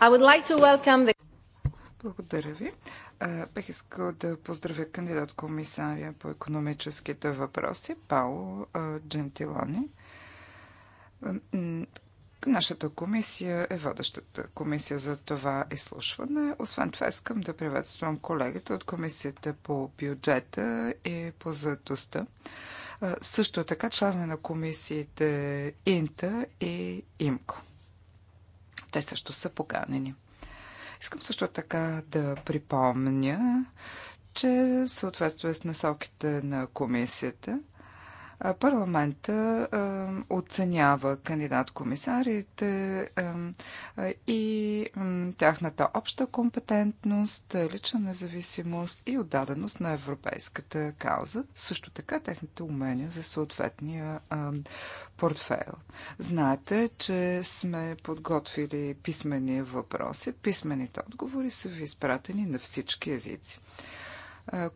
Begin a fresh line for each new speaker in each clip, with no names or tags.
Благодаря
ви. Бих искал да поздравя кандидат комисария по економическите въпроси, Пауло Джентилони. Нашата комисия е водещата комисия за това изслушване. Освен това, искам да приветствам колегите от комисията по бюджета и по заедостта. Също така членове на комисиите Инта и Имко. Те също са поканени. Искам също така да припомня, че в съответствие с насоките на комисията, парламента оценява кандидат-комисарите и тяхната обща компетентност, лична независимост и отдаденост на европейската кауза, също така техните умения за съответния портфейл. Знаете, че сме подготвили писмени въпроси. Писмените отговори са ви изпратени на всички езици.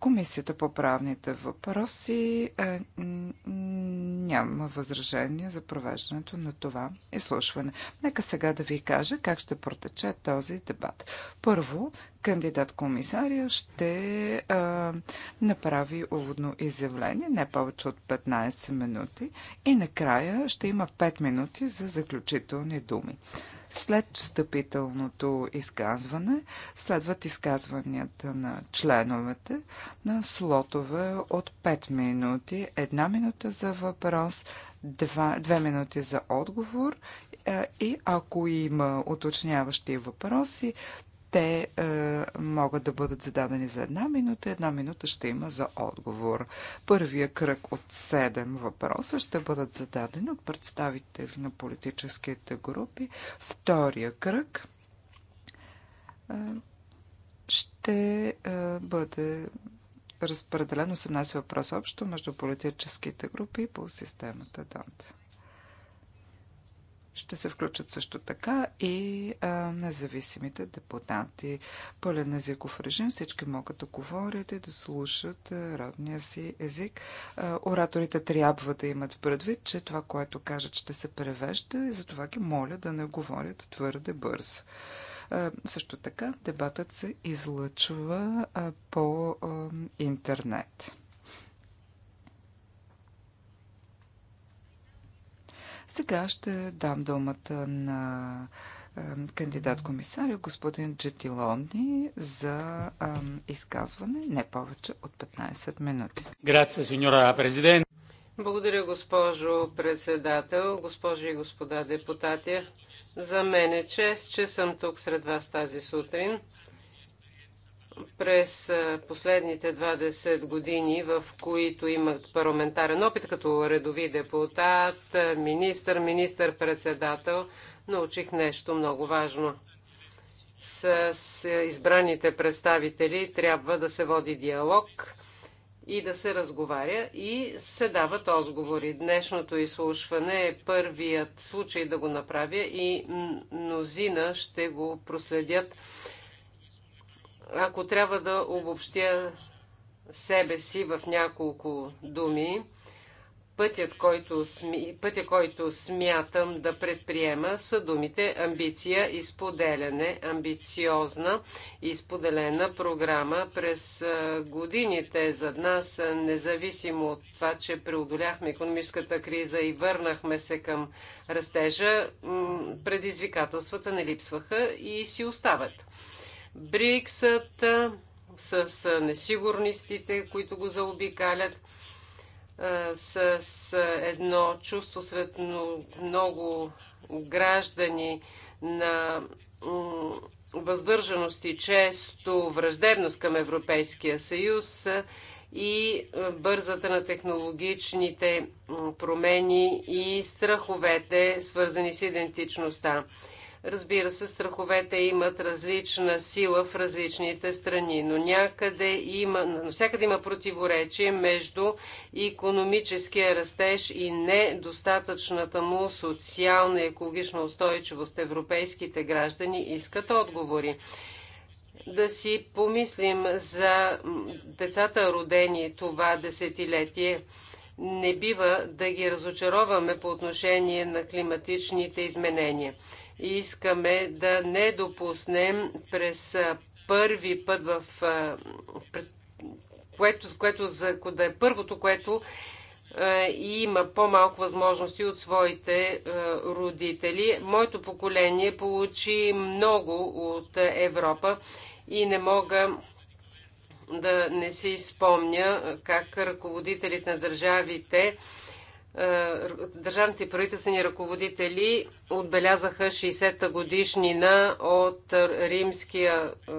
Комисията по правните въпроси няма възражение за провеждането на това изслушване. Нека сега да ви кажа как ще протече този дебат. Първо, кандидат комисария ще а, направи уводно изявление, не повече от 15 минути и накрая ще има 5 минути за заключителни думи. След встъпителното изказване следват изказванията на членовете на слотове от 5 минути, 1 минута за въпрос, 2, 2 минути за отговор е, и ако има уточняващи въпроси, те е, могат да бъдат зададени за една минута. Една минута ще има за отговор. Първия кръг от седем въпроса ще бъдат зададени от представители на политическите групи. Втория кръг е, ще е, бъде разпределен 18 въпроса общо между политическите групи по системата Донт. Ще се включат също така и а, независимите депутати. Пълен езиков режим, всички могат да говорят и да слушат а, родния си език. А, ораторите трябва да имат предвид, че това, което кажат, ще се превежда и затова ги моля да не говорят твърде бързо. А, също така, дебатът се излъчва а, по а, интернет. Сега ще дам думата на е, кандидат-комисаря господин Джетилони за е, изказване не повече от 15 минути. Грация, сеньора президент.
Благодаря, госпожо председател, госпожи и господа депутати. За мен е чест, че съм тук сред вас тази сутрин през последните 20 години, в които имах парламентарен опит като редови депутат, министър, министър-председател, научих нещо много важно. С избраните представители трябва да се води диалог и да се разговаря и се дават отговори. Днешното изслушване е първият случай да го направя и мнозина ще го проследят ако трябва да обобщя себе си в няколко думи, пътят, който, сми, пътя, който смятам да предприема, са думите амбиция и споделяне, амбициозна и споделена програма. През годините зад нас, независимо от това, че преодоляхме економическата криза и върнахме се към растежа, предизвикателствата не липсваха и си остават. Бриксът с несигурностите, които го заобикалят, с едно чувство сред много граждани на въздържаност и често враждебност към Европейския съюз и бързата на технологичните промени и страховете, свързани с идентичността. Разбира се, страховете имат различна сила в различните страни, но някъде има, всякъде има противоречие между економическия растеж и недостатъчната му социална и екологична устойчивост. Европейските граждани искат отговори. Да си помислим за децата родени това десетилетие не бива да ги разочароваме по отношение на климатичните изменения. Искаме да не допуснем през първи път в... Което, което, за, да е първото, което и има по-малко възможности от своите родители. Моето поколение получи много от Европа и не мога да не си спомня как ръководителите на държавите е, държавните правителствени ръководители отбелязаха 60-та годишнина от Римския е,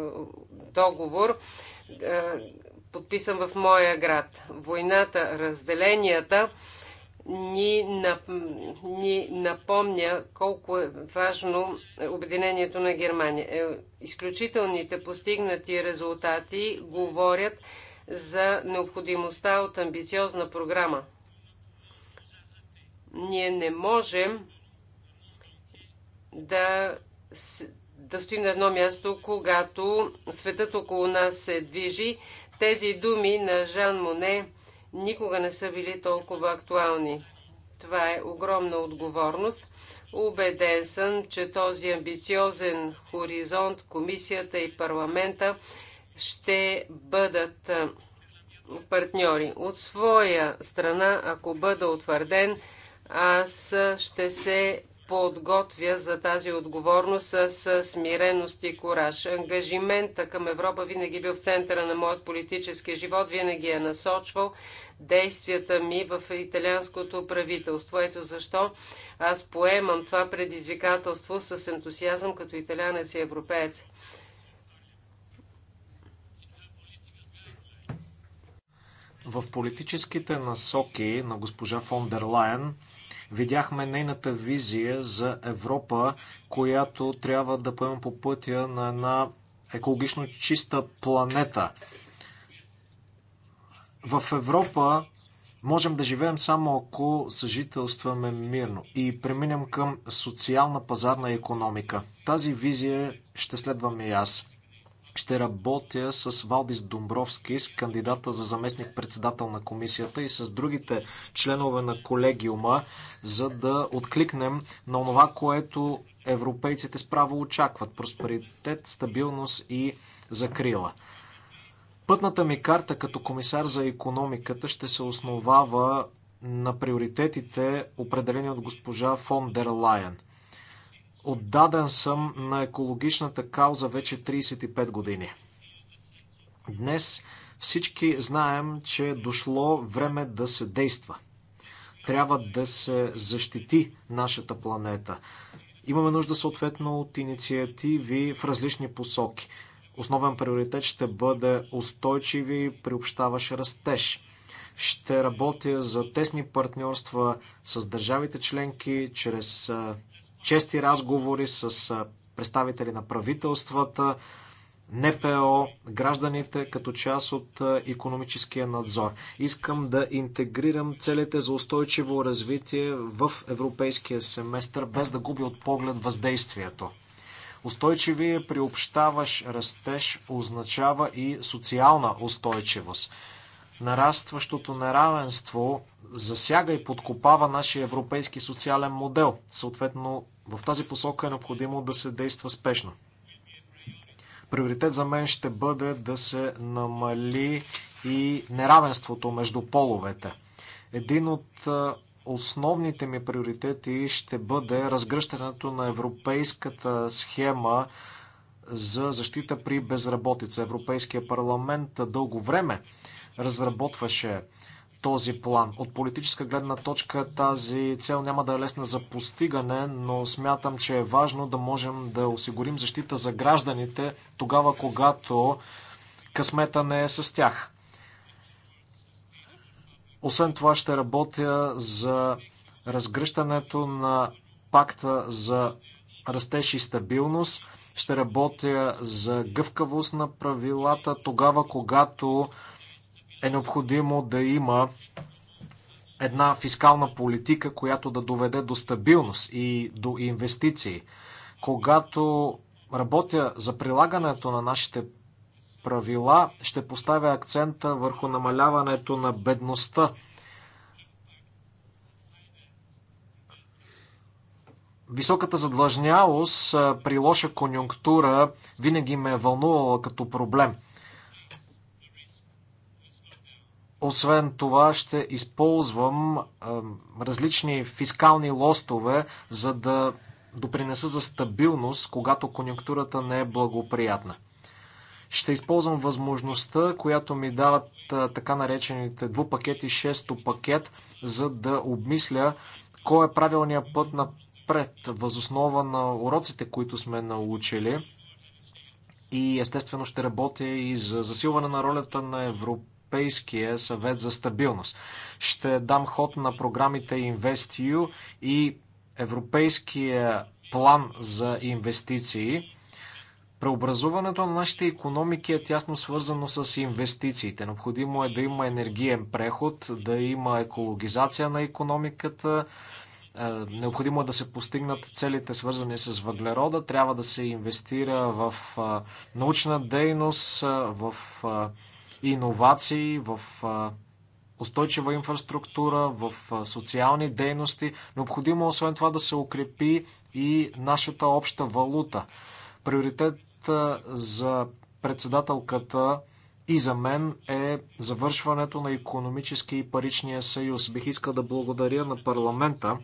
договор, е, подписан в моя град. Войната, разделенията ни, нап... ни напомня колко е важно обединението на Германия. Изключителните постигнати резултати говорят за необходимостта от амбициозна програма – ние не можем да, да стоим на едно място, когато светът около нас се движи. Тези думи на Жан Моне никога не са били толкова актуални. Това е огромна отговорност. Убеден съм, че този амбициозен хоризонт, комисията и парламента ще бъдат партньори. От своя страна, ако бъда утвърден, аз ще се подготвя за тази отговорност с смиреност и кораж. Ангажимента към Европа винаги бил в центъра на моят политически живот, винаги е насочвал действията ми в италианското правителство. Ето защо аз поемам това предизвикателство с ентусиазъм като италянец и европеец.
В политическите насоки на госпожа фон дер Лайен – Видяхме нейната визия за Европа, която трябва да поема по пътя на една екологично чиста планета. В Европа можем да живеем само ако съжителстваме мирно и преминем към социална пазарна економика. Тази визия ще следвам и аз ще работя с Валдис Домбровски, с кандидата за заместник председател на комисията и с другите членове на колегиума, за да откликнем на това, което европейците справо очакват. Просперитет, стабилност и закрила. Пътната ми карта като комисар за економиката ще се основава на приоритетите, определени от госпожа фон дер Лайен. Отдаден съм на екологичната кауза вече 35 години. Днес всички знаем, че е дошло време да се действа. Трябва да се защити нашата планета. Имаме нужда съответно от инициативи в различни посоки. Основен приоритет ще бъде устойчиви приобщаващ растеж. Ще работя за тесни партньорства с държавите членки чрез чести разговори с представители на правителствата, НПО, гражданите като част от економическия надзор. Искам да интегрирам целите за устойчиво развитие в европейския семестър, без да губи от поглед въздействието. Устойчивия приобщаваш растеж означава и социална устойчивост. Нарастващото неравенство засяга и подкопава нашия европейски социален модел. Съответно, в тази посока е необходимо да се действа спешно. Приоритет за мен ще бъде да се намали и неравенството между половете. Един от е, основните ми приоритети ще бъде разгръщането на европейската схема за защита при безработица. Европейския парламент дълго време разработваше този план. От политическа гледна точка тази цел няма да е лесна за постигане, но смятам, че е важно да можем да осигурим защита за гражданите тогава, когато късмета не е с тях. Освен това ще работя за разгръщането на пакта за растеж и стабилност. Ще работя за гъвкавост на правилата тогава, когато е необходимо да има една фискална политика, която да доведе до стабилност и до инвестиции. Когато работя за прилагането на нашите правила, ще поставя акцента върху намаляването на бедността. Високата задлъжнялост при лоша конюнктура винаги ме е вълнувала като проблем – Освен това ще използвам различни фискални лостове, за да допринеса за стабилност, когато конъюнктурата не е благоприятна. Ще използвам възможността, която ми дават така наречените двупакети, шесто пакет, за да обмисля кой е правилният път напред, възоснова на уроците, които сме научили. И естествено ще работя и за засилване на ролята на Европа Европейския съвет за стабилност. Ще дам ход на програмите InvestEU и Европейския план за инвестиции. Преобразуването на нашите економики е тясно свързано с инвестициите. Необходимо е да има енергиен преход, да има екологизация на економиката, е, необходимо е да се постигнат целите свързани с въглерода, трябва да се инвестира в е, научна дейност, е, в иновации, в устойчива инфраструктура, в социални дейности. Необходимо е освен това да се укрепи и нашата обща валута. Приоритет за председателката и за мен е завършването на економически и паричния съюз. Бих искал да благодаря на парламента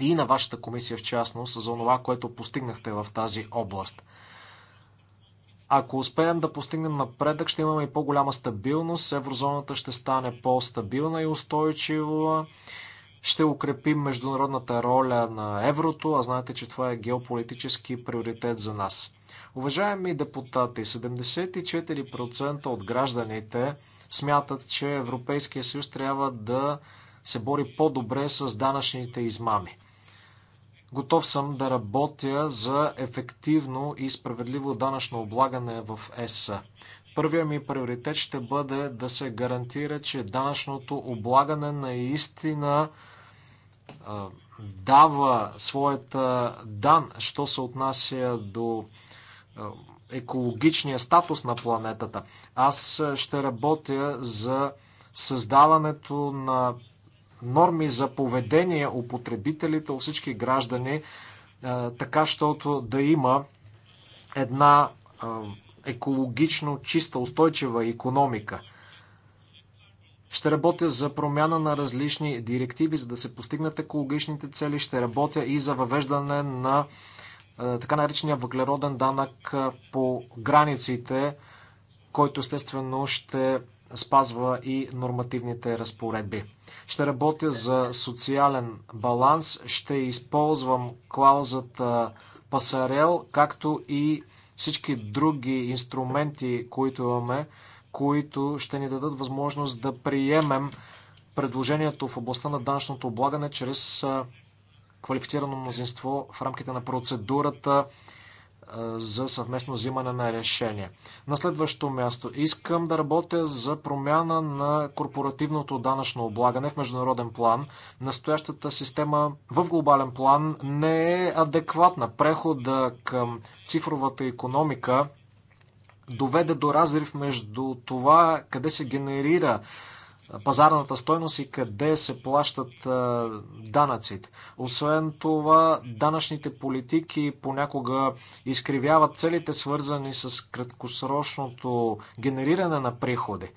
и на вашата комисия в частност за това, което постигнахте в тази област. Ако успеем да постигнем напредък, ще имаме и по-голяма стабилност, еврозоната ще стане по-стабилна и устойчива, ще укрепим международната роля на еврото, а знаете, че това е геополитически приоритет за нас. Уважаеми депутати, 74% от гражданите смятат, че Европейския съюз трябва да се бори по-добре с данъчните измами. Готов съм да работя за ефективно и справедливо данъчно облагане в ЕС. Първият ми приоритет ще бъде да се гарантира, че данъчното облагане наистина дава своята дан, що се отнася до екологичния статус на планетата. Аз ще работя за създаването на норми за поведение у потребителите, у всички граждани, така, щото да има една екологично чиста, устойчива економика. Ще работя за промяна на различни директиви, за да се постигнат екологичните цели. Ще работя и за въвеждане на така наречения въглероден данък по границите, който естествено ще спазва и нормативните разпоредби. Ще работя за социален баланс, ще използвам клаузата пасарел, както и всички други инструменти, които имаме, които ще ни дадат възможност да приемем предложението в областта на данъчното облагане чрез квалифицирано мнозинство в рамките на процедурата за съвместно взимане на решение. На следващо място искам да работя за промяна на корпоративното данъчно облагане в международен план. Настоящата система в глобален план не е адекватна. Прехода към цифровата економика доведе до разрив между това къде се генерира пазарната стойност и къде се плащат данъците. Освен това, данъчните политики понякога изкривяват целите, свързани с краткосрочното генериране на приходи.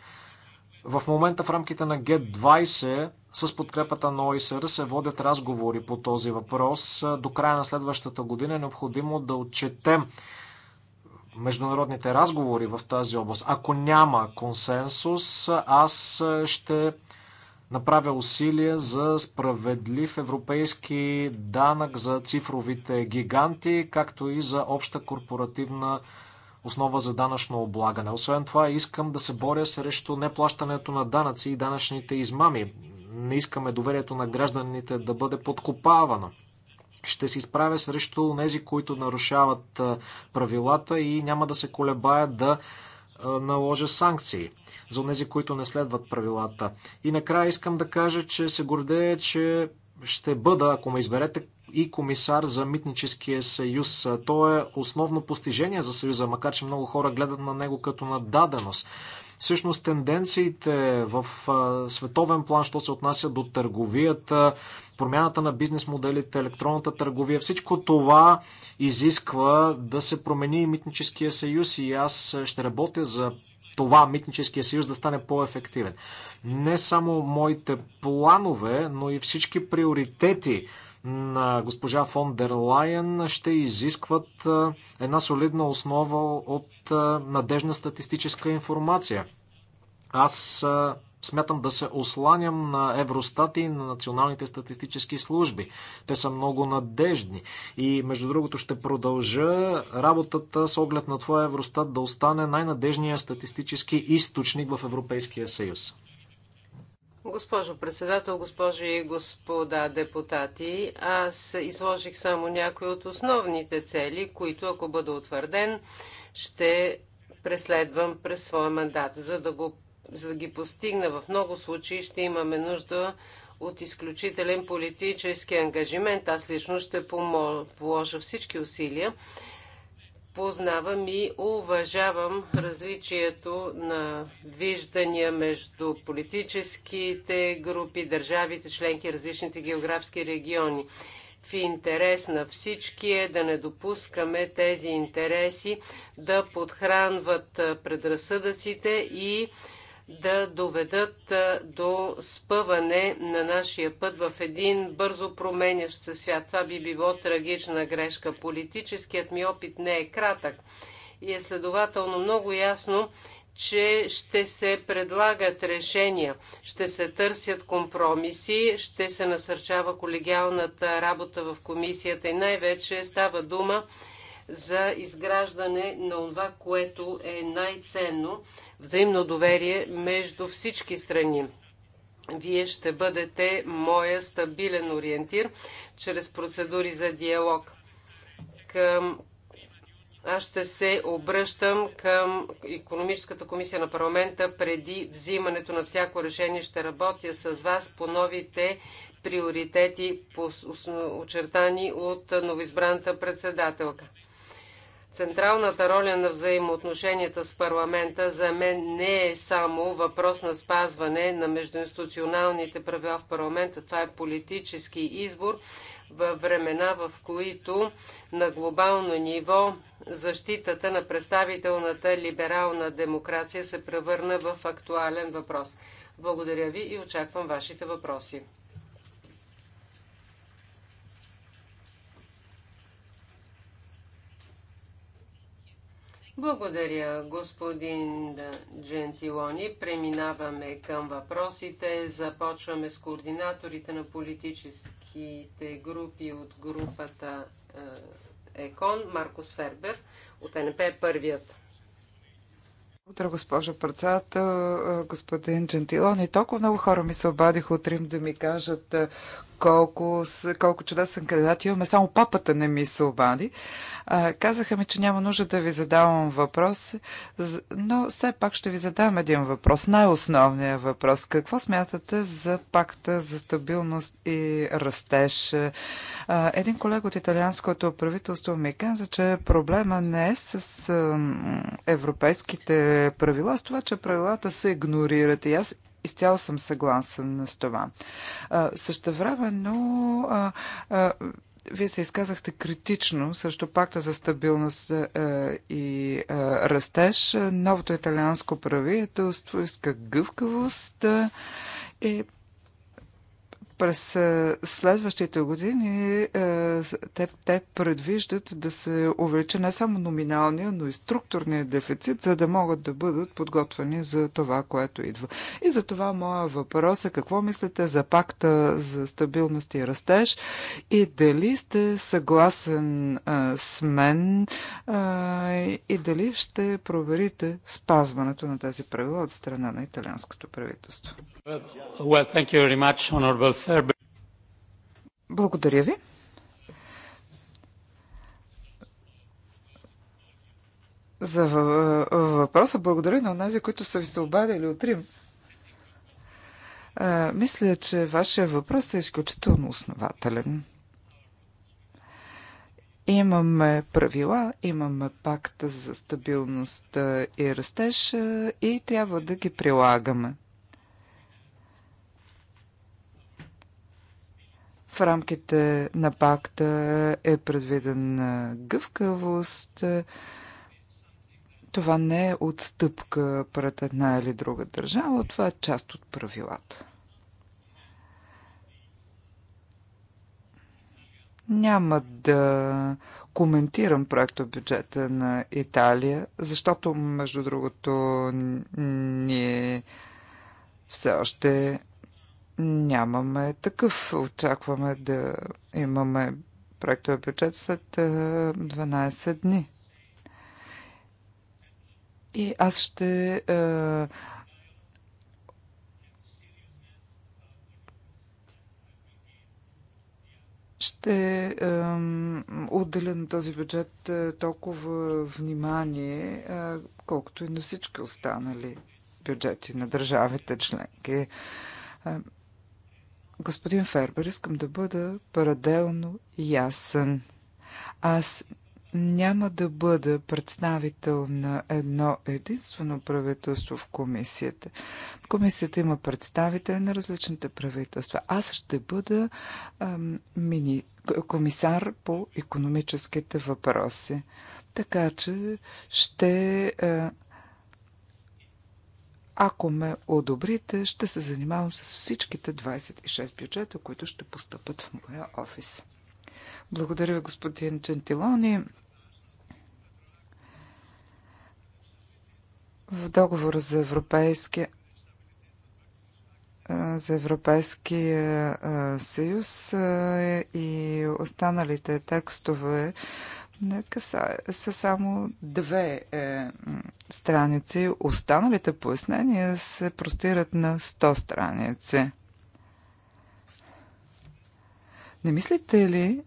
В момента в рамките на г 20 с подкрепата на ОИСР се водят разговори по този въпрос. До края на следващата година е необходимо да отчетем международните разговори в тази област. Ако няма консенсус, аз е, ще направя усилия за справедлив европейски данък за цифровите гиганти, както и за обща корпоративна основа за данъчно облагане. Освен това, искам да се боря срещу неплащането на данъци и данъчните измами. Не искаме доверието на гражданите да бъде подкопавано ще се изправя срещу тези, които нарушават правилата и няма да се колебая да наложа санкции за тези, които не следват правилата. И накрая искам да кажа, че се гордея, че ще бъда, ако ме изберете, и комисар за митническия съюз. То е основно постижение за съюза, макар че много хора гледат на него като на даденост. Всъщност тенденциите в световен план, що се отнася до търговията, промяната на бизнес моделите, електронната търговия, всичко това изисква да се промени митническия съюз и аз ще работя за това митническия съюз да стане по-ефективен. Не само моите планове, но и всички приоритети на госпожа фон дер Лайен ще изискват една солидна основа от надежна статистическа информация. Аз смятам да се осланям на Евростат и на националните статистически служби. Те са много надежни И между другото ще продължа работата с оглед на твоя Евростат да остане най-надежният статистически източник в Европейския съюз.
Госпожо председател, госпожи и господа депутати, аз изложих само някои от основните цели, които, ако бъда утвърден, ще преследвам през своя мандат. За да, го, за да ги постигна в много случаи, ще имаме нужда от изключителен политически ангажимент. Аз лично ще положа всички усилия познавам и уважавам различието на виждания между политическите групи, държавите, членки, различните географски региони. В интерес на всички е да не допускаме тези интереси да подхранват предразсъдъците и да доведат до спъване на нашия път в един бързо променящ се свят. Това би било трагична грешка. Политическият ми опит не е кратък и е следователно много ясно, че ще се предлагат решения, ще се търсят компромиси, ще се насърчава колегиалната работа в комисията и най-вече става дума за изграждане на това, което е най-ценно взаимно доверие между всички страни. Вие ще бъдете моя стабилен ориентир чрез процедури за диалог. Към аз ще се обръщам към економическата комисия на парламента преди взимането на всяко решение. Ще работя с вас по новите приоритети, очертани от новоизбраната председателка. Централната роля на взаимоотношенията с парламента за мен не е само въпрос на спазване на междуинституционалните правила в парламента. Това е политически избор във времена, в които на глобално ниво защитата на представителната либерална демокрация се превърна в актуален въпрос. Благодаря ви и очаквам вашите въпроси. Благодаря, господин Джентилони. Преминаваме към въпросите. Започваме с координаторите на политическите групи от групата е, ЕКОН. Маркос Фербер от НП е първият.
Утре, госпожо председател, е, господин Джентилон. И толкова много хора ми се обадиха от Рим да ми кажат е, колко, колко чудесен кандидат имаме. Само папата не ми се обади. А, казаха ми, че няма нужда да ви задавам въпрос, но все пак ще ви задам един въпрос. Най-основният въпрос. Какво смятате за пакта за стабилност и растеж? А, един колега от италианското правителство ми каза, че проблема не е с а, европейските правила, с това, че правилата се игнорират. И аз Изцяло съм съгласен с това. Същевременно вие се изказахте критично срещу пакта за стабилност и растеж. Новото италианско правителство иска гъвкавост и през следващите години те, те предвиждат да се увеличи не само номиналния, но и структурния дефицит, за да могат да бъдат подготвени за това, което идва. И за това моя въпрос е какво мислите за пакта за стабилност и растеж и дали сте съгласен а, с мен
а,
и дали ще проверите спазването на тези правила от страна на италианското правителство. Благодаря ви. За въпроса благодаря на тези, които са ви се обадили от Рим. мисля, че вашия въпрос е изключително основателен. Имаме правила, имаме пакта за стабилност и растеж и трябва да ги прилагаме. В рамките на пакта е предвидена гъвкавост. Това не е отстъпка пред една или друга държава, това е част от правилата. Няма да коментирам проекто бюджета на Италия, защото, между другото, ние все още нямаме такъв. Очакваме да имаме проектове бюджет след 12 дни. И аз ще ще отделя на този бюджет толкова внимание, колкото и на всички останали бюджети на държавите членки. Господин Фербер, искам да бъда параделно ясен. Аз няма да бъда представител на едно единствено правителство в комисията. комисията има представители на различните правителства. Аз ще бъда ам, мини, комисар по економическите въпроси. Така че ще а, ако ме одобрите, ще се занимавам с всичките 26 бюджета, които ще постъпат в моя офис. Благодаря ви, господин Джентилони. В договора за Европейския за Европейския съюз и останалите текстове не каса, са само две е, страници. Останалите пояснения се простират на 100 страници. Не мислите ли,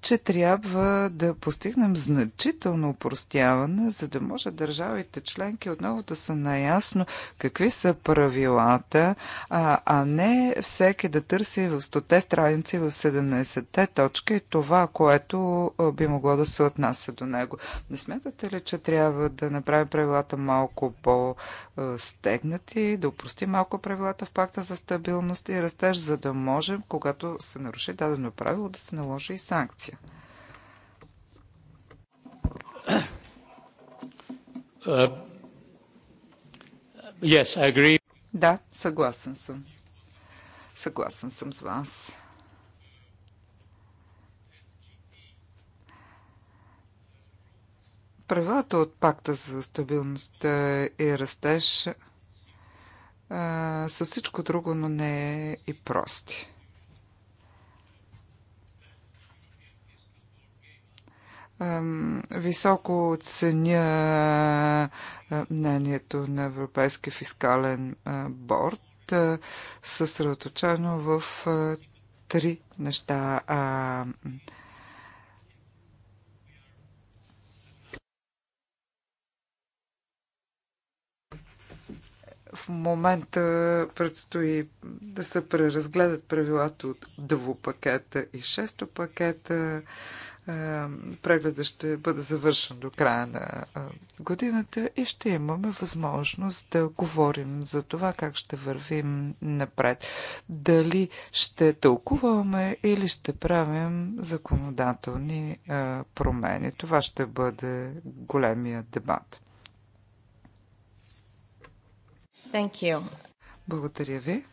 че трябва да постигнем значително упростяване, за да може държавите членки отново да са наясно какви са правилата, а, а не всеки да търси в 100-те страници, в 17-те точки това, което би могло да се отнася до него. Не смятате ли, че трябва да направим правилата малко по-стегнати, да упростим малко правилата в пакта за стабилност и растеж, за да можем, когато се наруши дадено правило, да се наложи и санкция?
Uh, yes, I agree.
Да, съгласен съм. Съгласен съм с вас. Правилата от пакта за стабилност и растеж са всичко друго, но не е и прости. високо оценя мнението на Европейския фискален борт, съсредоточено в три неща. В момента предстои да се преразгледат правилата от двупакета и шесто пакета. Е, прегледа ще бъде завършен до края на е, годината и ще имаме възможност да говорим за това как ще вървим напред. Дали ще тълкуваме или ще правим законодателни е, промени. Това ще бъде големия дебат. Thank you. Благодаря ви.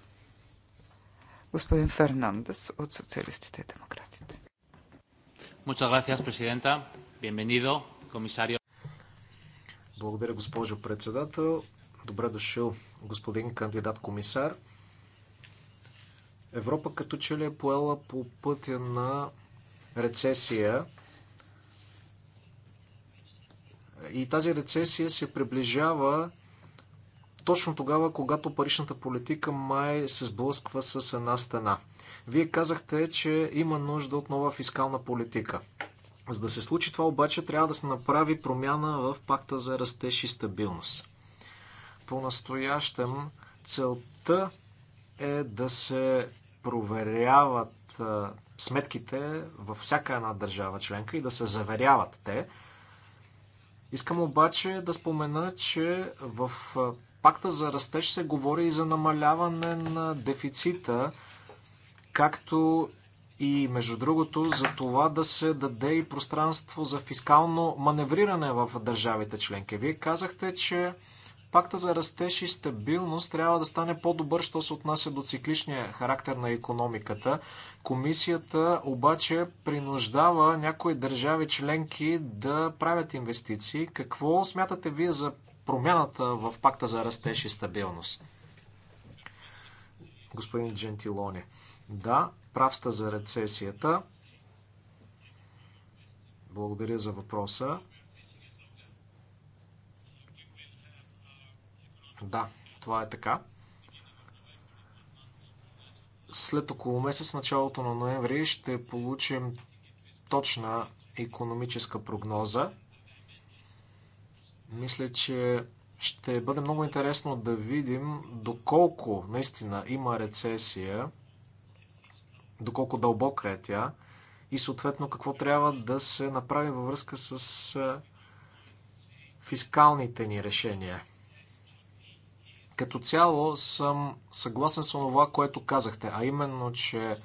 Господин Фернандес от
Социалистите и демократи. Muchas gracias, Presidenta. Bienvenido, комисарио. Благодаря, госпожо председател. Добре дошъл, господин кандидат комисар. Европа като че ли е поела по пътя на рецесия. И тази рецесия се приближава точно тогава, когато паричната политика май се сблъсква с една стена – вие казахте, че има нужда от нова фискална политика. За да се случи това обаче, трябва да се направи промяна в пакта за растеж и стабилност. По-настоящем целта е да се проверяват сметките във всяка една държава членка и да се заверяват те. Искам обаче да спомена, че в пакта за растеж се говори и за намаляване на дефицита както и между другото за това да се даде и пространство за фискално маневриране в държавите членки. Вие казахте, че пакта за растеж и стабилност трябва да стане по-добър, що се отнася до цикличния характер на економиката. Комисията обаче принуждава някои държави членки да правят инвестиции. Какво смятате вие за промяната в пакта за растеж и стабилност? Господин Джентилоне. Да, прав сте за рецесията. Благодаря за въпроса. Да, това е така. След около месец, началото на ноември, ще получим точна економическа прогноза. Мисля, че ще бъде много интересно да видим доколко наистина има рецесия доколко дълбока е тя и съответно какво трябва да се направи във връзка с фискалните ни решения. Като цяло съм съгласен с това, което казахте, а именно, че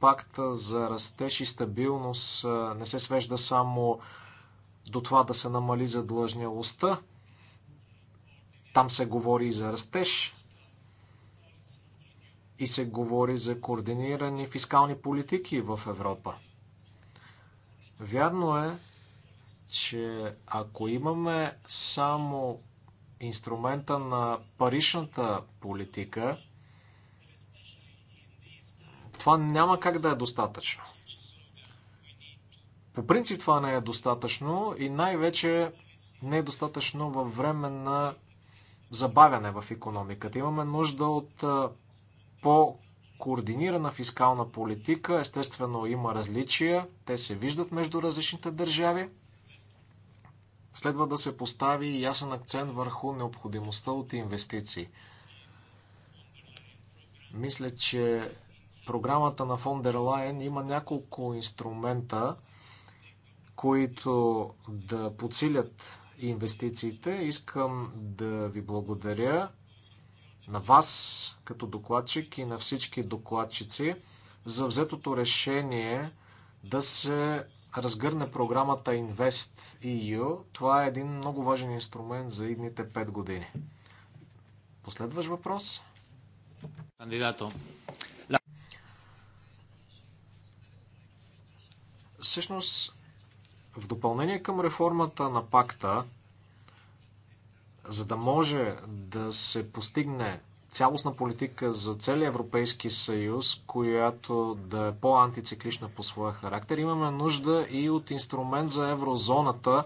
пакта за растеж и стабилност не се свежда само до това да се намали задлъжнялостта. Там се говори и за растеж, и се говори за координирани фискални политики в Европа. Вярно е, че ако имаме само инструмента на паричната политика, това няма как да е достатъчно. По принцип това не е достатъчно и най-вече не е достатъчно във време на забавяне в економиката. Имаме нужда от по-координирана фискална политика. Естествено има различия, те се виждат между различните държави. Следва да се постави ясен акцент върху необходимостта от инвестиции. Мисля, че програмата на фон Лайен има няколко инструмента, които да подсилят инвестициите. Искам да ви благодаря на вас като докладчик и на всички докладчици за взетото решение да се разгърне програмата Invest EU. Това е един много важен инструмент за идните 5 години. Последващ въпрос? Кандидато. Всъщност, в допълнение към реформата на пакта, за да може да се постигне цялостна политика за целия Европейски съюз, която да е по-антициклична по своя характер, имаме нужда и от инструмент за еврозоната,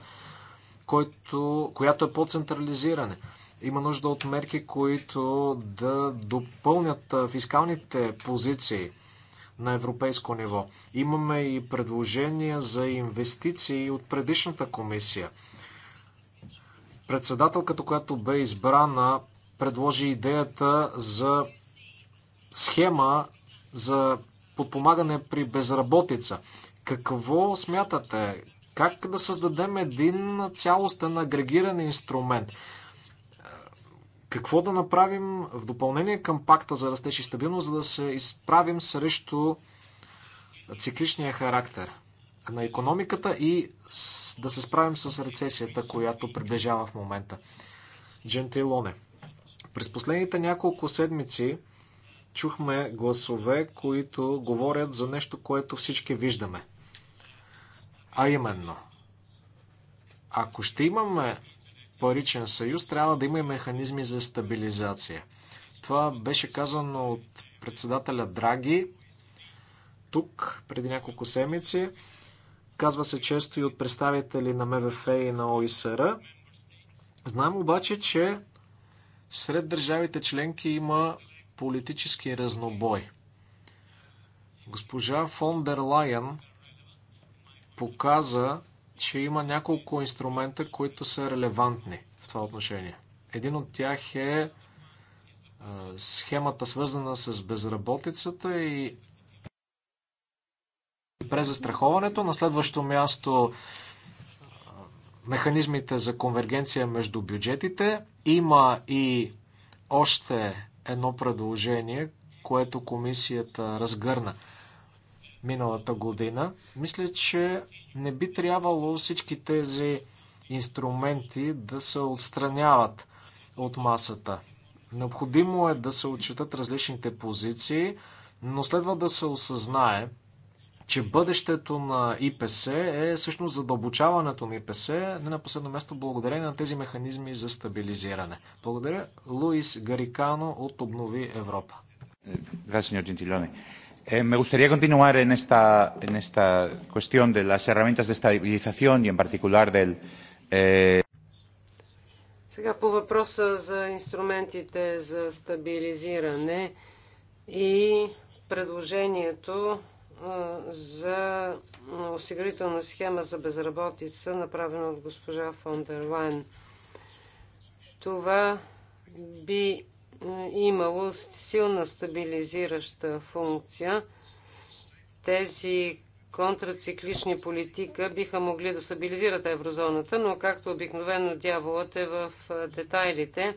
който, която е по-централизиране. Има нужда от мерки, които да допълнят фискалните позиции на европейско ниво. Имаме и предложения за инвестиции от предишната комисия – Председателката, която бе избрана, предложи идеята за схема за подпомагане при безработица. Какво смятате? Как да създадем един цялостен агрегиран инструмент? Какво да направим в допълнение към пакта за растеж и стабилност, за да се изправим срещу цикличния характер на економиката и да се справим с рецесията, която приближава в момента. Джентилоне. През последните няколко седмици чухме гласове, които говорят за нещо, което всички виждаме. А именно, ако ще имаме паричен съюз, трябва да има и механизми за стабилизация. Това беше казано от председателя Драги тук преди няколко седмици. Казва се често и от представители на МВФ и на ОИСР. Знаем обаче, че сред държавите членки има политически разнобой. Госпожа фон дер Лайен показа, че има няколко инструмента, които са релевантни в това отношение. Един от тях е схемата свързана с безработицата и презастраховането. На следващо място механизмите за конвергенция между бюджетите. Има и още едно предложение, което комисията разгърна миналата година. Мисля, че не би трябвало всички тези инструменти да се отстраняват от масата. Необходимо е да се отчитат различните позиции, но следва да се осъзнае, че бъдещето на ИПС е всъщност задълбочаването на ИПС, не на последно място благодарение на тези механизми за стабилизиране. Благодаря Луис Гарикано от Обнови Европа.
Gracias, señor Gentiloni. Eh, me gustaría continuar en esta, en esta cuestión de las herramientas de estabilización y en particular del...
Eh...
Сега по въпроса за инструментите за стабилизиране и предложението за осигурителна схема за безработица, направена от госпожа фон дер Лайн. Това би имало силна стабилизираща функция. Тези контрациклични политика биха могли да стабилизират еврозоната, но както обикновено дяволът е в детайлите.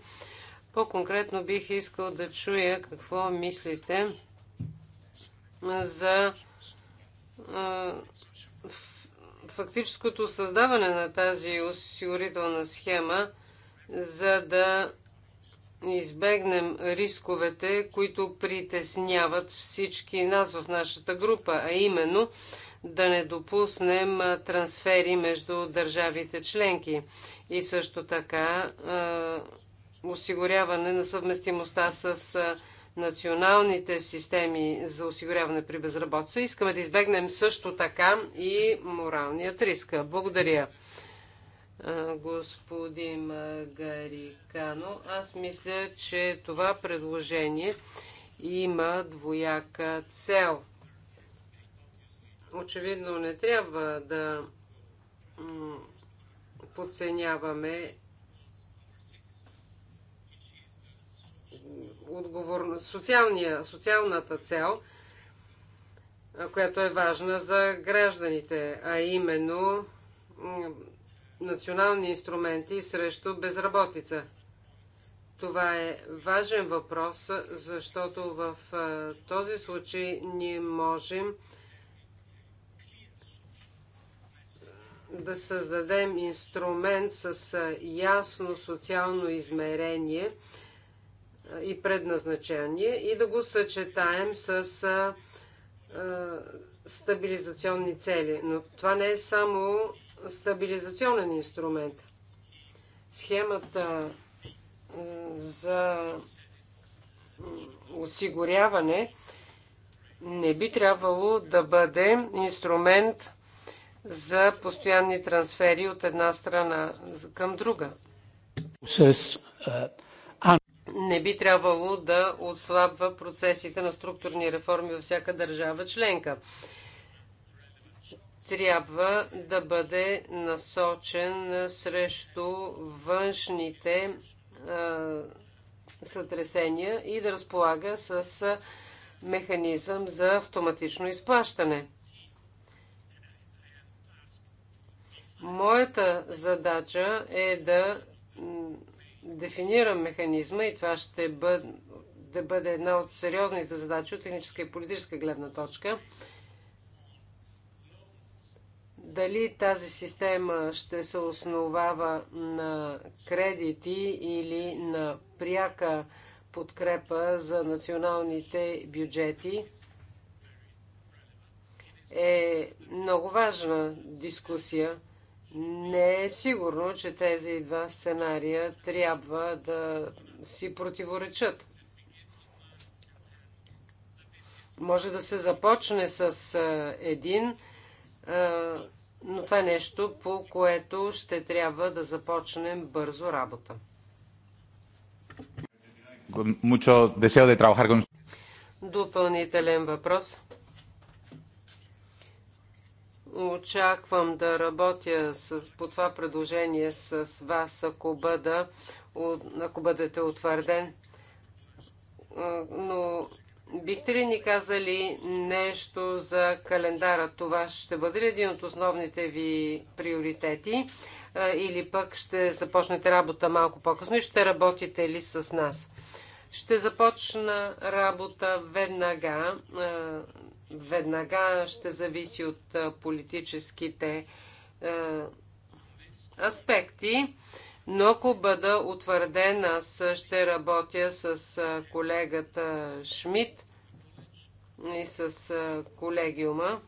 По-конкретно бих искал да чуя какво мислите за фактическото създаване на тази осигурителна схема, за да избегнем рисковете, които притесняват всички нас в нашата група, а именно да не допуснем трансфери между държавите членки и също така осигуряване на съвместимостта с националните системи за осигуряване при безработица. Искаме да избегнем също така и моралният риск. Благодаря, господин Гарикано. Аз мисля, че това предложение има двояка цел. Очевидно не трябва да подценяваме отговорно, социалния, социалната цел, която е важна за гражданите, а именно национални инструменти срещу безработица. Това е важен въпрос, защото в този случай ние можем да създадем инструмент с ясно социално измерение – и предназначение и да го съчетаем с стабилизационни цели. Но това не е само стабилизационен инструмент. Схемата за осигуряване не би трябвало да бъде инструмент за постоянни трансфери от една страна към друга. Uh, не би трябвало да отслабва процесите на структурни реформи във всяка държава членка. Трябва да бъде насочен срещу външните а, сътресения и да разполага с механизъм за автоматично изплащане. Моята задача е да Дефинирам механизма и това ще бъде, да бъде една от сериозните задачи от техническа и политическа гледна точка. Дали тази система ще се основава на кредити или на пряка подкрепа за националните бюджети е много важна дискусия. Не е сигурно, че тези два сценария трябва да си противоречат. Може да се започне с един, но това е нещо, по което ще трябва да започнем бързо работа. Допълнителен въпрос. Очаквам да работя с, по това предложение с вас, ако, бъда, ако бъдете утвърден. Но бихте ли ни казали нещо за календара? Това ще бъде ли един от основните ви приоритети? Или пък ще започнете работа малко по-късно и ще работите ли с нас? Ще започна работа веднага веднага ще зависи от политическите аспекти. Но ако бъда утвърден, аз ще работя с колегата Шмидт и с колегиума.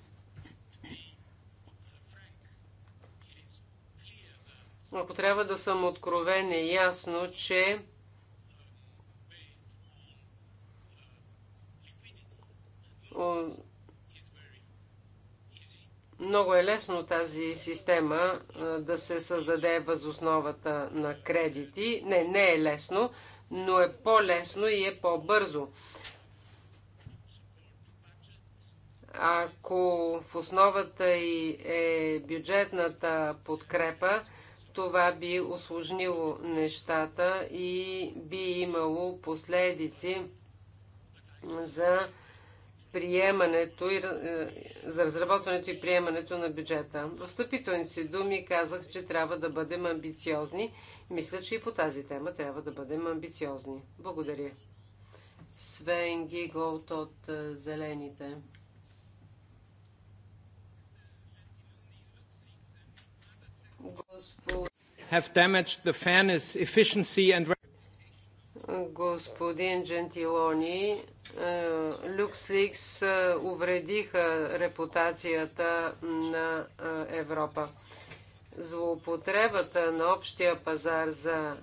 Ако трябва да съм откровен, е ясно, че много е лесно тази система да се създаде възосновата на кредити. Не, не е лесно, но е по-лесно и е по-бързо. Ако в основата и е бюджетната подкрепа, това би осложнило нещата и би имало последици за приемането и, е, за разработването и приемането на бюджета. В встъпителни си думи казах, че трябва да бъдем амбициозни. Мисля, че и по тази тема трябва да бъдем амбициозни. Благодаря. Свен Гиголт от е, Зелените. Господ...
Have damaged the fairness, efficiency and
господин Джентилони, Люксликс е, е, увредиха репутацията на е, Европа. Злоупотребата на общия пазар за,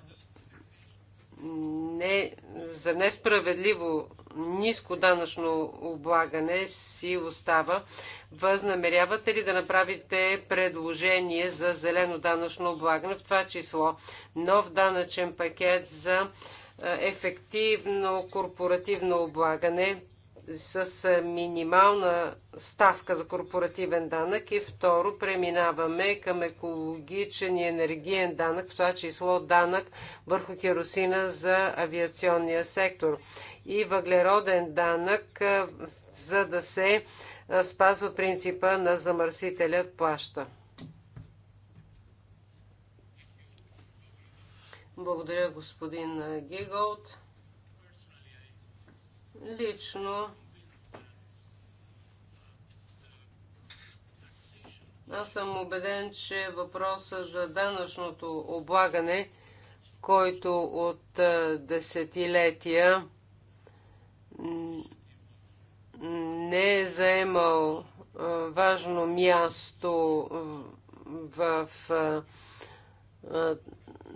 не, за несправедливо ниско данъчно облагане си остава. Възнамерявате ли да направите предложение за зелено данъчно облагане, в това число нов данъчен пакет за е, ефективно корпоративно облагане с е, минимална ставка за корпоративен данък и второ преминаваме към екологичен и енергиен данък, в това число данък върху керосина за авиационния сектор и въглероден данък, е, за да се спазва принципа на замърсителят плаща. Благодаря, господин Гиголд. Лично аз съм убеден, че въпроса за данъчното облагане, който от десетилетия не е заемал важно място в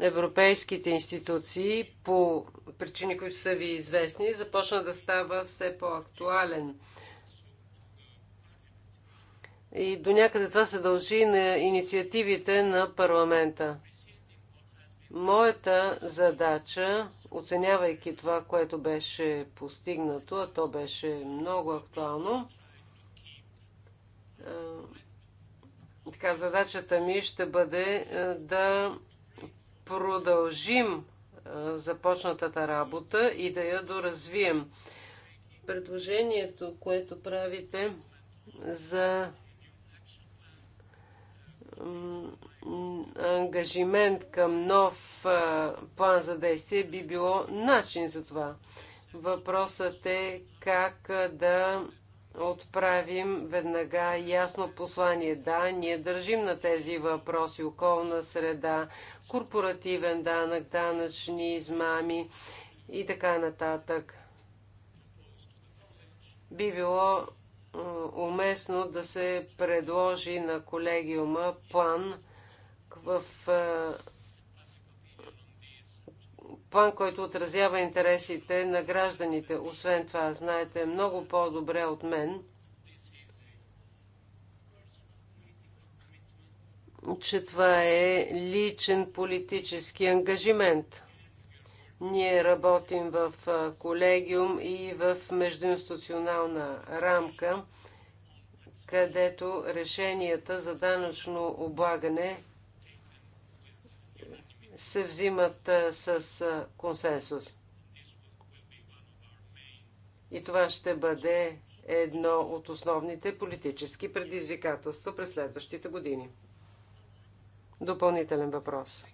европейските институции по причини, които са ви известни, започна да става все по-актуален. И до някъде това се дължи на инициативите на парламента. Моята задача, оценявайки това, което беше постигнато, а то беше много актуално, е, така задачата ми ще бъде е, да продължим започнатата работа и да я доразвием. Предложението, което правите за ангажимент към нов план за действие би било начин за това. Въпросът е как да отправим веднага ясно послание. Да, ние държим на тези въпроси. Околна среда, корпоративен данък, данъчни измами и така нататък. Би било уместно да се предложи на колегиума план в план, който отразява интересите на гражданите. Освен това, знаете много по-добре от мен, че това е личен политически ангажимент. Ние работим в колегиум и в междуинституционална рамка, където решенията за данъчно облагане се взимат с консенсус. И това ще бъде едно от основните политически предизвикателства през следващите години. Допълнителен въпрос.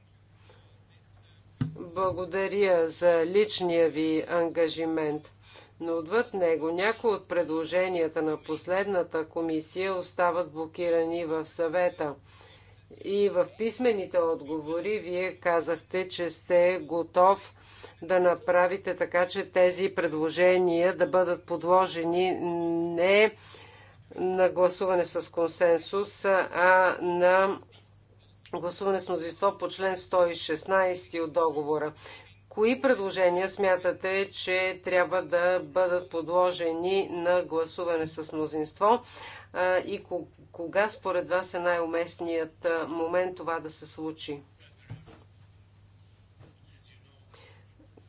Благодаря за личния ви ангажимент, но отвъд него някои от предложенията на последната комисия остават блокирани в съвета – и в писмените отговори вие казахте, че сте готов да направите така, че тези предложения да бъдат подложени не на гласуване с консенсус, а на гласуване с мнозинство по член 116 от договора. Кои предложения смятате, че трябва да бъдат подложени на гласуване с мнозинство и кога според вас е най-уместният момент това да се случи?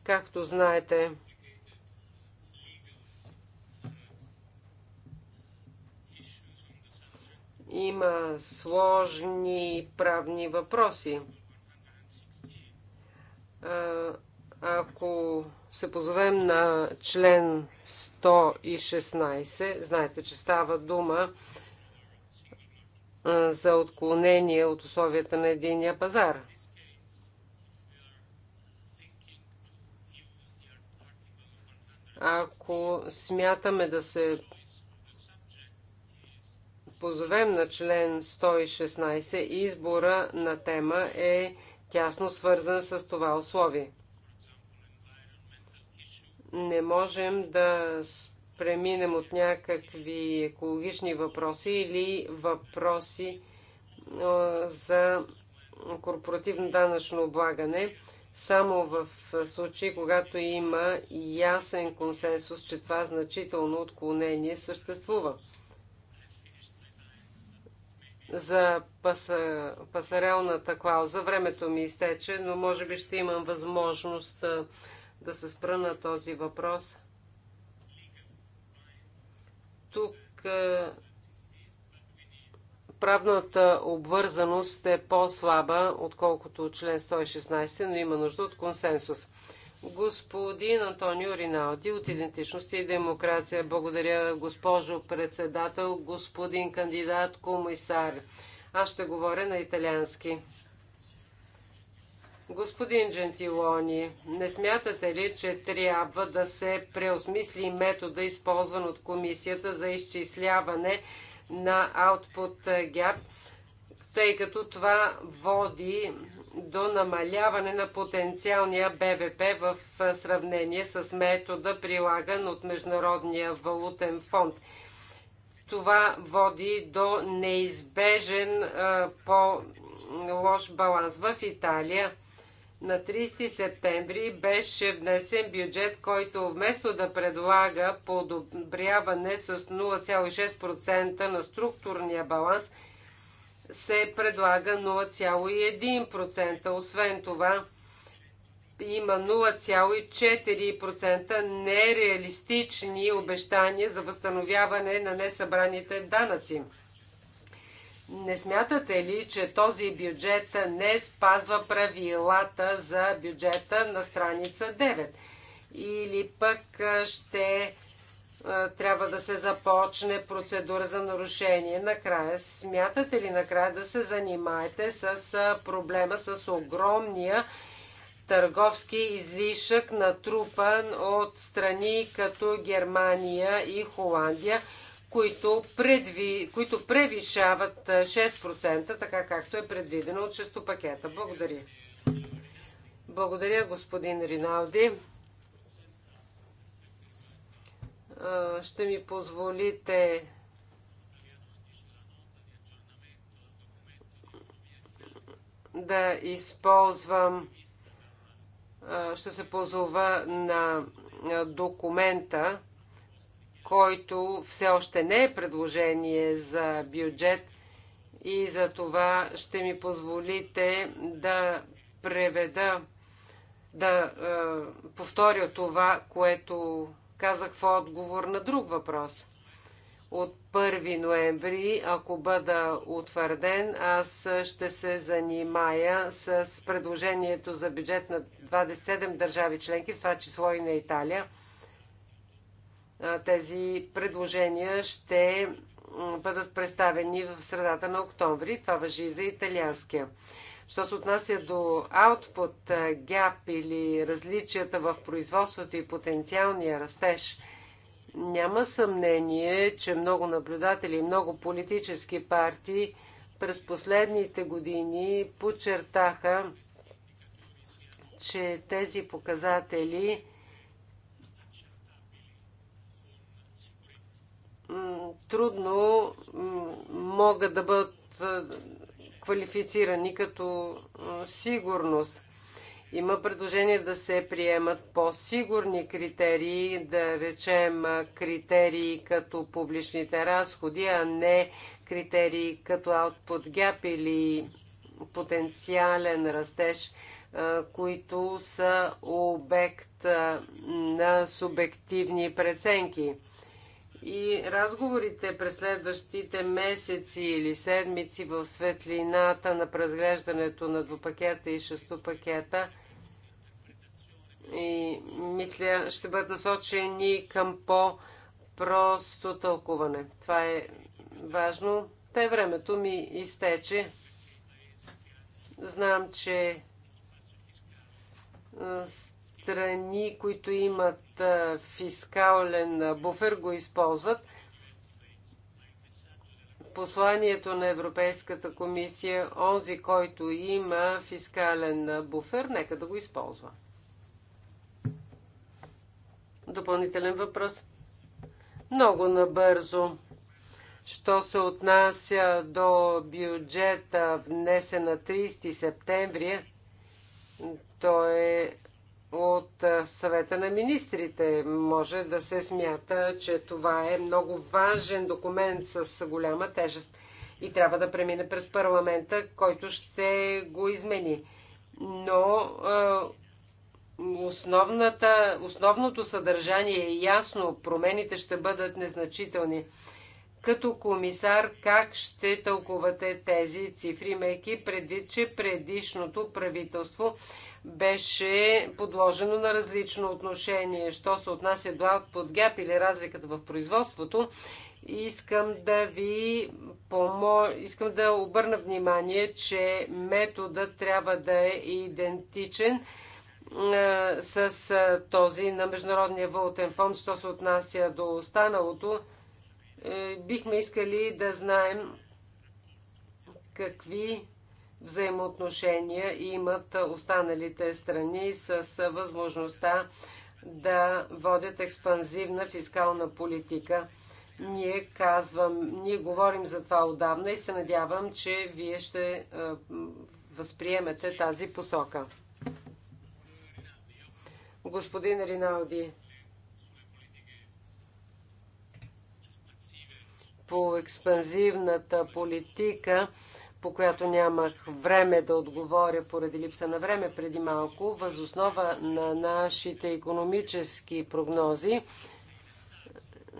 Както знаете, има сложни правни въпроси. Ако се позовем на член 116, знаете, че става дума за отклонение от условията на единия пазар. Ако смятаме да се позовем на член 116, избора на тема е тясно свързан с това условие. Не можем да преминем от някакви екологични въпроси или въпроси за корпоративно данъчно облагане, само в случай, когато има ясен консенсус, че това значително отклонение съществува. За паса, пасарелната клауза времето ми изтече, но може би ще имам възможност да се спра на този въпрос. Тук е, правната обвързаност е по-слаба, отколкото член 116, но има нужда от консенсус. Господин Антонио Риналди от Идентичност и демокрация. Благодаря, госпожо председател, господин кандидат, комисар. Аз ще говоря на италиански. Господин Джентилони, не смятате ли, че трябва да се преосмисли метода, използван от комисията за изчисляване на output gap, тъй като това води до намаляване на потенциалния БВП в сравнение с метода, прилаган от Международния валутен фонд. Това води до неизбежен по-лош баланс в Италия на 30 септември беше внесен бюджет, който вместо да предлага подобряване с 0,6% на структурния баланс, се предлага 0,1%. Освен това, има 0,4% нереалистични обещания за възстановяване на несъбраните данъци. Не смятате ли, че този бюджет не спазва правилата за бюджета на страница 9? Или пък ще трябва да се започне процедура за нарушение. Накрая, смятате ли накрая да се занимаете с проблема с огромния търговски излишък на трупан от страни като Германия и Холандия? които, предви, които превишават 6%, така както е предвидено от 6 пакета. Благодаря. Благодаря, господин Риналди. Ще ми позволите да използвам, ще се позова на документа, който все още не е предложение за бюджет и за това ще ми позволите да преведа, да е, повторя това, което казах в отговор на друг въпрос. От 1 ноември, ако бъда утвърден, аз ще се занимая с предложението за бюджет на 27 държави членки, в това число и на Италия – тези предложения ще бъдат представени в средата на октомври. Това въжи и за италианския. Що се отнася до output gap или различията в производството и потенциалния растеж, няма съмнение, че много наблюдатели и много политически партии през последните години подчертаха, че тези показатели трудно могат да бъдат квалифицирани като сигурност. Има предложение да се приемат по-сигурни критерии, да речем критерии като публичните разходи, а не критерии като output gap или потенциален растеж, които са обект на субективни преценки и разговорите през следващите месеци или седмици в светлината на преразглеждането на двупакета и шестопакета и мисля ще бъдат насочени към по-просто тълкуване. Това е важно. Те времето ми изтече. Знам, че страни, които имат фискален буфер, го използват. Посланието на Европейската комисия, онзи, който има фискален буфер, нека да го използва. Допълнителен въпрос? Много набързо. Що се отнася до бюджета, внесена на 30 септември, той е от съвета на министрите. Може да се смята, че това е много важен документ с голяма тежест и трябва да премине през парламента, който ще го измени. Но основната, основното съдържание е ясно, промените ще бъдат незначителни като комисар как ще тълкувате тези цифри, мейки предвид, че предишното правителство беше подложено на различно отношение. Що се отнася до output gap или разликата в производството, искам да ви помо... искам да обърна внимание, че методът трябва да е идентичен с този на Международния валутен фонд, що се отнася до останалото. Е, бихме искали да знаем какви взаимоотношения имат останалите страни с възможността да водят експанзивна фискална политика. Ние казвам, ние говорим за това отдавна и се надявам, че вие ще е, възприемете тази посока. Господин Риналди, по експанзивната политика, по която нямах време да отговоря поради липса на време преди малко, възоснова на нашите економически прогнози,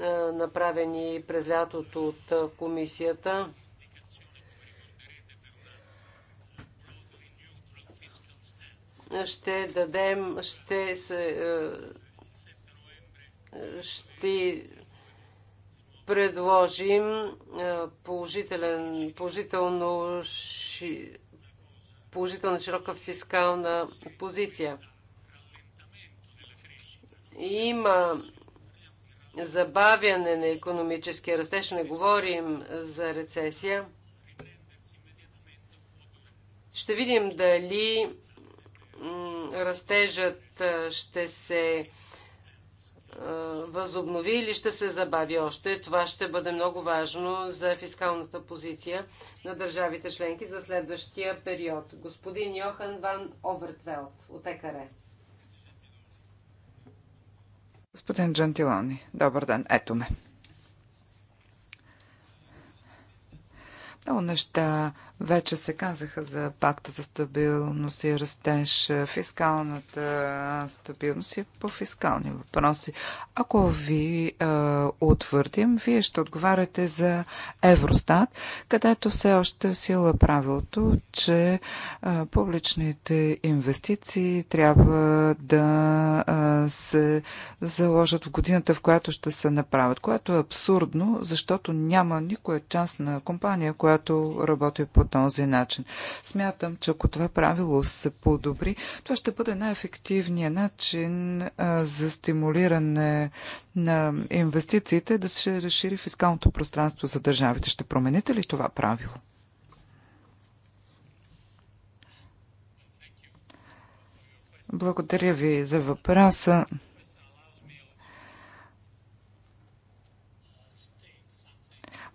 е, направени през лятото от комисията. Ще дадем, ще се, е, ще предложим е, положителен, положително, положителна широка фискална позиция. Има забавяне на економическия растеж, не говорим за рецесия. Ще видим дали растежът ще се възобнови или ще се забави още. Това ще бъде много важно за фискалната позиция на държавите членки за следващия период. Господин Йохан Ван Овертвелт от ЕКР.
Господин Джантилони, добър ден. Ето ме. Много неща вече се казаха за пакта за стабилност и растеж, е, фискалната стабилност и по фискални въпроси. Ако ви е, утвърдим, вие ще отговаряте за Евростат, където все още сила правилото, че е, публичните инвестиции трябва да е, се заложат в годината, в която ще се направят, което е абсурдно, защото няма никоя частна компания, която работи по този начин. Смятам, че ако това правило се подобри, това ще бъде най-ефективният начин за стимулиране на инвестициите да се разшири фискалното пространство за държавите. Ще промените ли това правило? Благодаря ви за въпроса.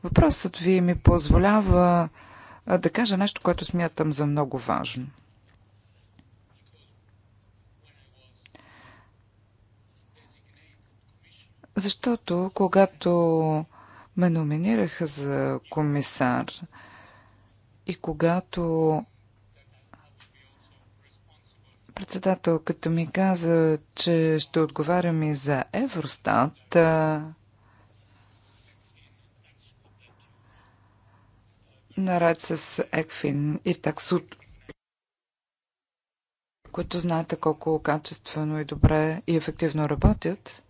Въпросът ви ми позволява да кажа нещо, което смятам за много важно. Защото когато ме номинираха за комисар и когато председателката ми каза, че ще отговарям и за Евростат, наред с ЕКФИН и Таксут, които знаете колко качествено и добре и ефективно работят,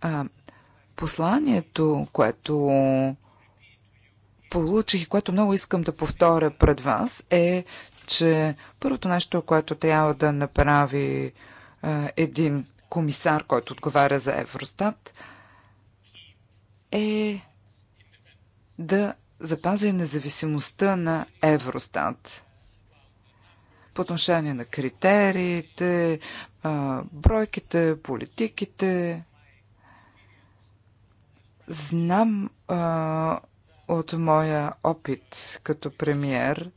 а, посланието, което получих и което много искам да повторя пред вас е, че първото нещо, което трябва да направи а, един комисар, който отговаря за Евростат, е да запази независимостта на Евростат по отношение на критериите, бройките, политиките. Знам а, от моя опит като премьер,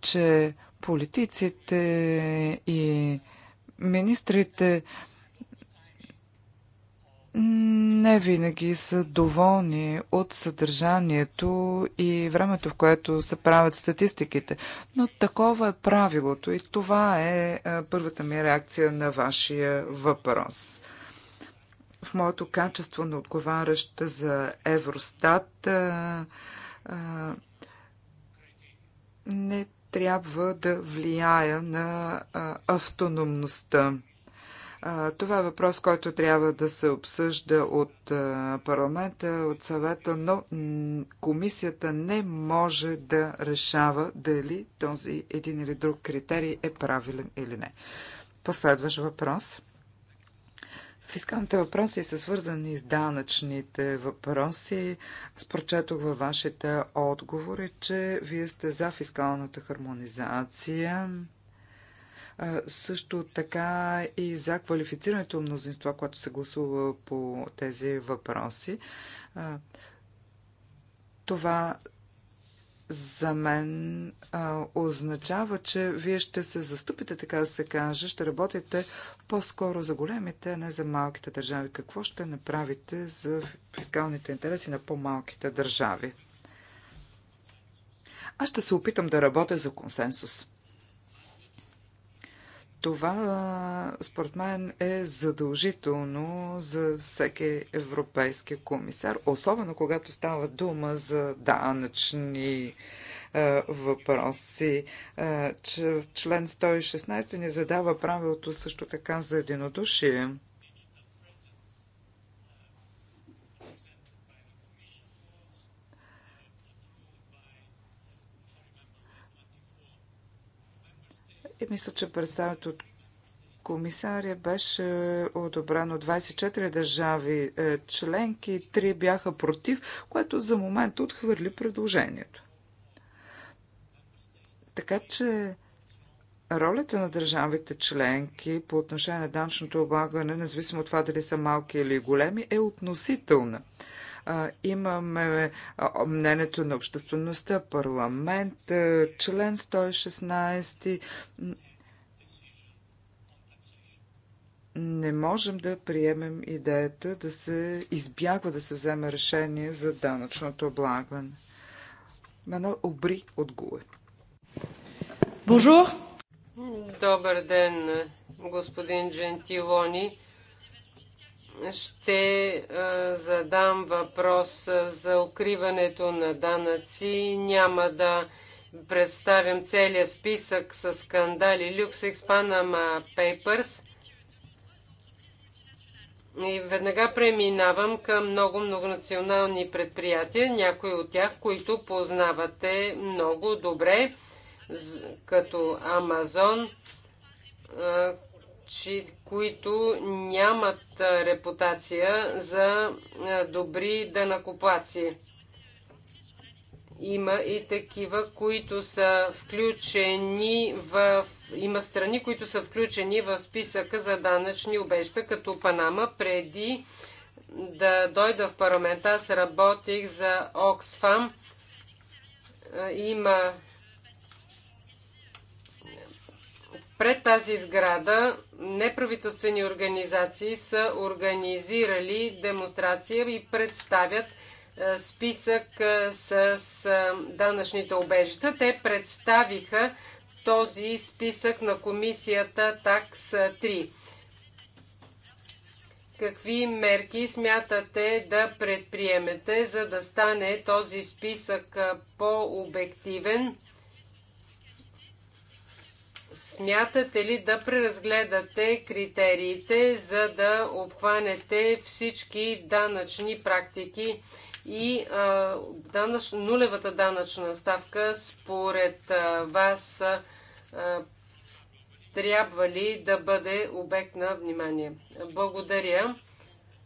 че политиците и министрите а, не винаги са доволни от съдържанието и времето, в което се правят статистиките. Но такова е правилото и това е, е първата ми реакция на вашия въпрос. В моето качество на отговаряща за Евростат е, е, не трябва да влияя на автономността това е въпрос, който трябва да се обсъжда от парламента, от съвета, но комисията не може да решава дали този един или друг критерий е правилен или не. Последващ въпрос. Фискалните въпроси са свързани с данъчните въпроси. Аз прочетох във вашите отговори, че вие сте за фискалната хармонизация също така и за квалифицирането мнозинство, което се гласува по тези въпроси. Това за мен а, означава, че вие ще се застъпите, така да се каже, ще работите по-скоро за големите, а не за малките държави. Какво ще направите за фискалните интереси на по-малките държави? Аз ще се опитам да работя за консенсус. Това, според мен, е задължително за всеки европейски комисар, особено когато става дума за данъчни въпроси. Че член 116 ни задава правилото също така за единодушие. И мисля, че представят от комисария беше е, одобрено 24 държави е, членки, 3 бяха против, което за момента отхвърли предложението. Така че ролята на държавите членки по отношение на данчното облагане, независимо от това дали са малки или големи, е относителна имаме мнението на обществеността, парламент, член 116 не можем да приемем идеята да се избягва да се вземе решение за данъчното облагане. Мено обри от Гуе.
Добър ден, господин Джентилони ще задам въпрос за укриването на данъци. Няма да представям целият списък с скандали LuxX, Panama Papers. И веднага преминавам към много многонационални предприятия, някои от тях, които познавате много добре, като Амазон, че, които нямат репутация за добри данакоплаци. Има и такива, които са включени в... Има страни, които са включени в списъка за данъчни обеща, като Панама. Преди да дойда в парламента, аз работих за Оксфам. Има Пред тази сграда неправителствени организации са организирали демонстрация и представят е, списък е, с е, данъчните обежища. Те представиха този списък на комисията ТАКС 3. Какви мерки смятате да предприемете, за да стане този списък по-обективен Смятате ли да преразгледате критериите, за да обхванете всички данъчни практики и а, данъч, нулевата данъчна ставка според а, вас а, трябва ли да бъде обект на внимание? Благодаря.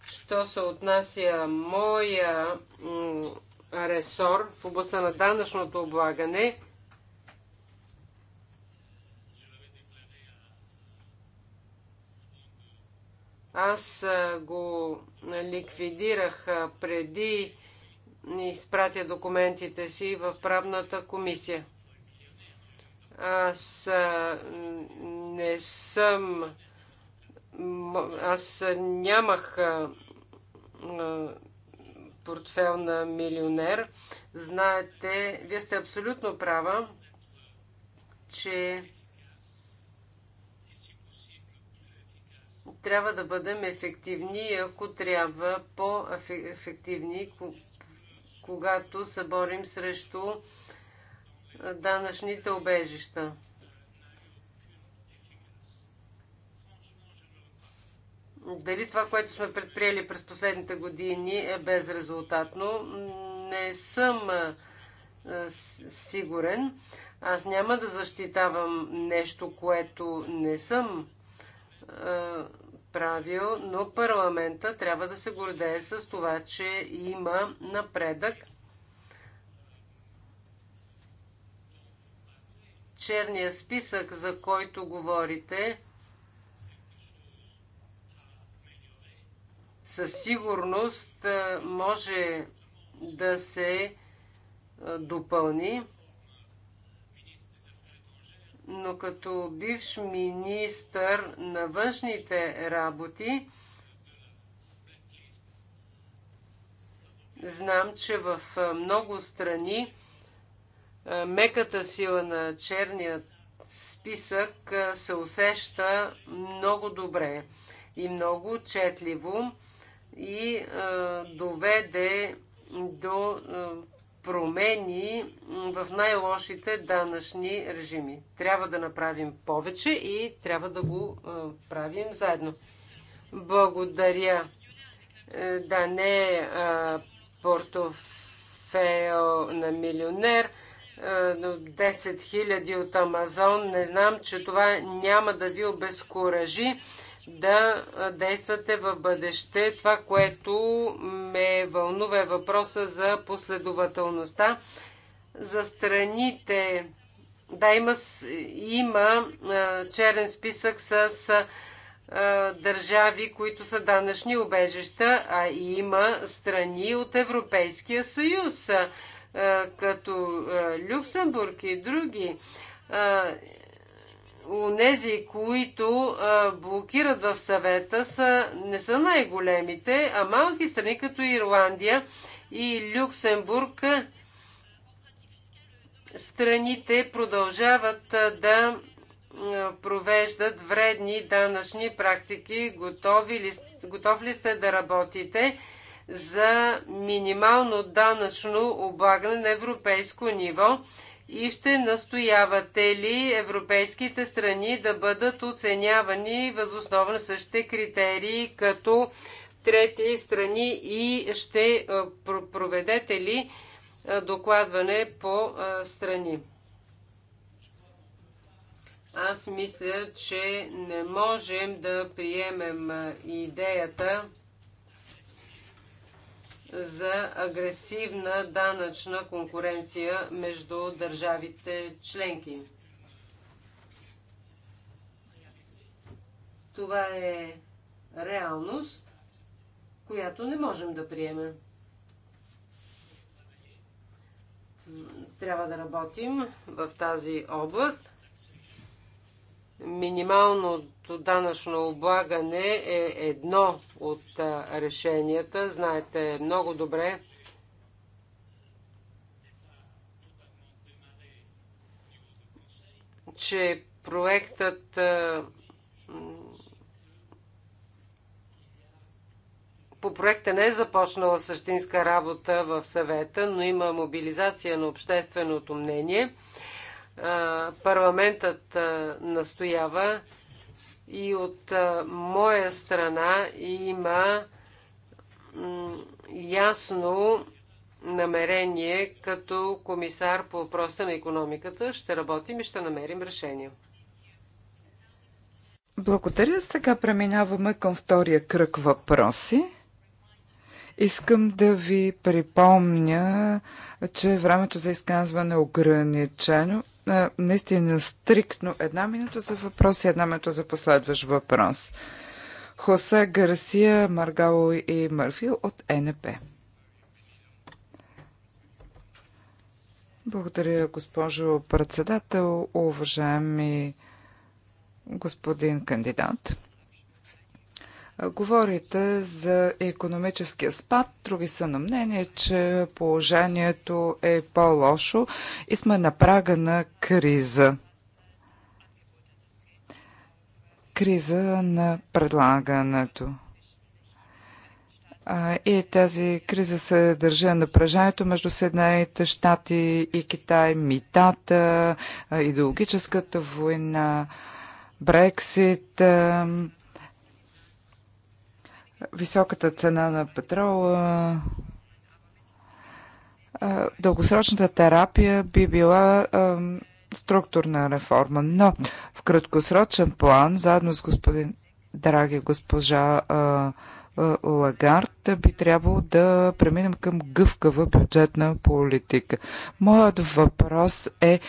Що се отнася моя ресор в областта на данъчното облагане – Аз го ликвидирах преди изпратя документите си в правната комисия. Аз не съм. Аз нямах портфел на милионер. Знаете, вие сте абсолютно права, че трябва да бъдем ефективни и ако трябва по-ефективни, когато се борим срещу данъчните обежища. Дали това, което сме предприели през последните години е безрезултатно, не съм сигурен. Аз няма да защитавам нещо, което не съм правил, но парламента трябва да се гордее с това, че има напредък. Черния списък, за който говорите, със сигурност може да се допълни но като бивш министър на външните работи, знам, че в много страни меката сила на черния списък се усеща много добре и много четливо и доведе до промени в най-лошите данъчни режими. Трябва да направим повече и трябва да го правим заедно. Благодаря. Е, да не е портофео на милионер, 10 000 от Амазон. Не знам, че това няма да ви обезкуражи да действате в бъдеще. Това, което ме вълнува е въпроса за последователността. За страните, да, има, има черен списък с държави, които са данъчни обежища, а има страни от Европейския съюз, като Люксембург и други Онези, които а, блокират в съвета, са, не са най-големите, а малки страни като Ирландия и Люксембург, страните продължават а, да провеждат вредни данъчни практики. Готови ли, готов ли сте да работите за минимално данъчно облагане на европейско ниво? И ще настоявате ли европейските страни да бъдат оценявани възоснова на същите критерии като трети страни и ще е, проведете ли е, докладване по е, страни? Аз мисля, че не можем да приемем идеята за агресивна данъчна конкуренция между държавите членки. Това е реалност, която не можем да приемем. Трябва да работим в тази област Минималното данъчно облагане е едно от решенията. Знаете много добре, че проектът по проекта не е започнала същинска работа в съвета, но има мобилизация на общественото мнение – парламентът настоява и от моя страна има ясно намерение като комисар по въпроса на економиката. Ще работим и ще намерим решение.
Благодаря. Сега преминаваме към втория кръг въпроси. Искам да ви припомня, че времето за изказване е ограничено е, наистина стриктно една минута за въпрос и една минута за последващ въпрос. Хосе Гарсия, Маргало и Мърфил от НП. Благодаря, госпожо председател, уважаеми господин кандидат. Говорите за економическия спад, други са на мнение, че положението е по-лошо и сме на прага на криза. Криза на предлагането. И тази криза се държа напрежението между Съединените щати и Китай, митата, идеологическата война, Брексит високата цена на петрола, дългосрочната терапия би била структурна реформа. Но в краткосрочен план, заедно с господин Драги госпожа Лагард, би трябвало да преминем към гъвкава бюджетна политика. Моят въпрос е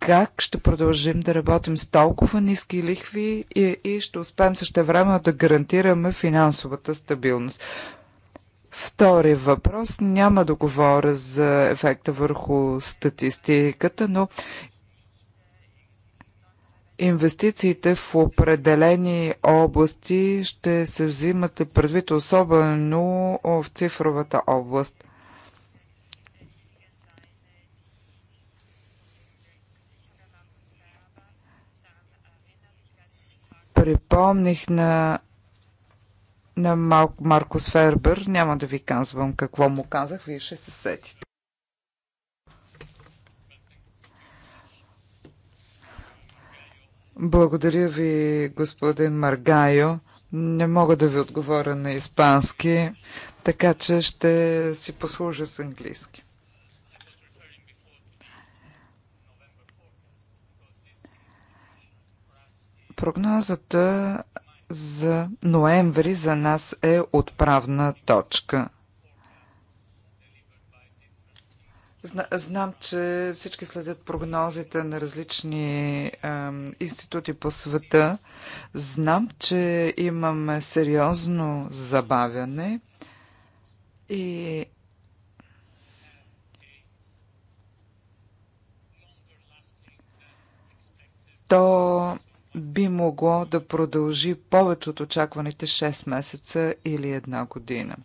как ще продължим да работим с толкова ниски лихви и, и ще успеем също време да гарантираме финансовата стабилност. Втори въпрос. Няма да говоря за ефекта върху статистиката, но инвестициите в определени области ще се взимат предвид, особено в цифровата област. припомних на, на Мал, Маркус Фербер, няма да ви казвам какво му казах, вие ще се сетите. Благодаря ви, господин Маргайо. Не мога да ви отговоря на испански, така че ще си послужа с английски. Прогнозата за ноември за нас е отправна точка. Знам, че всички следят прогнозите на различни е, институти по света. Знам, че имаме сериозно забавяне и то би могло да продължи повече от очакваните 6 месеца или една година.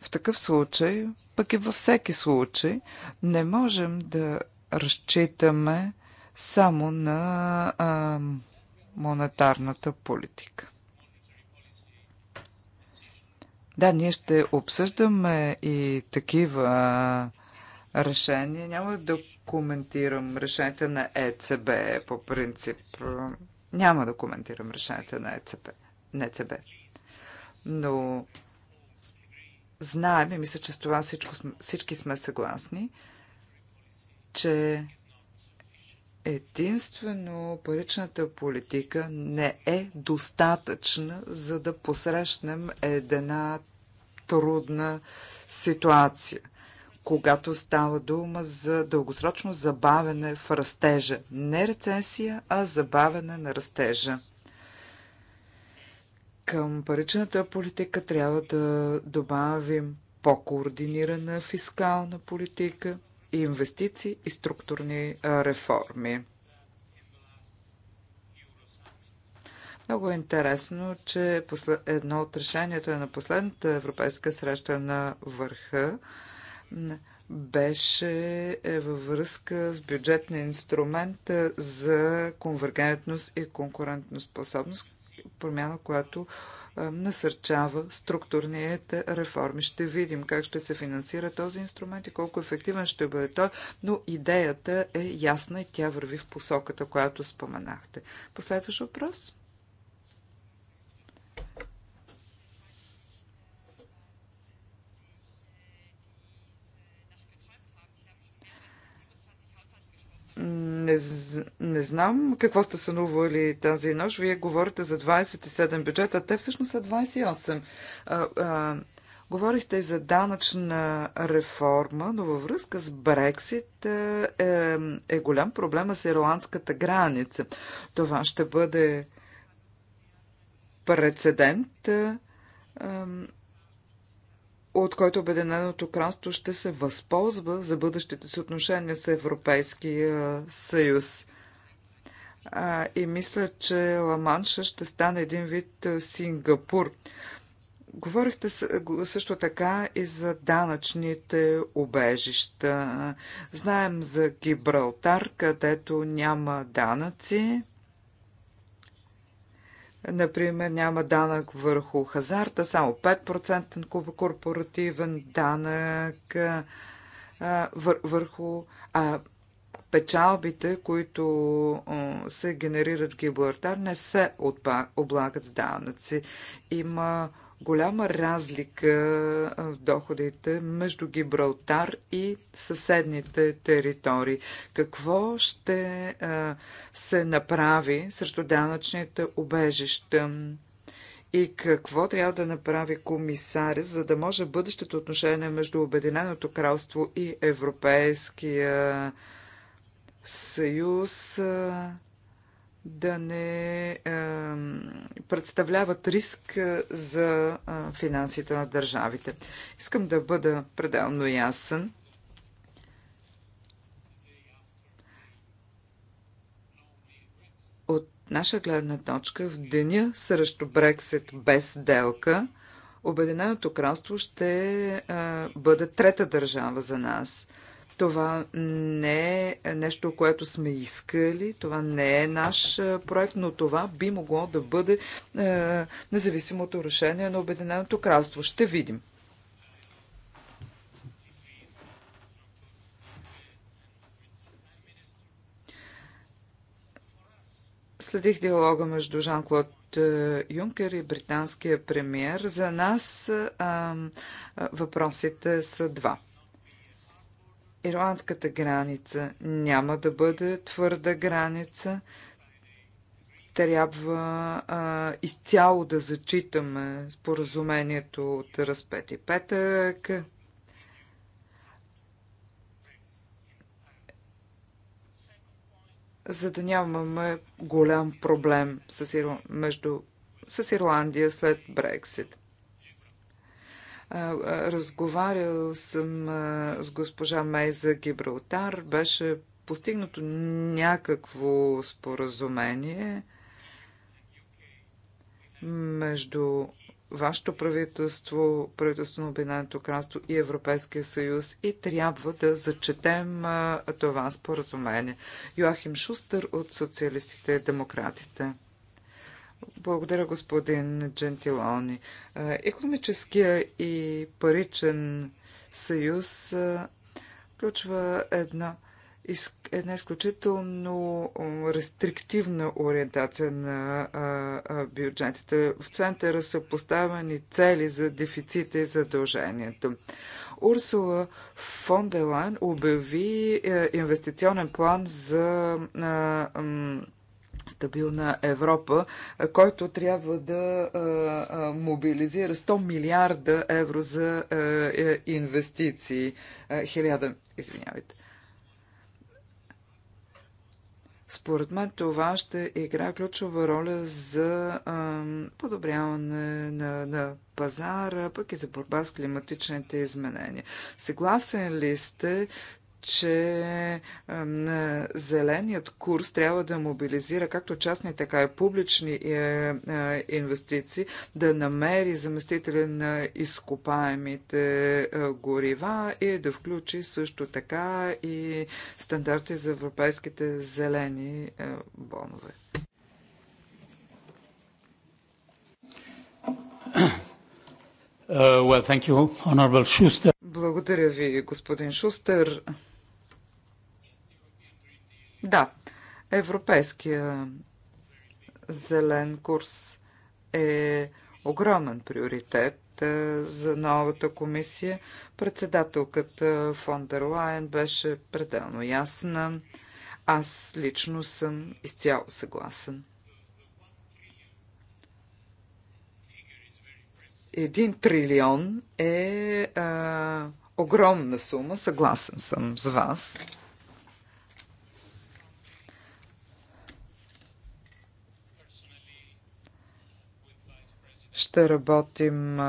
В такъв случай, пък и във всеки случай, не можем да разчитаме само на а, монетарната политика. Да, ние ще обсъждаме и такива решение. Няма да коментирам решенията на ЕЦБ по принцип. Няма да коментирам решенията на ЕЦБ. На ЕЦБ. Но знаем и мисля, че с това всичко, всички сме съгласни, че единствено паричната политика не е достатъчна, за да посрещнем една трудна ситуация когато става дума за дългосрочно забавене в растежа. Не рецесия, а забавене на растежа. Към паричната политика трябва да добавим по-координирана фискална политика, инвестиции и структурни реформи. Много е интересно, че едно от решенията на последната европейска среща на върха беше е, във връзка с бюджетния инструмент е, за конвергентност и конкурентоспособност, промяна, която е, насърчава структурните реформи. Ще видим как ще се финансира този инструмент и колко ефективен ще бъде той, но идеята е ясна и тя върви в посоката, която споменахте. Последващ въпрос? не, не знам какво сте сънували тази нощ. Вие говорите за 27 бюджета, те всъщност са 28. А, а, говорихте и за данъчна реформа, но във връзка с Брексит е, е, е голям проблема с ирландската граница. Това ще бъде прецедент. Е, а, от който Обединеното кралство ще се възползва за бъдещите си отношения с Европейския съюз. А, и мисля, че Ламанша ще стане един вид Сингапур. Говорихте също така и за данъчните убежища. Знаем за Гибралтар, където няма данъци. Например, няма данък върху хазарта, само 5% корпоративен данък върху печалбите, които се генерират в Гибралтар, не се облагат с данъци. Има голяма разлика в доходите между Гибралтар и съседните територии. Какво ще се направи срещу данъчните обежища? и какво трябва да направи комисаря, за да може бъдещето отношение между Обединеното кралство и Европейския съюз да не е, представляват риск е, за е, финансите на държавите. Искам да бъда пределно ясен. От наша гледна точка, в деня срещу Брексит без делка, Обединеното кралство ще е, бъде трета държава за нас – това не е нещо, което сме искали, това не е наш проект, но това би могло да бъде е, независимото решение на Обединеното кралство. Ще видим. Следих диалога между Жан-Клод Юнкер и британския премьер. За нас въпросите са два ирландската граница няма да бъде твърда граница. Трябва а, изцяло да зачитаме споразумението от разпети петък. За да нямаме голям проблем с, между, с Ирландия след Брексит. Разговарял съм с госпожа Мей за Гибралтар. Беше постигнато някакво споразумение между вашето правителство, правителство на Обединеното кралство и Европейския съюз и трябва да зачетем това споразумение. Йоахим Шустър от Социалистите и Демократите. Благодаря, господин Джентилони. Економическия и паричен съюз включва една, една изключително рестриктивна ориентация на бюджетите. В центъра са поставени цели за дефицита и задължението. Урсула фон обяви инвестиционен план за стабилна Европа, който трябва да мобилизира 100 милиарда евро за е, инвестиции. Хиляда, извинявайте. Според мен това ще играе ключова роля за а, подобряване на, на пазара, пък и за борба с климатичните изменения. Съгласен ли сте, че зеленият курс трябва да мобилизира както частни, така и публични е, е, инвестиции, да намери заместители на изкопаемите е, горива и да включи също така и стандарти за европейските зелени бонове.
Uh, well, you,
Благодаря ви, господин Шустер. Да, европейския зелен курс е огромен приоритет е, за новата комисия. Председателката фон дер Лайен беше пределно ясна. Аз лично съм изцяло съгласен. Един трилион е а, е, огромна сума, съгласен съм с вас. ще работим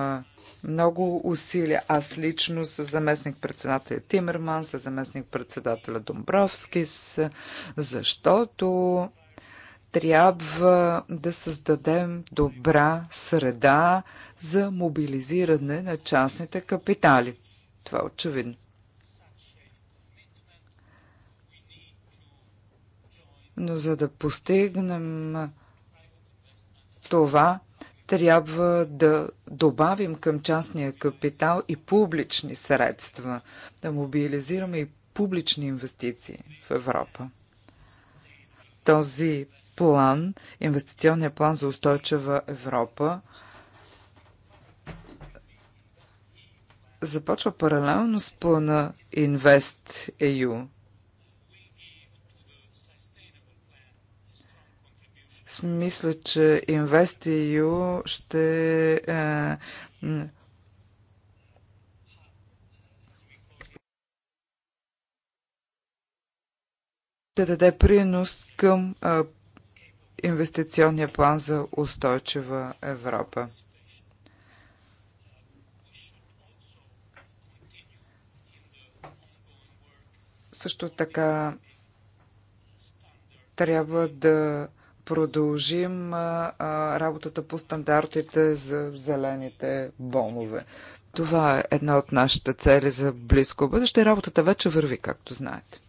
много усилия. Аз лично с заместник-председателя Тимерман, с заместник-председателя Домбровски, защото трябва да създадем добра среда за мобилизиране на частните капитали. Това е очевидно. Но за да постигнем това, трябва да добавим към частния капитал и публични средства, да мобилизираме и публични инвестиции в Европа. Този план, инвестиционният план за устойчива Европа, започва паралелно с плана Invest EU. Мисля, че InvestEU ще е, ще даде принос към а, е, инвестиционния план за устойчива Европа. Също така трябва да продължим работата по стандартите за зелените бонове. Това е една от нашите цели за близко бъдеще. Работата вече върви, както знаете.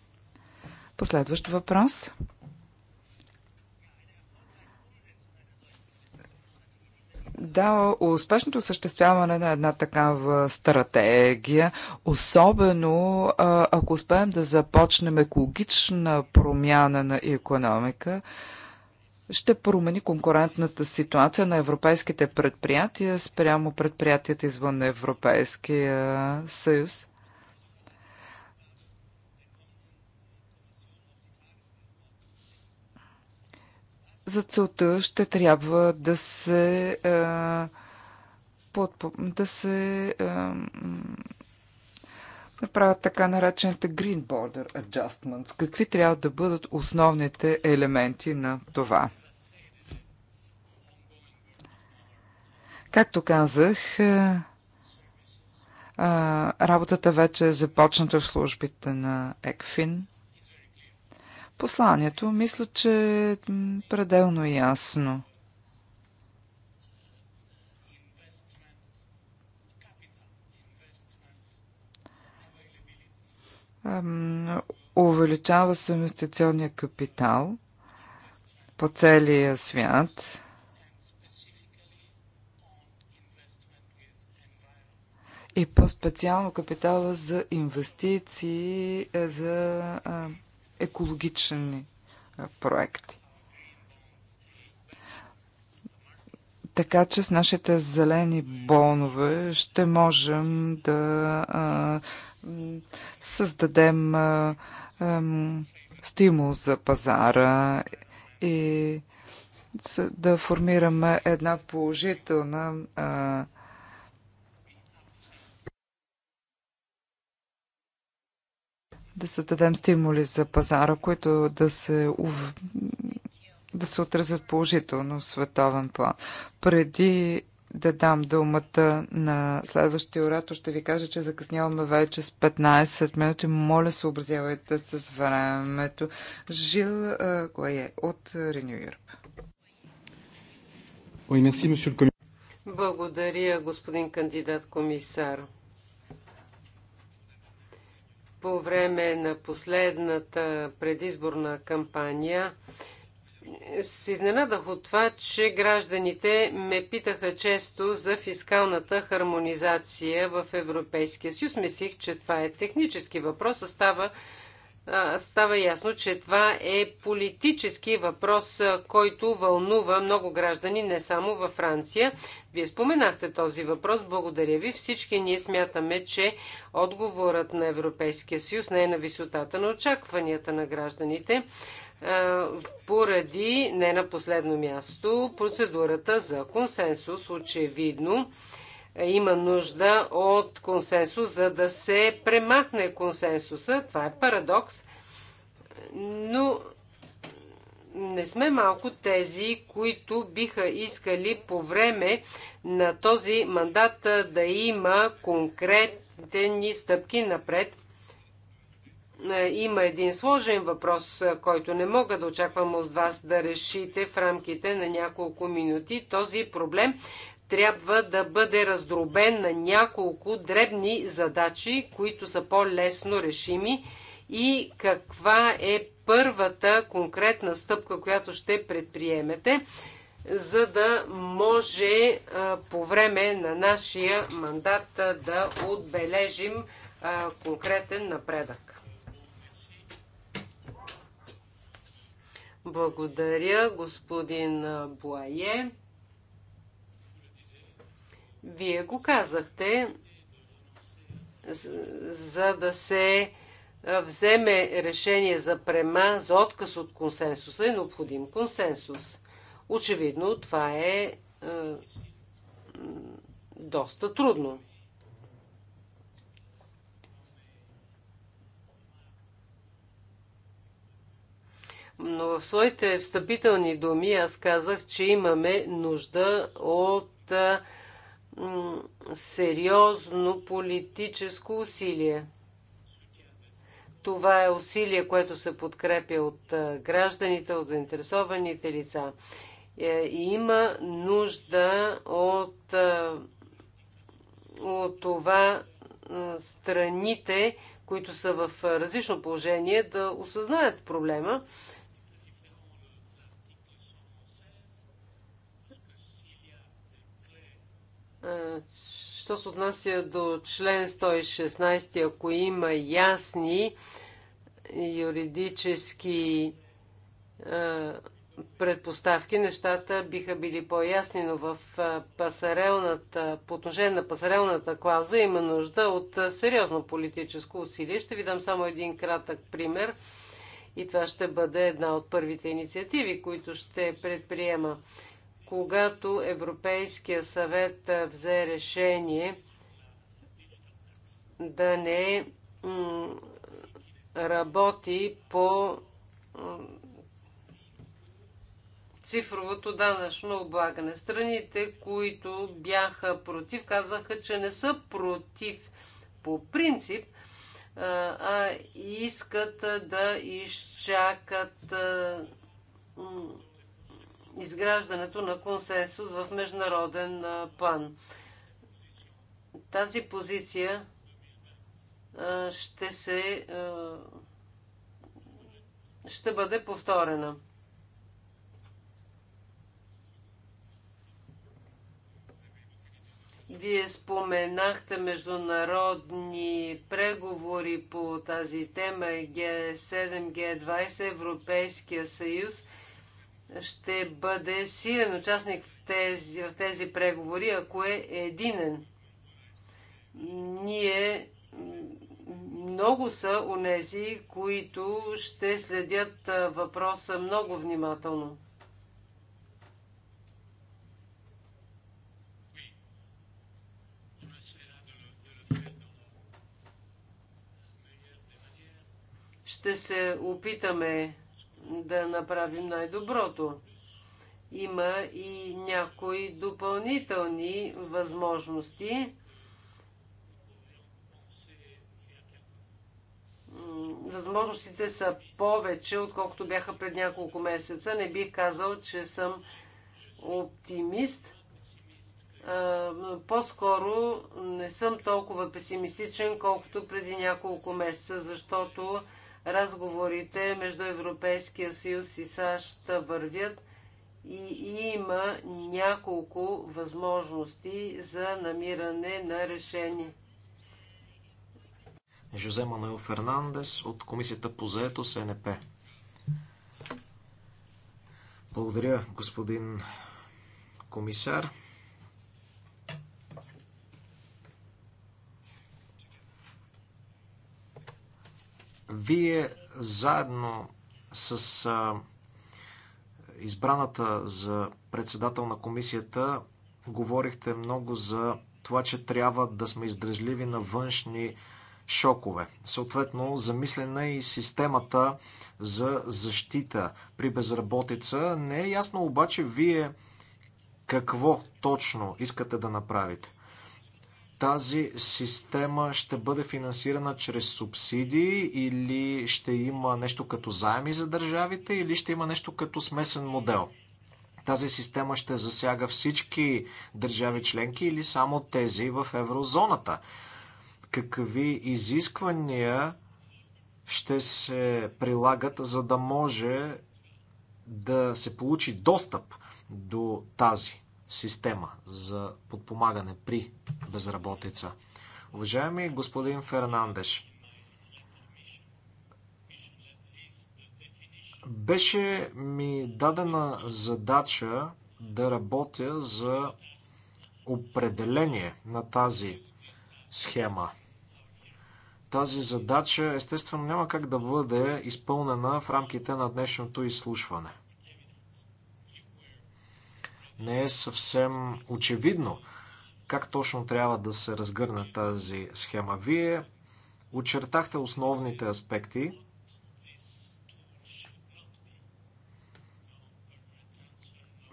Последващ въпрос. Да, успешното осъществяване на една такава стратегия, особено ако успеем да започнем екологична промяна на економика, ще промени конкурентната ситуация на европейските предприятия спрямо предприятията извън Европейския съюз. За целта ще трябва да се, е, да се е, Направят така наречените Green Border Adjustments? Какви трябва да бъдат основните елементи на това? Както казах, е, е, работата вече е започната в службите на ЕКФИН. Посланието, мисля, че е пределно ясно – увеличава се инвестиционния капитал по целия свят. И по-специално капитала за инвестиции, е, за екологични проекти. Така че с нашите зелени бонове ще можем да създадем стимул за пазара и да формираме една положителна да създадем стимули за пазара, които да се, да се отразят положително в световен план. Преди да дам думата на следващия оратор. Ще ви кажа, че закъсняваме вече с 15 минути. Моля, съобразявайте с времето. Жил Гуае е? от Renew Europe.
Благодаря, господин кандидат комисар. По време на последната предизборна кампания се изненадах от това, че гражданите ме питаха често за фискалната хармонизация в Европейския съюз. Мислих, че това е технически въпрос, а става, а, става ясно, че това е политически въпрос, който вълнува много граждани, не само във Франция. Вие споменахте този въпрос. Благодаря ви. Всички ние смятаме, че отговорът на Европейския съюз не е на висотата на очакванията на гражданите. Е, поради, не на последно място, процедурата за консенсус. Очевидно има нужда от консенсус, за да се премахне консенсуса. Това е парадокс, но не сме малко тези, които биха искали по време на този мандат да има конкретни стъпки напред е, има един сложен въпрос, е, който не мога да очаквам от вас да решите в рамките на няколко минути. Този проблем трябва да бъде раздробен на няколко дребни задачи, които са по-лесно решими и каква е първата конкретна стъпка, която ще предприемете, за да може е, по време на нашия мандат да отбележим конкретен напредък. Благодаря, господин Буае. Вие го казахте, за да се вземе решение за према, за отказ от консенсуса, е необходим консенсус. Очевидно, това е, е доста трудно. Но в своите встъпителни думи аз казах, че имаме нужда от а, м, сериозно политическо усилие. Това е усилие, което се подкрепя от гражданите, от заинтересованите лица. Е, и има нужда от, от това страните, които са в различно положение, да осъзнаят проблема Що се отнася до член 116, ако има ясни юридически предпоставки, нещата биха били по-ясни, но в пасарелната, по отношение на пасарелната клауза има нужда от сериозно политическо усилие. Ще ви дам само един кратък пример и това ще бъде една от първите инициативи, които ще предприема когато Европейския съвет взе решение да не работи по цифровото данъчно облагане. Страните, които бяха против, казаха, че не са против по принцип, а искат да изчакат изграждането на консенсус в международен план. Тази позиция ще се ще бъде повторена. Вие споменахте международни преговори по тази тема Г7, Г20, Европейския съюз – ще бъде силен участник в тези, в тези преговори, ако е единен. Ние много са унези, които ще следят въпроса много внимателно. Ще се опитаме да направим най-доброто. Има и някои допълнителни възможности. Възможностите са повече, отколкото бяха пред няколко месеца. Не бих казал, че съм оптимист. По-скоро не съм толкова песимистичен, колкото преди няколко месеца, защото разговорите между Европейския съюз и САЩ вървят и има няколко възможности за намиране на решение.
Жозе Манел Фернандес от Комисията по заето СНП. Благодаря, господин комисар. Вие заедно с избраната за председател на комисията говорихте много за това, че трябва да сме издръжливи на външни шокове. Съответно, замислена е и системата за защита при безработица. Не е ясно обаче вие какво точно искате да направите тази система ще бъде финансирана чрез субсидии или ще има нещо като заеми за държавите или ще има нещо като смесен модел? Тази система ще засяга всички държави членки или само тези в еврозоната? Какви изисквания ще се прилагат, за да може да се получи достъп до тази система за подпомагане при безработица. Уважаеми господин Фернандеш, беше ми дадена задача да работя за определение на тази схема. Тази задача, естествено, няма как да бъде изпълнена в рамките на днешното изслушване – не е съвсем очевидно как точно трябва да се разгърне тази схема. Вие очертахте основните аспекти.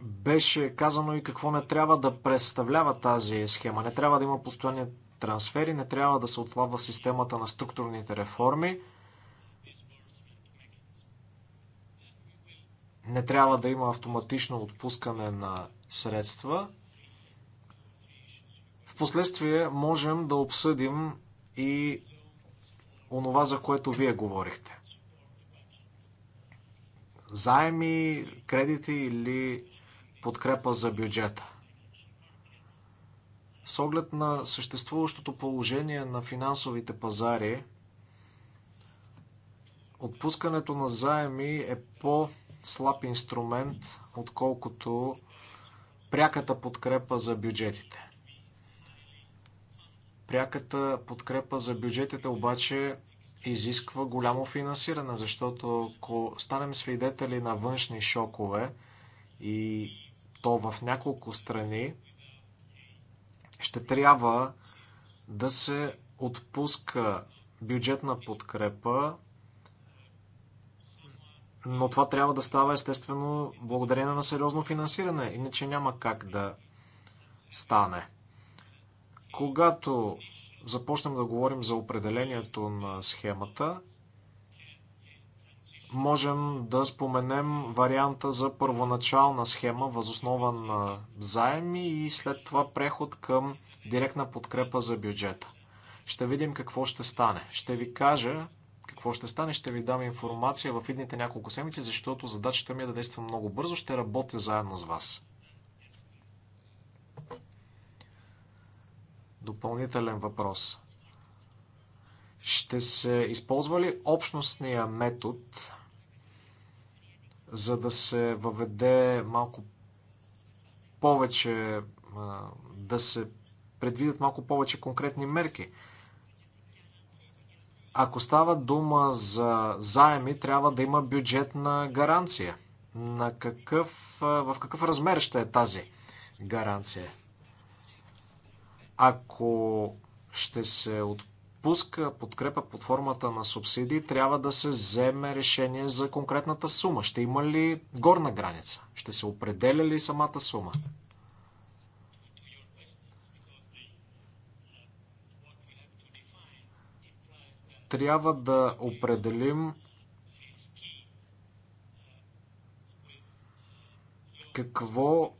Беше казано и какво не трябва да представлява тази схема. Не трябва да има постоянни трансфери, не трябва да се отслабва системата на структурните реформи – Не трябва да има автоматично отпускане на средства. Впоследствие можем да обсъдим и онова, за което вие говорихте. Заеми, кредити или подкрепа за бюджета. С оглед на съществуващото положение на финансовите пазари, отпускането на заеми е по- слаб инструмент, отколкото пряката подкрепа за бюджетите. Пряката подкрепа за бюджетите обаче изисква голямо финансиране, защото ако станем свидетели на външни шокове и то в няколко страни, ще трябва да се отпуска бюджетна подкрепа но това трябва да става естествено благодарение на сериозно финансиране, иначе няма как да стане. Когато започнем да говорим за определението на схемата, можем да споменем варианта за първоначална схема, възоснова на заеми и след това преход към директна подкрепа за бюджета. Ще видим какво ще стане. Ще ви кажа какво ще стане. Ще ви дам информация в идните няколко седмици, защото задачата ми е да действам много бързо. Ще работя заедно с вас. Допълнителен въпрос. Ще се използва ли общностния метод, за да се въведе малко повече, да се предвидят малко повече конкретни мерки? Ако става дума за заеми, трябва да има бюджетна гаранция. На какъв, в какъв размер ще е тази гаранция? Ако ще се отпуска подкрепа под формата на субсидии, трябва да се вземе решение за конкретната сума. Ще има ли горна граница? Ще се определя ли самата сума? трябва да определим какво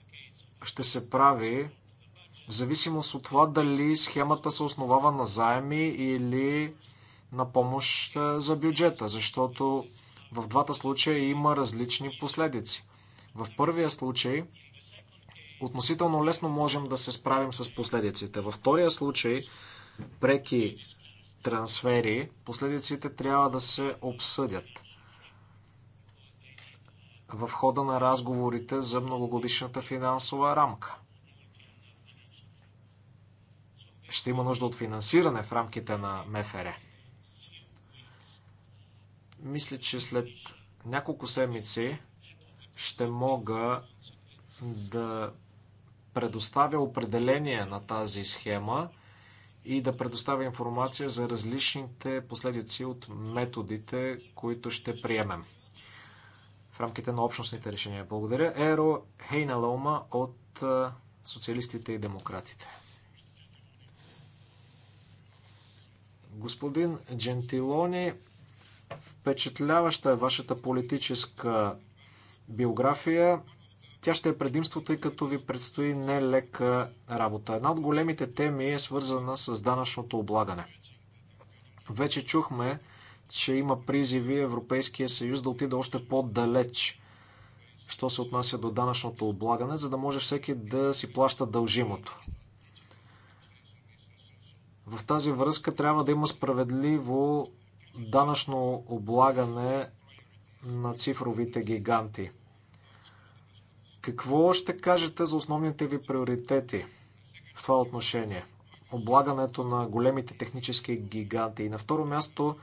ще се прави в зависимост от това дали схемата се основава на заеми или на помощ за бюджета, защото в двата случая има различни последици. В първия случай относително лесно можем да се справим с последиците. Във втория случай преки трансфери, последиците трябва да се обсъдят в хода на разговорите за многогодишната финансова рамка. Ще има нужда от финансиране в рамките на МФР. Мисля, че след няколко седмици ще мога да предоставя определение на тази схема – и да предоставя информация за различните последици от методите, които ще приемем в рамките на общностните решения. Благодаря. Еро Хейналома от социалистите и демократите. Господин Джентилони, впечатляваща е вашата политическа биография. Тя ще е предимство, тъй като ви предстои нелека работа. Една от големите теми е свързана с данъчното облагане. Вече чухме, че има призиви Европейския съюз да отиде още по-далеч, що се отнася до данъчното облагане, за да може всеки да си плаща дължимото. В тази връзка трябва да има справедливо данъчно облагане на цифровите гиганти – какво ще кажете за основните ви приоритети в това отношение? Облагането на големите технически гиганти. И на второ място,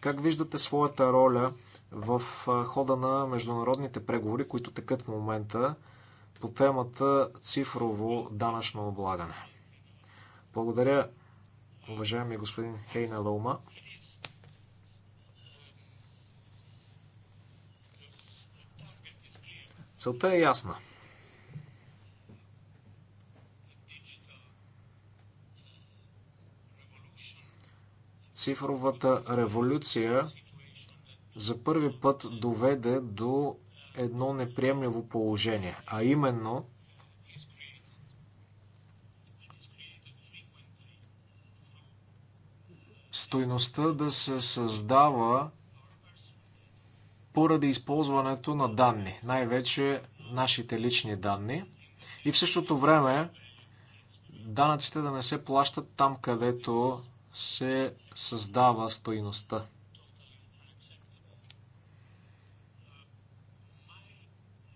как виждате своята роля в хода на международните преговори, които текат в момента по темата цифрово данъчно облагане? Благодаря, уважаеми господин Хейна Лаума. Целта е ясна. Цифровата революция за първи път доведе до едно неприемливо положение, а именно стойността да се създава поради използването на данни, най-вече нашите лични данни. И в същото време данъците да не се плащат там, където се създава стоиността.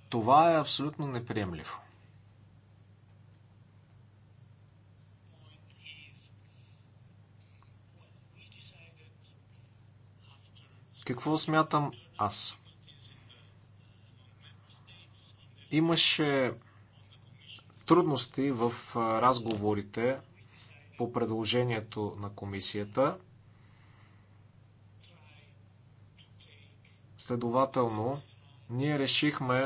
Това е абсолютно неприемливо. Какво смятам аз. Имаше трудности в разговорите по предложението на комисията. Следователно, ние решихме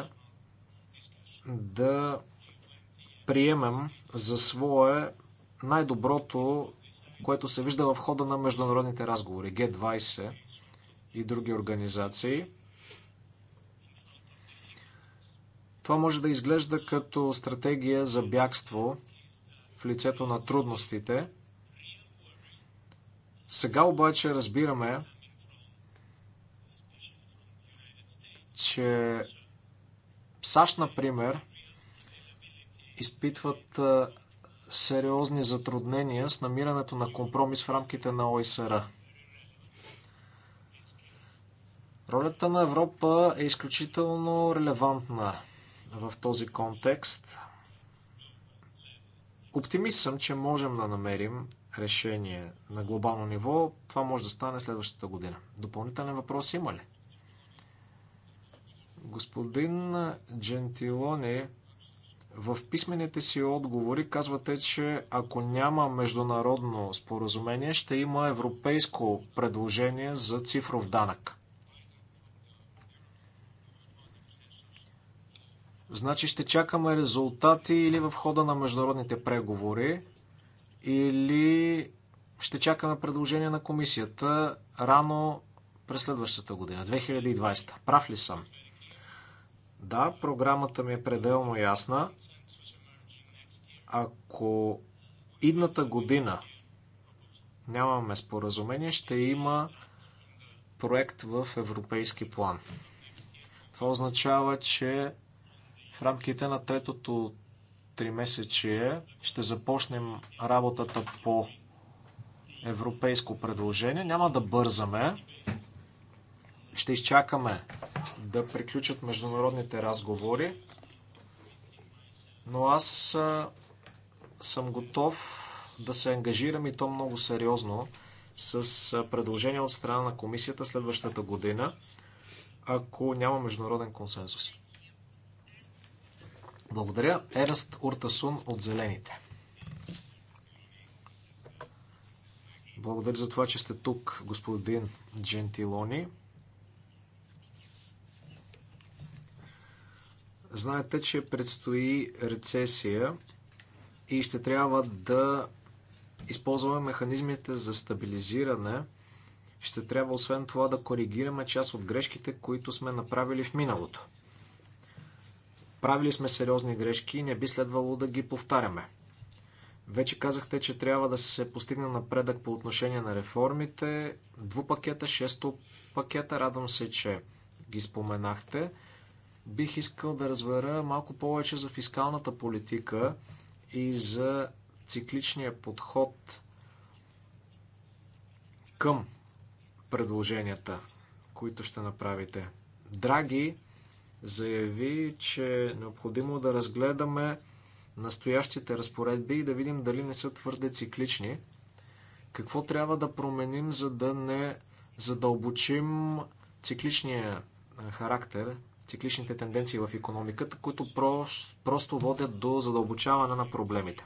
да приемем за свое най-доброто, което се вижда в хода на международните разговори Г20 и други организации. Това може да изглежда като стратегия за бягство в лицето на трудностите. Сега обаче разбираме, че САЩ, например, изпитват сериозни затруднения с намирането на компромис в рамките на ОСР. Ролята на Европа е изключително релевантна в този контекст. Оптимист съм, че можем да намерим решение на глобално ниво. Това може да стане следващата година. Допълнителен въпрос има ли? Господин Джентилони в писмените си отговори казвате, че ако няма международно споразумение, ще има европейско предложение за цифров данък. Значи ще чакаме резултати или в хода на международните преговори, или ще чакаме предложение на комисията рано през следващата година, 2020. Прав ли съм? Да, програмата ми е пределно ясна. Ако идната година нямаме споразумение, ще има проект в европейски план. Това означава, че рамките на третото тримесечие ще започнем работата по европейско предложение. Няма да бързаме. Ще изчакаме да приключат международните разговори. Но аз съм готов да се ангажирам и то много сериозно с предложение от страна на комисията следващата година, ако няма международен консенсус. Благодаря. Ераст Уртасун от Зелените. Благодаря за това, че сте тук, господин Джентилони. Знаете, че предстои рецесия и ще трябва да използваме механизмите за стабилизиране. Ще трябва освен това да коригираме част от грешките, които сме направили в миналото. Правили сме сериозни грешки и не би следвало да ги повтаряме. Вече казахте, че трябва да се постигне напредък по отношение на реформите. пакета, шесто пакета, радвам се, че ги споменахте. Бих искал да разбера малко повече за фискалната политика и за цикличния подход към предложенията, които ще направите. Драги заяви, че е необходимо да разгледаме настоящите разпоредби и да видим дали не са твърде циклични. Какво трябва да променим, за да не задълбочим цикличния характер, цикличните тенденции в економиката, които просто водят до задълбочаване на проблемите.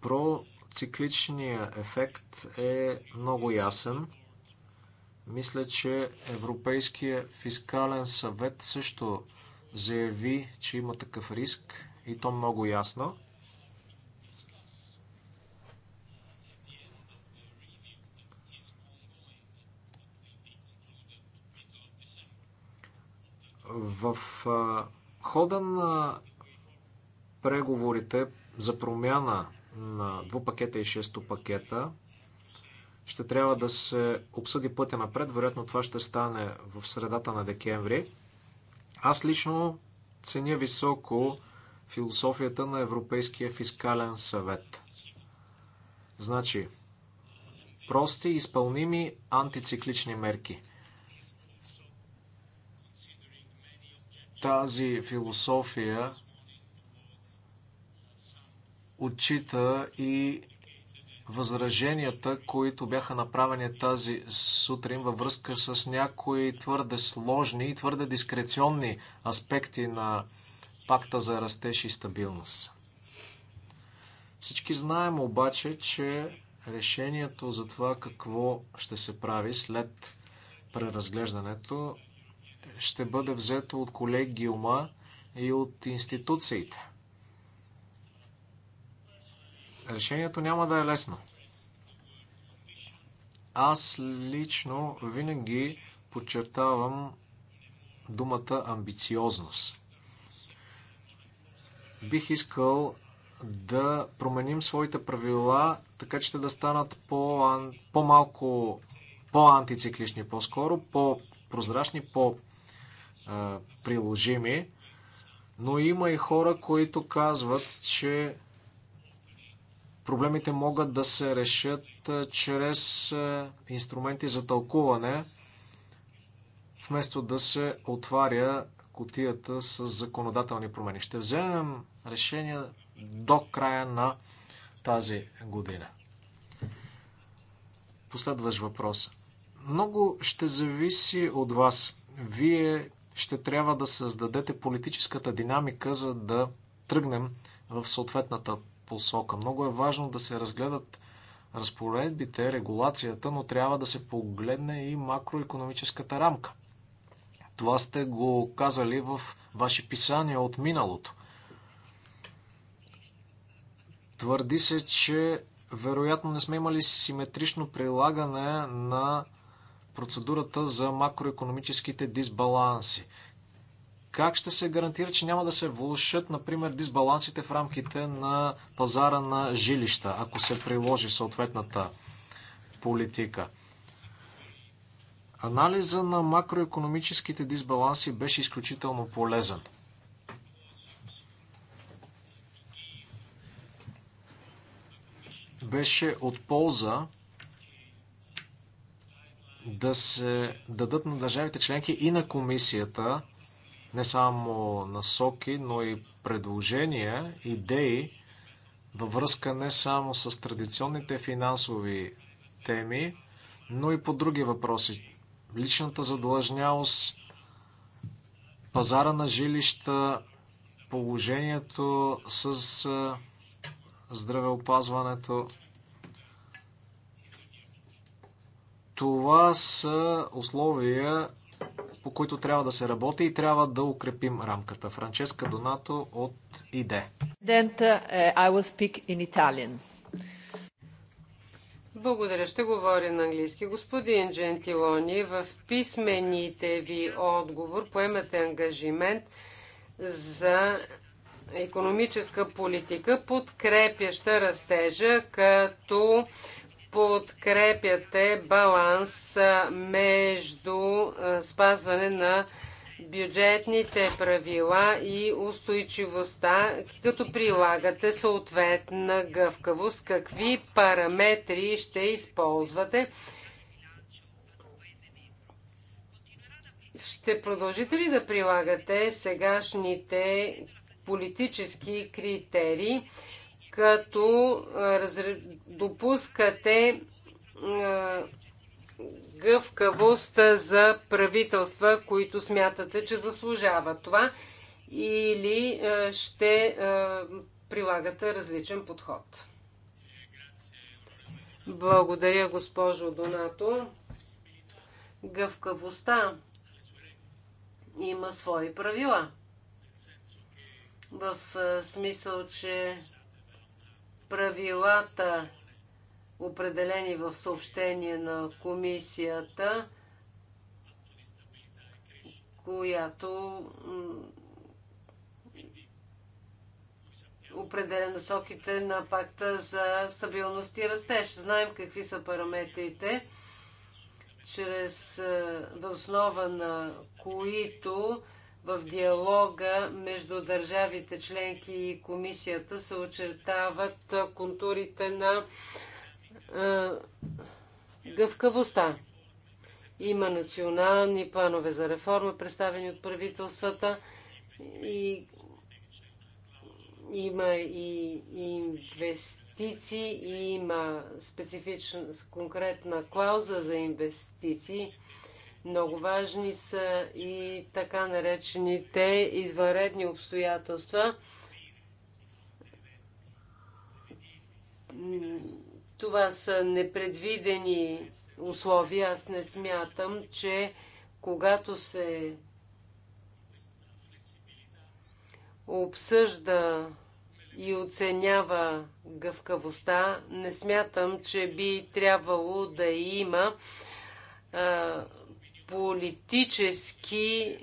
Процикличният ефект е много ясен – мисля, че Европейския фискален съвет също заяви, че има такъв риск и то много ясно. В хода на преговорите за промяна на двупакета и шесто пакета, ще трябва да се обсъди пътя напред. Вероятно това ще стане в средата на декември. Аз лично ценя високо философията на Европейския фискален съвет. Значи, прости, изпълними антициклични мерки. Тази философия отчита и възраженията, които бяха направени тази сутрин във връзка с някои твърде сложни и твърде дискреционни аспекти на пакта за растеж и стабилност. Всички знаем обаче, че решението за това какво ще се прави след преразглеждането ще бъде взето от колегиума и от институциите. Решението няма да е лесно. Аз лично винаги подчертавам думата амбициозност. Бих искал да променим своите правила, така че да станат по-малко, по-антициклични по-скоро, по-прозрачни, по-приложими. Но има и хора, които казват, че Проблемите могат да се решат чрез инструменти за тълкуване, вместо да се отваря котията с законодателни промени. Ще вземем решение до края на тази година. Последващ въпрос. Много ще зависи от вас. Вие ще трябва да създадете политическата динамика, за да тръгнем в съответната посока. Много е важно да се разгледат разпоредбите, регулацията, но трябва да се погледне и макроекономическата рамка. Това сте го казали в ваши писания от миналото. Твърди се, че вероятно не сме имали симетрично прилагане на процедурата за макроекономическите дисбаланси. Как ще се гарантира, че няма да се влушат, например, дисбалансите в рамките на пазара на жилища, ако се приложи съответната политика? Анализа на макроекономическите дисбаланси беше изключително полезен. Беше от полза да се дадат на държавите членки и на комисията не само насоки, но и предложения, идеи във връзка не само с традиционните финансови теми, но и по други въпроси. Личната задлъжнялост, пазара на жилища, положението с здравеопазването. Това са условия, по които трябва да се работи и трябва да укрепим рамката. Франческа Донато от ИДЕ.
Е, Благодаря. Ще говоря на английски. Господин Джентилони, в писмените ви отговор поемате ангажимент за економическа политика, подкрепяща растежа, като подкрепяте баланс между спазване на бюджетните правила и устойчивостта, като прилагате съответна гъвкавост? Какви параметри ще използвате? Ще продължите ли да прилагате сегашните политически критерии? като допускате гъвкавост за правителства, които смятате, че заслужават това или ще прилагате различен подход. Благодаря, госпожо Донато. Гъвкавостта има свои правила. В смисъл, че правилата, определени в съобщение на комисията, която определя насоките на пакта за стабилност и растеж. Знаем какви са параметрите, чрез е, възоснова на които в диалога между държавите членки и комисията се очертават контурите на гъвкавостта. Има национални планове за реформа, представени от правителствата и има и инвестиции, и има специфична конкретна клауза за инвестиции. Много важни са и така наречените извънредни обстоятелства. Това са непредвидени условия. Аз не смятам, че когато се обсъжда и оценява гъвкавостта, не смятам, че би трябвало да има а, политически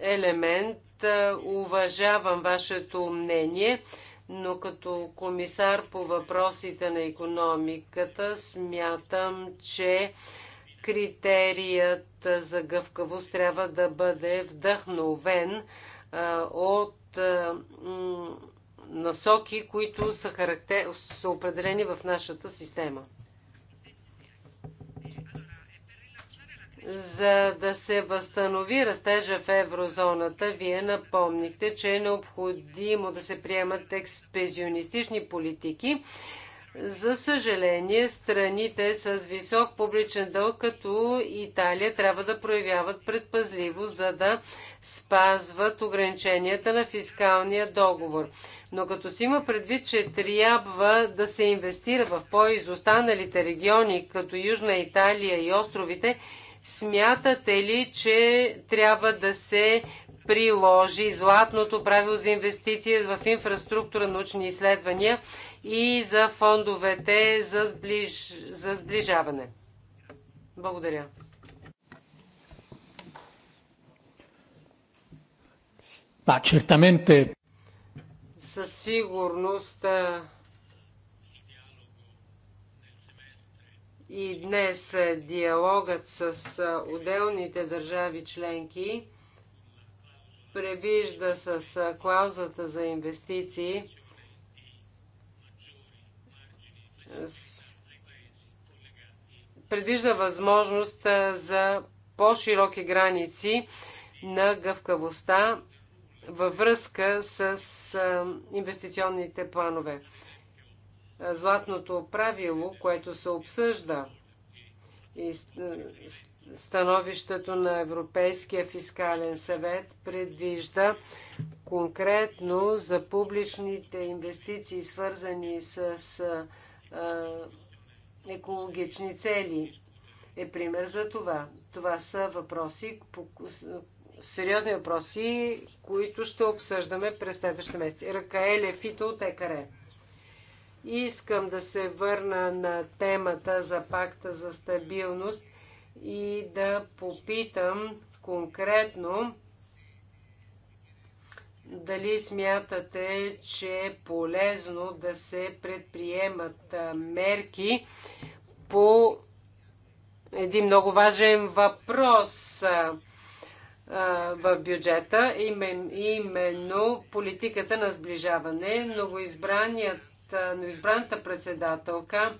елемент. Е, уважавам вашето мнение, но като комисар по въпросите на економиката смятам, че критерият за гъвкавост трябва да бъде вдъхновен е, от е, насоки, които са, характер... са определени в нашата система. За да се възстанови растежа в еврозоната, вие напомнихте, че е необходимо да се приемат експезионистични политики. За съжаление, страните с висок публичен дълг, като Италия, трябва да проявяват предпазливо, за да спазват ограниченията на фискалния договор. Но като си има предвид, че трябва да се инвестира в по-изостаналите региони, като Южна Италия и островите, Смятате ли, че трябва да се приложи златното правило за инвестиции в инфраструктура, научни изследвания и за фондовете за, сближ... за сближаване? Благодаря.
Ma certamente.
Със сигурност И днес е, диалогът с е, отделните държави членки превижда с е, клаузата за инвестиции предвижда възможност за по-широки граници на гъвкавостта във връзка с инвестиционните планове златното правило, което се обсъжда и становището на Европейския фискален съвет предвижда конкретно за публичните инвестиции, свързани с екологични цели е пример за това. Това са въпроси, сериозни въпроси, които ще обсъждаме през следващите месеци. Ръкаеле Фито от ЕКАРЕ. Искам да се върна на темата за пакта за стабилност и да попитам конкретно дали смятате, че е полезно да се предприемат мерки по един много важен въпрос в бюджета, именно политиката на сближаване. Новоизбраният текст, но избраната председателка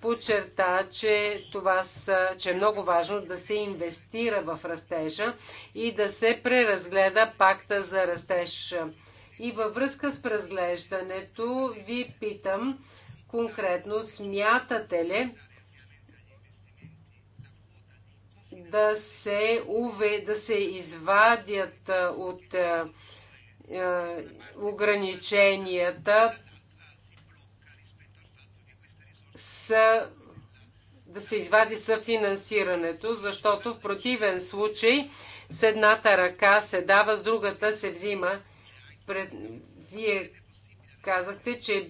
подчерта, че, това са, че е много важно да се инвестира в растежа и да се преразгледа пакта за растеж. И във връзка с преразглеждането ви питам конкретно, смятате ли да се, уве, да се извадят от ограниченията са да се извади съфинансирането, защото в противен случай с едната ръка се дава, с другата се взима. Пред... Вие казахте, че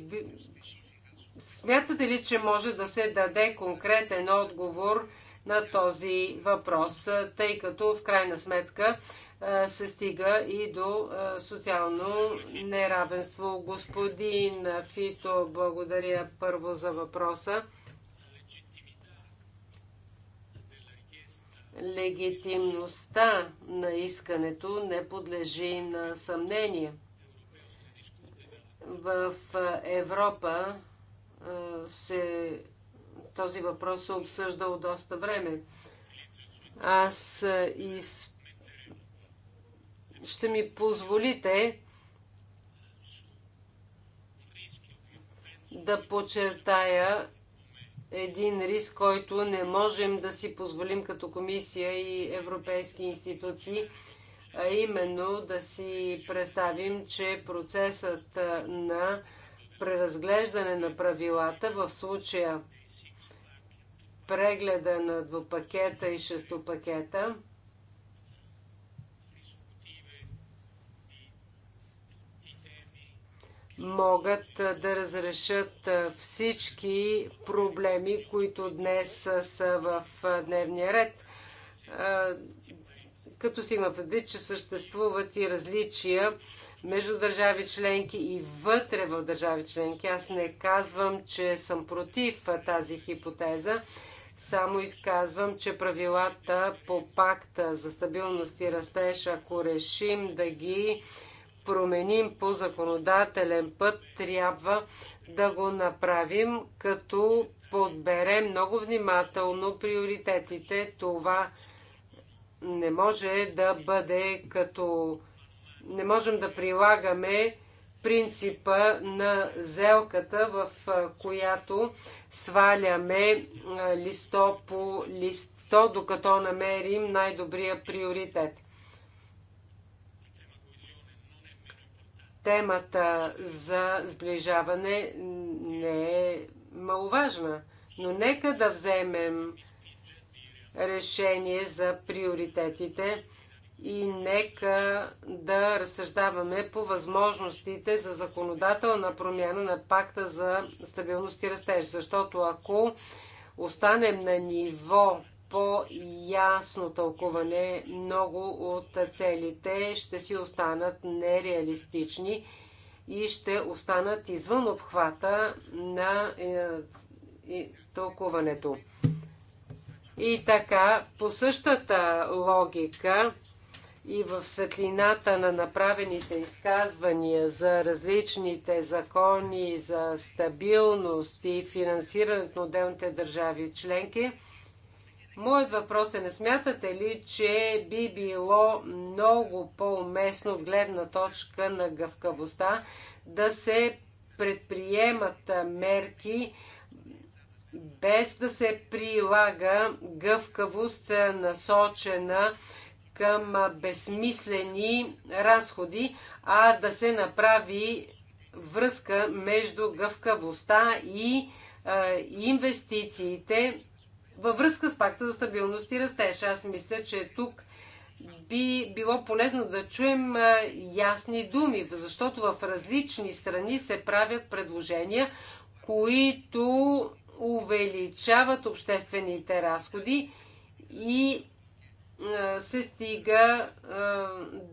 смятате ли, че може да се даде конкретен отговор на този въпрос, тъй като в крайна сметка е, се стига и до е, социално неравенство. Господин Фито, благодаря първо за въпроса. Легитимността на искането не подлежи на съмнение. В Европа е, се, този въпрос се обсъждал доста време. Аз изпълнявам ще ми позволите да подчертая един риск, който не можем да си позволим като комисия и европейски институции, а именно да си представим, че процесът на преразглеждане на правилата в случая прегледа на двупакета и шестопакета – могат да разрешат всички проблеми, които днес са в дневния ред. Като си има предвид, че съществуват и различия между държави членки и вътре в държави членки. Аз не казвам, че съм против тази хипотеза. Само изказвам, че правилата по пакта за стабилност и растеж, ако решим да ги променим по законодателен път, трябва да го направим, като подберем много внимателно приоритетите. Това не може да бъде като... Не можем да прилагаме принципа на зелката, в която сваляме листо по листо, докато намерим най-добрия приоритет. Темата за сближаване не е маловажна, но нека да вземем решение за приоритетите и нека да разсъждаваме по възможностите за законодателна промяна на пакта за стабилност и растеж. Защото ако останем на ниво по-ясно тълкуване, много от целите ще си останат нереалистични и ще останат извън обхвата на е, тълкуването. И така, по същата логика и в светлината на направените изказвания за различните закони за стабилност и финансирането на отделните държави членки, Моят въпрос е, не смятате ли, че би било много по-уместно от гледна точка на гъвкавостта да се предприемат мерки, без да се прилага гъвкавост насочена към безсмислени разходи, а да се направи връзка между гъвкавостта и инвестициите във връзка с пакта за стабилност и растеж. Аз мисля, че тук би било полезно да чуем ясни думи, защото в различни страни се правят предложения, които увеличават обществените разходи и се стига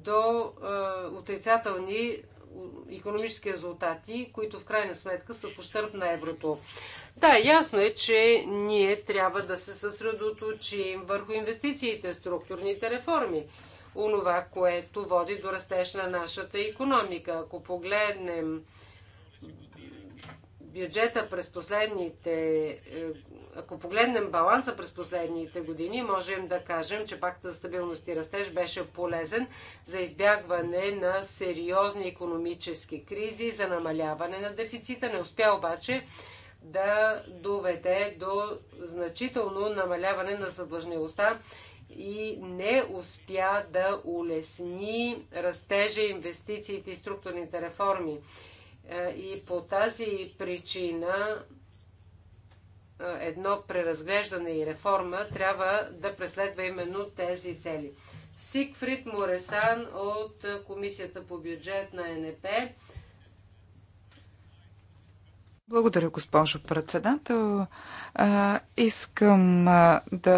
до отрицателни економически резултати, които в крайна сметка са пощърп на еврото. Да, ясно е, че ние трябва да се съсредоточим върху инвестициите, структурните реформи, онова, което води до растеж на нашата економика. Ако погледнем бюджета през последните, е, ако погледнем баланса през последните години, можем да кажем, че пакта за стабилност и растеж беше полезен за избягване на сериозни економически кризи, за намаляване на дефицита. Не успя обаче да доведе до значително намаляване на задлъжнилостта и не успя да улесни растежа, инвестициите и структурните реформи. Е, и по тази причина е, едно преразглеждане и реформа трябва да преследва именно тези цели. Сигфрид Моресан от Комисията по бюджет на НП
благодаря, госпожо председател. А, искам а, да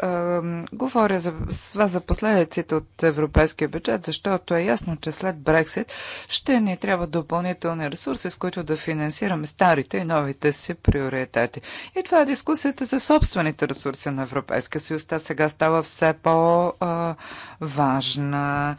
а, говоря за, с вас за последиците от европейския бюджет, защото е ясно, че след Брексит ще ни трябва допълнителни ресурси, с които да финансираме старите и новите си приоритети. И това е дискусията за собствените ресурси на Европейския съюз. Та сега става все по-важна. А,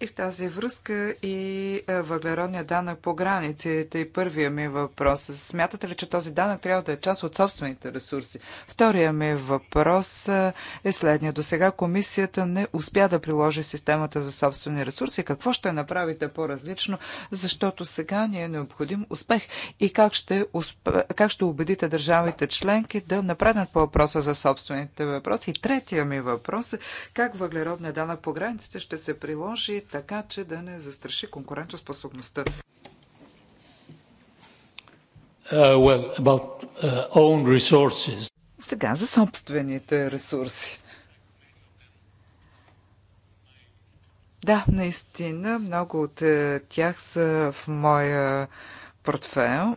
и в тази връзка и въглеродния данък по границите и първия ми въпрос. Смятате ли, че този данък трябва да е част от собствените ресурси? Втория ми въпрос е следния. До сега комисията не успя да приложи системата за собствени ресурси. Какво ще направите по-различно, защото сега ни е необходим успех? И как ще, усп... как ще убедите държавите членки да напреднат по въпроса за собствените въпроси? И третия ми въпрос е как въглеродния данък по границите ще се приложи така, че да не застраши конкурентоспособността? Uh, well, about, uh, own resources. Сега за собствените ресурси. Да, наистина, много от е, тях са в моя портфел.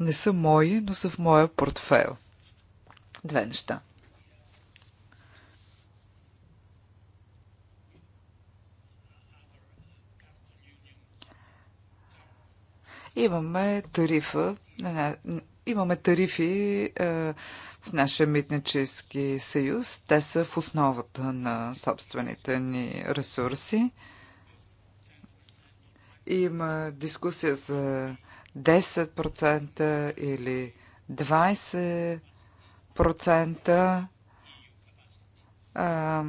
Не са мои, но са в моя портфел. Две неща – Имаме тарифа, имаме тарифи е, в нашия митнически съюз. Те са в основата на собствените ни ресурси. Има дискусия за 10% или 20% е,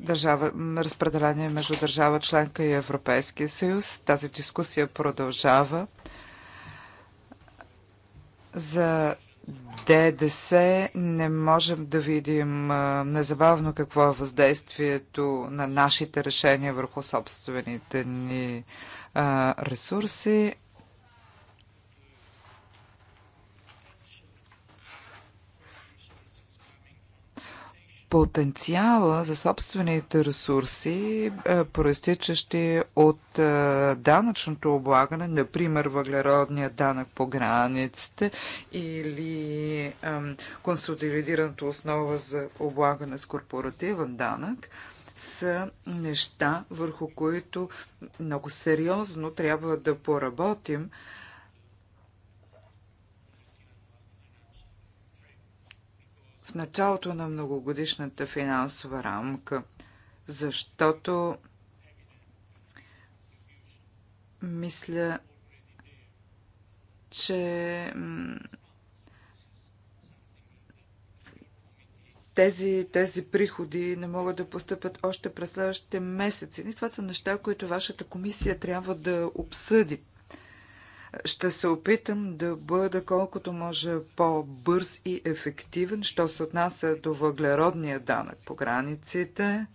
държава, разпределение между държава членка и Европейския съюз. Тази дискусия продължава. За ДДС не можем да видим незабавно какво е въздействието на нашите решения върху собствените ни ресурси. потенциала за собствените ресурси, е, проистичащи от е, данъчното облагане, например въглеродния данък по границите или консолидираната основа за облагане с корпоративен данък, са неща, върху които много сериозно трябва да поработим, началото на многогодишната финансова рамка, защото мисля, че тези, тези приходи не могат да постъпят още през следващите месеци. И това са неща, които вашата комисия трябва да обсъди. Ще се опитам да бъда колкото може по-бърз и ефективен, що се отнася до въглеродния данък по границите,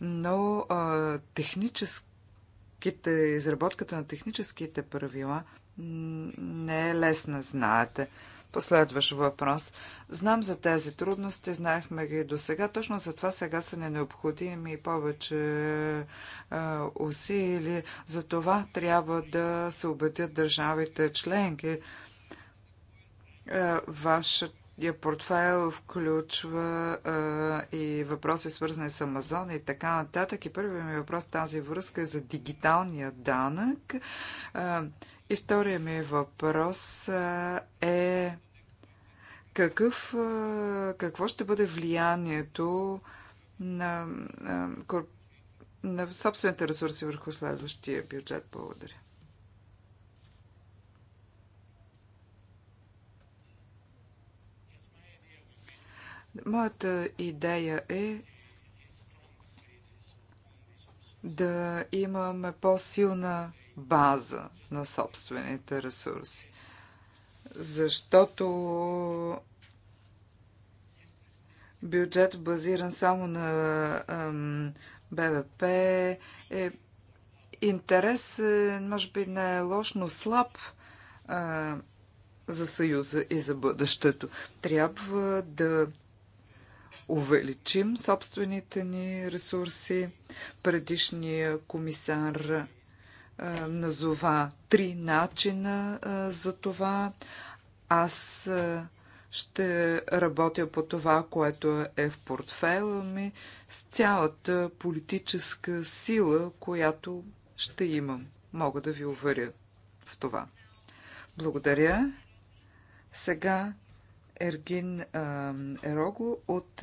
но а, техническите, изработката на техническите правила не е лесна, знаете. Последващ въпрос. Знам за тези трудности, знаехме ги до сега. Точно за това сега са не необходими повече е, усили. За това трябва да се убедят държавите членки. Вашата Портфел включва а, и въпроси свързани с Амазон и така нататък. И първият ми въпрос тази връзка е за дигиталния данък. А, и вторият ми въпрос а, е какъв, а, какво ще бъде влиянието на, на, на собствените ресурси върху следващия бюджет. Благодаря. Моята идея е да имаме по-силна база на собствените ресурси. Защото бюджет базиран само на БВП е интерес, е, може би не е лош, но слаб за Съюза и за бъдещето. Трябва да увеличим собствените ни ресурси. Предишния комисар назова три начина за това. Аз ще работя по това, което е в портфела ми, с цялата политическа сила, която ще имам. Мога да ви уверя в това. Благодаря. Сега Ергин Ерогло от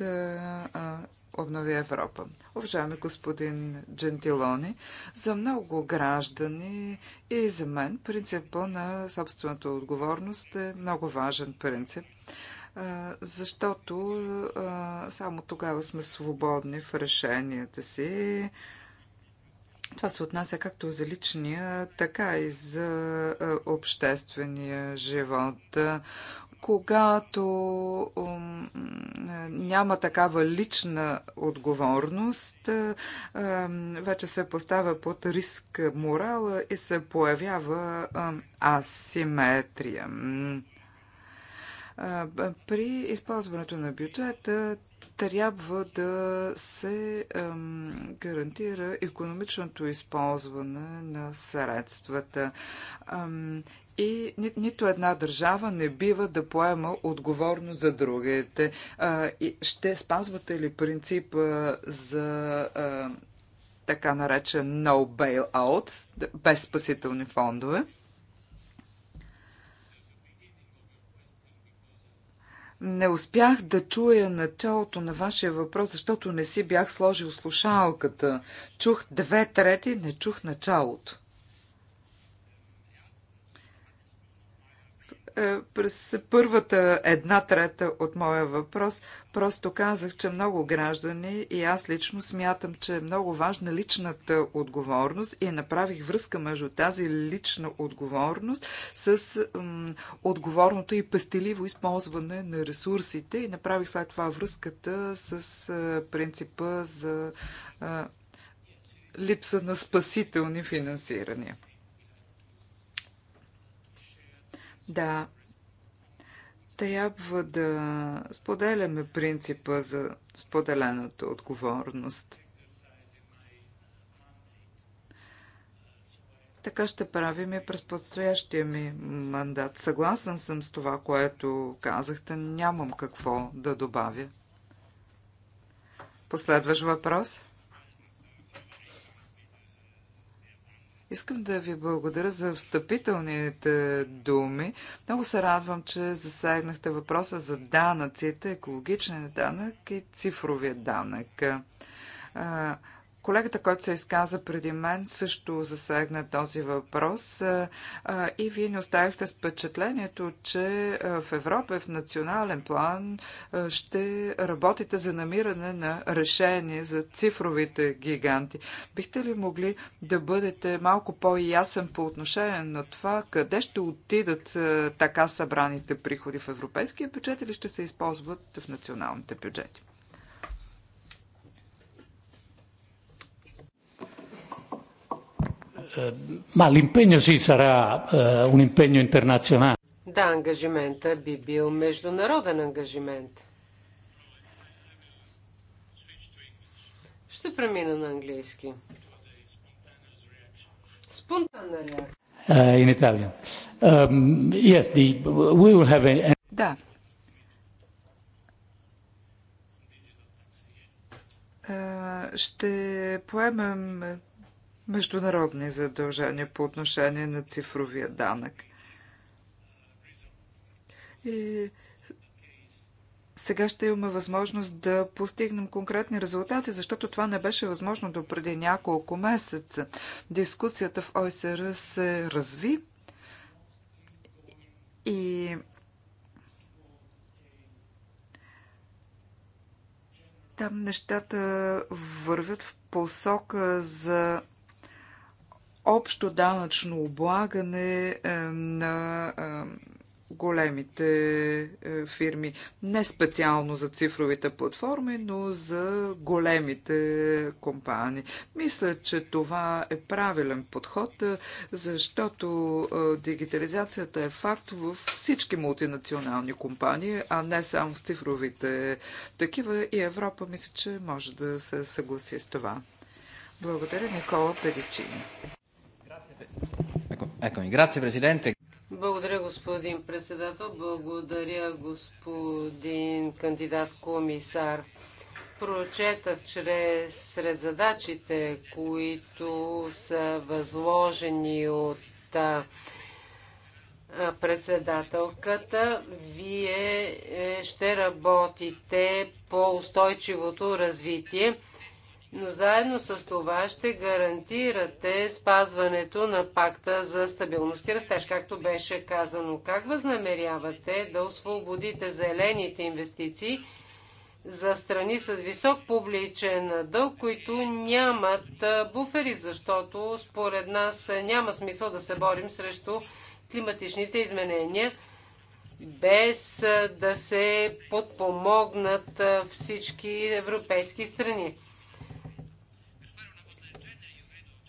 Обнови Европа. Уважаеми господин Джентилони, за много граждани и за мен принципа на собствената отговорност е много важен принцип, защото само тогава сме свободни в решенията си. Това се отнася както за личния, така и за обществения живот когато няма такава лична отговорност, е, вече се поставя под риск морала и се появява асиметрия. Е, при използването на бюджета трябва да се гарантира економичното използване на средствата и ни, нито една държава не бива да поема отговорно за другите. А, и ще спазвате ли принципа за а, така наречен no bailout, без спасителни фондове? Не успях да чуя началото на вашия въпрос, защото не си бях сложил слушалката. Чух две трети, не чух началото. Е, през първата една трета от моя въпрос просто казах, че много граждани и аз лично смятам, че е много важна личната отговорност и направих връзка между тази лична отговорност с отговорното и пестеливо използване на ресурсите и направих след това връзката с е, принципа за е, липса на спасителни финансирания. Да, трябва да споделяме принципа за споделената отговорност. Така ще правим и през подстоящия ми мандат. Съгласен съм с това, което казахте. Нямам какво да добавя. Последваш въпрос? Искам да ви благодаря за встъпителните думи. Много се радвам, че засегнахте въпроса за данъците, екологичен данък и цифровия данък. Колегата, който се изказа преди мен, също засегна този въпрос и вие не оставихте с впечатлението, че в Европа в национален план ще работите за намиране на решение за цифровите гиганти. Бихте ли могли да бъдете малко по-ясен по отношение на това, къде ще отидат така събраните приходи в европейския бюджет или ще се използват в националните бюджети?
Eh,
ma l'impegno sì sarà eh, un impegno internazionale.
Да, ангажимента би бил международен ангажимент. Ще премина на английски. Спонтанна реакция. Uh, in Italian. Um, yes, the, we will have a...
Да. Uh, eh, ще поемем международни задължения по отношение на цифровия данък. И сега ще имаме възможност да постигнем конкретни резултати, защото това не беше възможно до преди няколко месеца. Дискусията в ОСР се разви и там нещата вървят в посока за общо данъчно облагане е, на е, големите е, фирми. Не специално за цифровите платформи, но за големите компании. Мисля, че това е правилен подход, защото дигитализацията е факт в всички мултинационални компании, а не само в цифровите такива. И Европа мисля, че може да се съгласи с това. Благодаря, Никола Педичини.
Eccomi, grazie Presidente.
Благодаря, господин председател. Благодаря, господин кандидат комисар. Прочетах чрез сред задачите, които са възложени от председателката, вие е, ще работите по устойчивото развитие но заедно с това ще гарантирате спазването на пакта за стабилност и растеж, както беше казано. Как възнамерявате да освободите зелените инвестиции за страни с висок публичен дълг, които нямат буфери, защото според нас няма смисъл да се борим срещу климатичните изменения без да се подпомогнат всички европейски страни.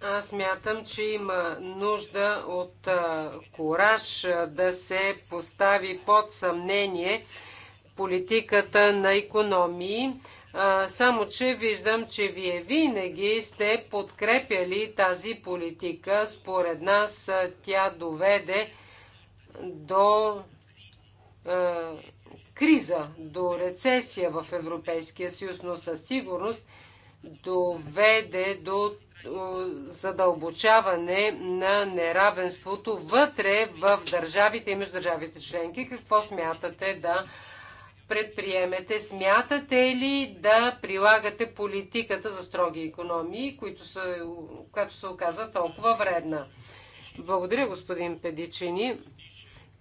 Аз мятам, че има нужда от а, кураж да се постави под съмнение политиката на економии. А, само, че виждам, че вие винаги сте подкрепяли тази политика. Според нас тя доведе до а, криза, до рецесия в Европейския съюз, но със сигурност доведе до задълбочаване на неравенството вътре в държавите и между държавите членки. Какво смятате да предприемете? Смятате ли да прилагате политиката за строги економии, които са, която се оказа толкова вредна? Благодаря, господин Педичини.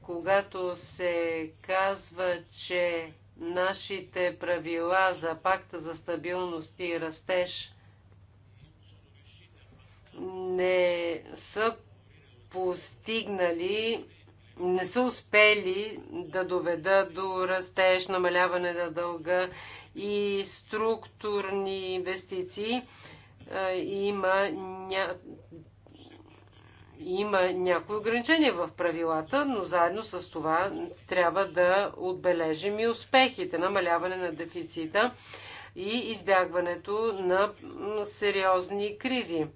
Когато се казва, че нашите правила за пакта за стабилност и растеж – не са постигнали, не са успели да доведат до растеж, намаляване на дълга и структурни инвестиции. Има, ня... има някои ограничения в правилата, но заедно с това трябва да отбележим и успехите, намаляване на дефицита и избягването на сериозни кризи.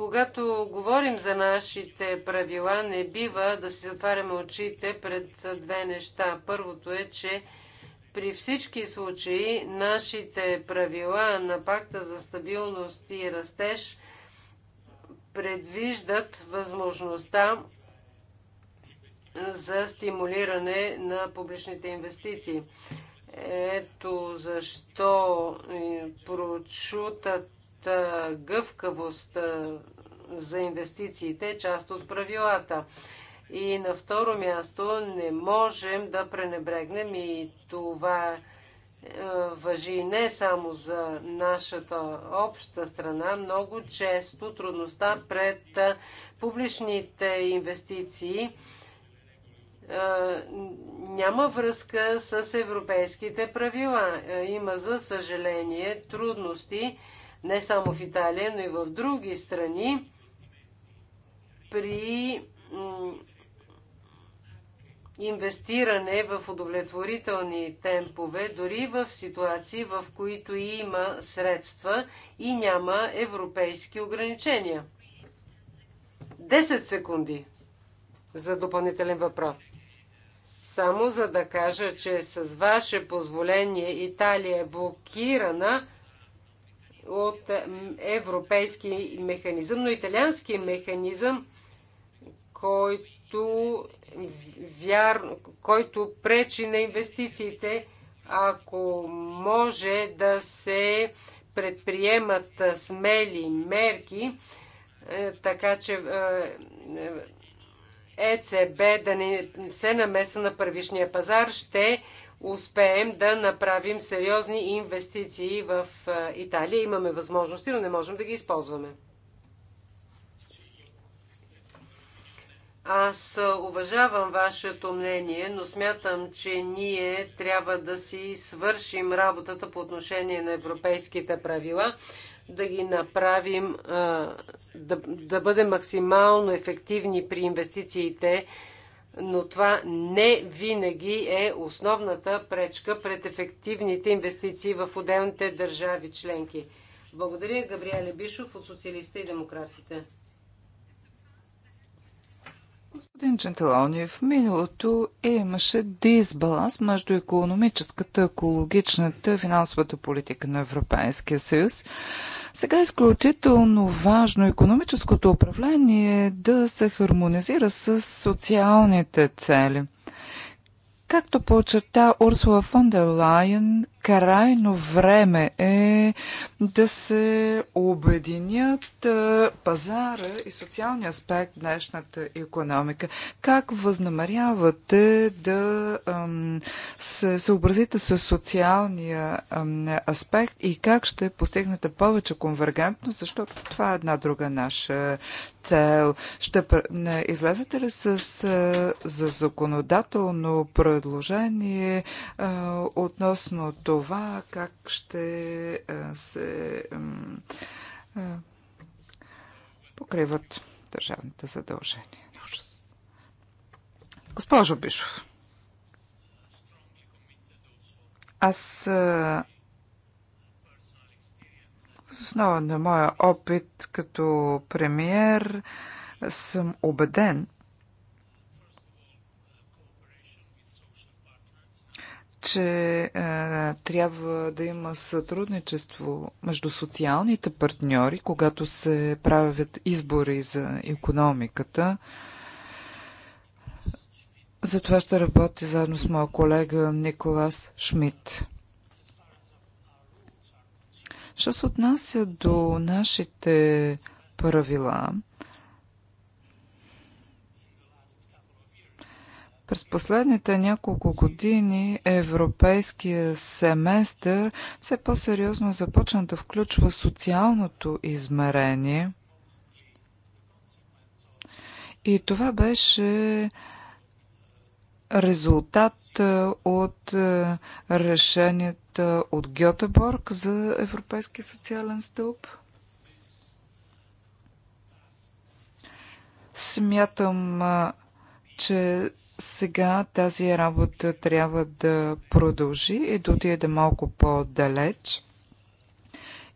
Когато говорим за нашите правила, не бива да си затваряме очите пред две неща. Първото е, че при всички случаи нашите правила на пакта за стабилност и растеж предвиждат възможността за стимулиране на публичните инвестиции. Ето защо прочутата гъвкавост за инвестициите е част от правилата. И на второ място не можем да пренебрегнем и това е, въжи не само за нашата обща страна, много често трудността пред е, публичните инвестиции е, няма връзка с европейските правила. Има, за съжаление, трудности не само в Италия, но и в други страни при инвестиране в удовлетворителни темпове, дори в ситуации, в които има средства и няма европейски ограничения. 10 секунди за допълнителен въпрос. Само за да кажа, че с ваше позволение Италия е блокирана от европейски механизъм, но италиански механизъм – който, вяр, който пречи на инвестициите, ако може да се предприемат смели мерки, е, така че е, е, ЕЦБ да не се намесва на първишния пазар, ще успеем да направим сериозни инвестиции в Италия. Имаме възможности, но не можем да ги използваме. Аз уважавам вашето мнение, но смятам, че ние трябва да си свършим работата по отношение на европейските правила, да ги направим, да, да бъдем максимално ефективни при инвестициите, но това не винаги е основната пречка пред ефективните инвестиции в отделните държави членки. Благодаря, Габриеле Бишов от социалиста и Демократите.
Господин Джентелони, в миналото имаше дисбаланс между економическата, екологичната, финансовата политика на Европейския съюз. Сега е изключително важно економическото управление да се хармонизира с социалните цели. Както подчерта Урсула фон дер Лайен, крайно време е да се обединят пазара и социалния аспект днешната економика. Как възнамерявате да се съобразите с социалния аспект и как ще постигнете повече конвергентност, защото това е една друга наша цел. Ще излезете ли с за законодателно предложение относно това как ще е, се е, покриват държавните задължения. Госпожо Бишов, аз с е, основа на моя опит като премиер съм убеден, че е, трябва да има сътрудничество между социалните партньори, когато се правят избори за економиката. За това ще работя заедно с моя колега Николас Шмидт. Що се отнася до нашите правила, През последните няколко години европейския семестър все по-сериозно започна да включва социалното измерение. И това беше резултат е, от е, решенията от Гьотеборг за Европейски социален стълб. Смятам, е, че сега тази работа трябва да продължи и да отиде малко по-далеч.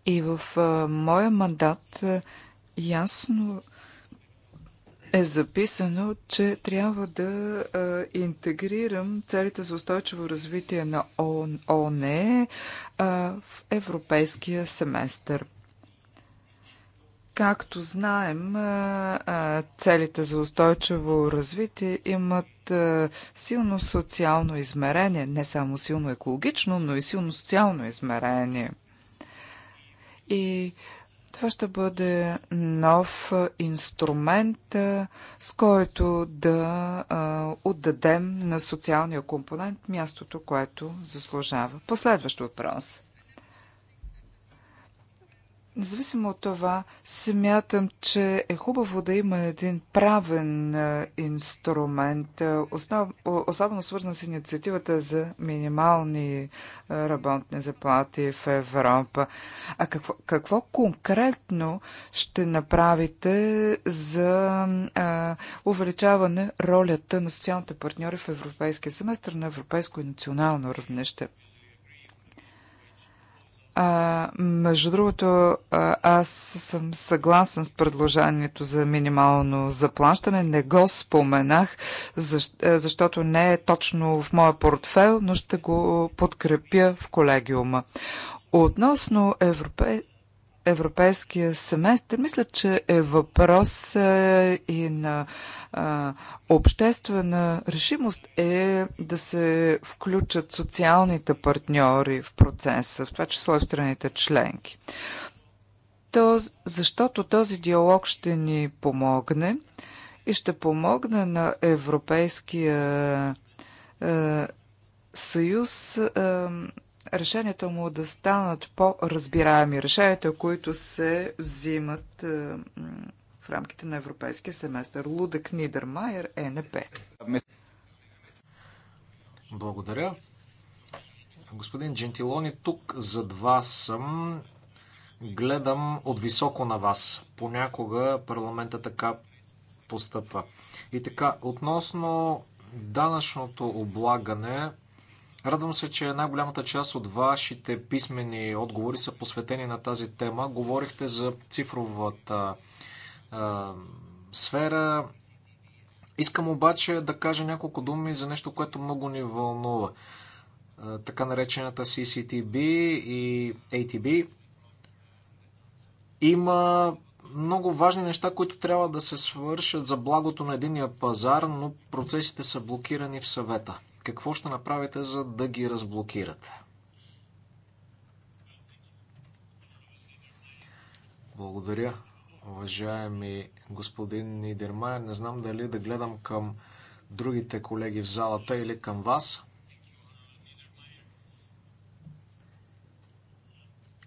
И в моя мандат ясно е записано, че трябва да а, интегрирам целите за устойчиво развитие на ООН, е, в европейския семестър. Както знаем, целите за устойчиво развитие имат е, силно социално измерение, не само силно екологично, но и силно социално измерение. И това ще бъде нов е, инструмент, е, с който да отдадем на социалния компонент мястото, което заслужава. Последващ въпрос. Независимо от това, смятам, че е хубаво да има един правен инструмент, основ, особено свързан с инициативата за минимални работни заплати в Европа. А какво, какво конкретно ще направите за а, увеличаване ролята на социалните партньори в европейския семестър на европейско и национално равнище? А, между другото, аз съм съгласен с предложението за минимално заплащане. Не го споменах, защото не е точно в моя портфел, но ще го подкрепя в колегиума. Относно европе, европейския семестър, мисля, че е въпрос е, и на а, обществена решимост е да се включат социалните партньори в процеса, в това число и в страните членки. То, защото този диалог ще ни помогне и ще помогне на Европейския е, съюз е, решенията му да станат по-разбираеми, решенията, които се взимат е, в рамките на европейския семестър. Луда Нидермайер, ЕНП.
Благодаря. Господин Джентилони, тук зад вас съм. Гледам от високо на вас. Понякога парламента така постъпва. И така, относно данъчното облагане, Радвам се, че най-голямата част от вашите писмени отговори са посветени на тази тема. Говорихте за цифровата а, сфера. Искам обаче да кажа няколко думи за нещо, което много ни вълнува. А, така наречената CCTB и ATB. Има много важни неща, които трябва да се свършат за благото на единия пазар, но процесите са блокирани в съвета. Какво ще направите, за да ги разблокирате? Благодаря, уважаеми господин Нидермайер. Не знам дали да гледам към другите колеги в залата или към вас.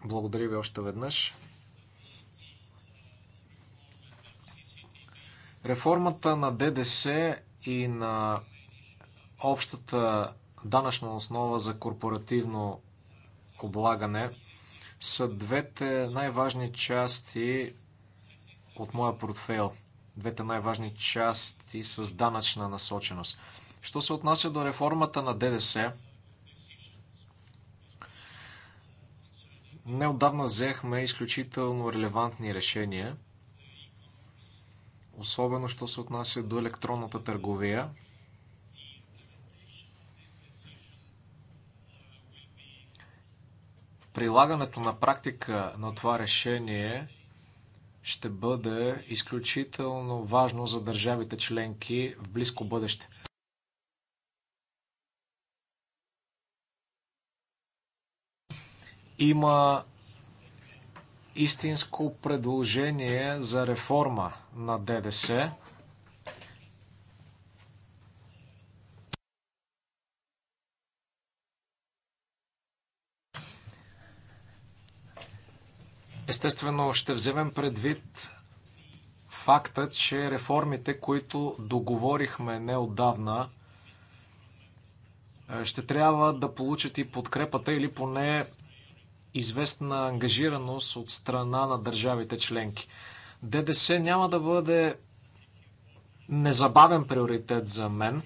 Благодаря ви още веднъж. Реформата на ДДС и на общата данъчна основа за корпоративно облагане са двете най-важни части от моя портфейл. Двете най-важни части с данъчна насоченост. Що се отнася до реформата на ДДС, неодавна взехме изключително релевантни решения, особено що се отнася до електронната търговия – прилагането на практика на това решение ще бъде изключително важно за държавите членки в близко бъдеще. Има истинско предложение за реформа на ДДС. Естествено, ще вземем предвид факта, че реформите, които договорихме неодавна, е, ще трябва да получат и подкрепата или поне известна ангажираност от страна на държавите членки. ДДС няма да бъде незабавен приоритет за мен,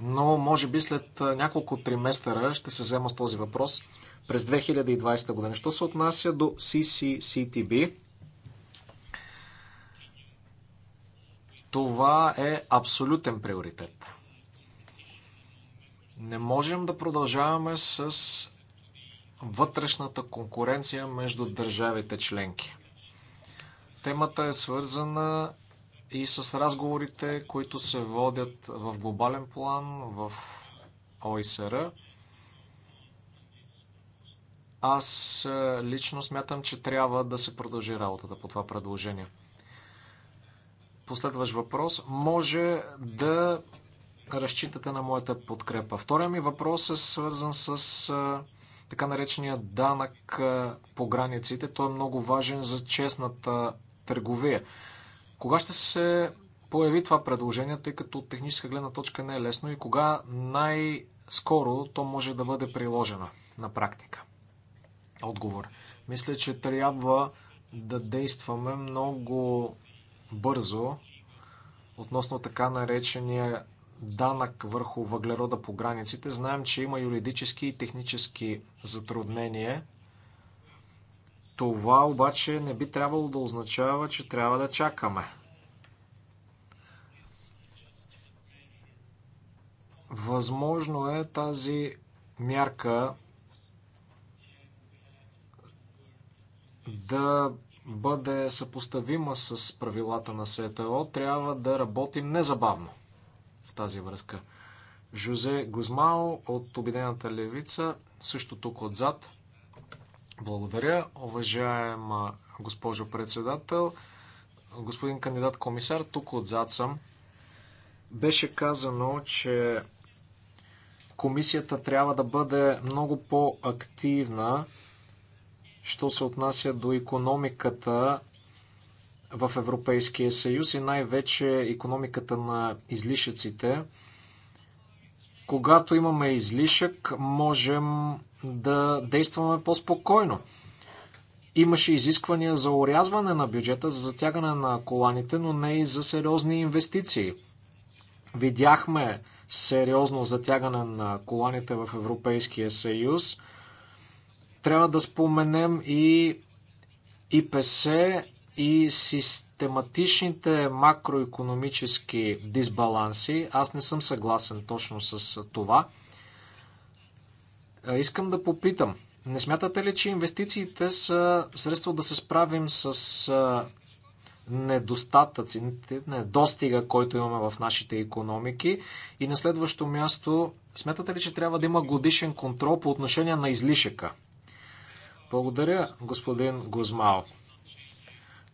но може би след няколко триместъра ще се взема с този въпрос през 2020 година. Що се отнася до CCCTB, това е абсолютен приоритет. Не можем да продължаваме с вътрешната конкуренция между държавите членки. Темата е свързана и с разговорите, които се водят в глобален план в ОИСР. -а. Аз е, лично смятам, че трябва да се продължи работата по това предложение. Последващ въпрос. Може да разчитате на моята подкрепа. Втория ми въпрос е свързан с е, така наречения данък е, по границите. Той е много важен за честната търговия. Кога ще се появи това предложение, тъй като от техническа гледна точка не е лесно и кога най-скоро то може да бъде приложено на практика? отговор. Мисля, че трябва да действаме много бързо относно така наречения данък върху въглерода по границите. Знаем, че има юридически и технически затруднения. Това обаче не би трябвало да означава, че трябва да чакаме. Възможно е тази мярка да бъде съпоставима с правилата на СТО, трябва да работим незабавно в тази връзка. Жозе Гузмао от Обедената левица, също тук отзад. Благодаря, уважаема госпожо председател. Господин кандидат комисар, тук отзад съм. Беше казано, че комисията трябва да бъде много по-активна що се отнася до економиката в Европейския съюз и най-вече економиката на излишъците. Когато имаме излишък, можем да действаме по-спокойно. Имаше изисквания за орязване на бюджета, за затягане на коланите, но не и за сериозни инвестиции. Видяхме сериозно затягане на коланите в Европейския съюз – трябва да споменем и ИПС и систематичните макроекономически дисбаланси. Аз не съм съгласен точно с това. Искам да попитам. Не смятате ли, че инвестициите са средство да се справим с недостатъци, недостига, който имаме в нашите економики? И на следващо място, смятате ли, че трябва да има годишен контрол по отношение на излишъка? Благодаря, господин Гузмал.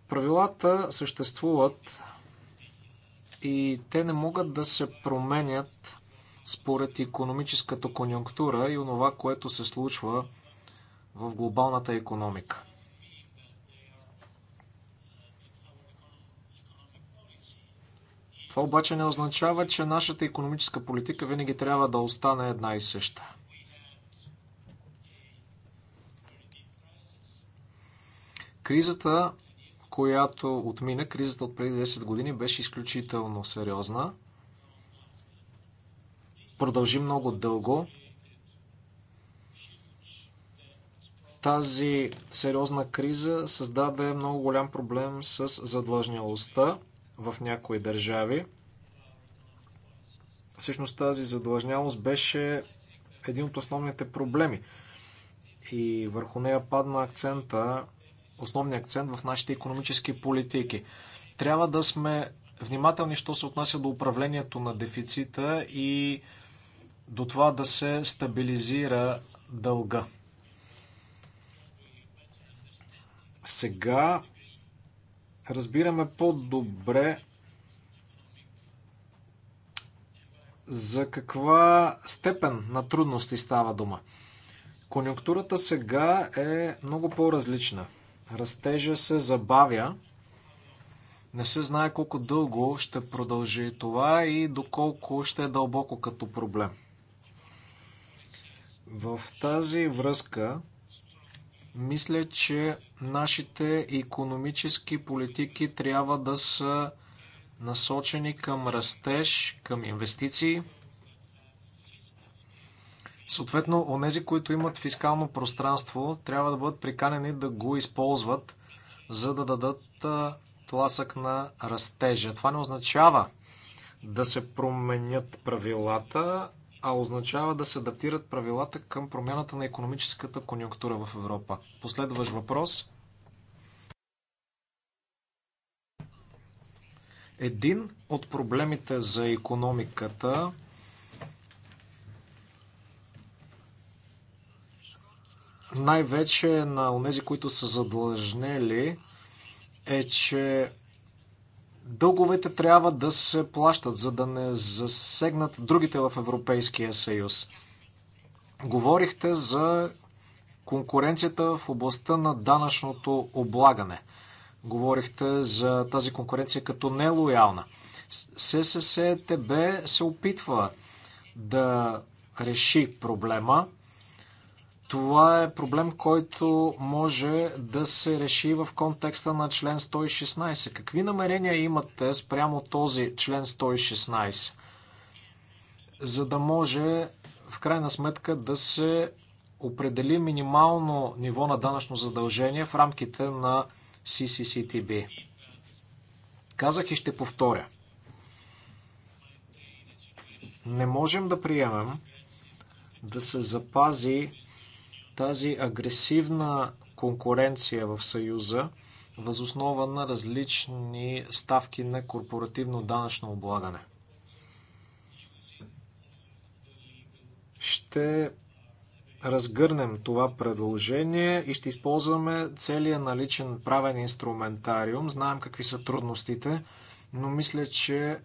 Правилата съществуват и те не могат да се променят според економическата конюнктура и онова, което се случва в глобалната економика. Това обаче не означава, че нашата економическа политика винаги трябва да остане една и съща. Кризата, която отмина, кризата от преди 10 години, беше изключително сериозна. Продължи много дълго. Тази сериозна криза създаде много голям проблем с задлъжнялостта в някои държави. Всъщност тази задлъжнялост беше един от основните проблеми. И върху нея падна акцента основния акцент в нашите економически политики. Трябва да сме внимателни, що се отнася до управлението на дефицита и до това да се стабилизира дълга. Сега разбираме по-добре за каква степен на трудности става дума. Конюнктурата сега е много по-различна. Растежа се забавя. Не се знае колко дълго ще продължи това и доколко ще е дълбоко като проблем. В тази връзка, мисля, че нашите економически политики трябва да са насочени към растеж, към инвестиции – Съответно, онези, които имат фискално пространство, трябва да бъдат приканени да го използват, за да дадат тласък на растежа. Това не означава да се променят правилата, а означава да се адаптират правилата към промяната на економическата конъюнктура в Европа. Последващ въпрос. Един от проблемите за економиката най-вече на онези, които са задлъжнели, е, че дълговете трябва да се плащат, за да не засегнат другите в Европейския съюз. Говорихте за конкуренцията в областта на данъчното облагане. Говорихте за тази конкуренция като нелоялна. СССТБ се опитва да реши проблема. Това е проблем, който може да се реши в контекста на член 116. Какви намерения имате спрямо този член 116, за да може в крайна сметка да се определи минимално ниво на данъчно задължение в рамките на CCCTB? Казах и ще повторя. Не можем да приемем да се запази тази агресивна конкуренция в Съюза, възоснова на различни ставки на корпоративно данъчно облагане. Ще разгърнем това предложение и ще използваме целият наличен правен инструментариум. Знаем какви са трудностите, но мисля, че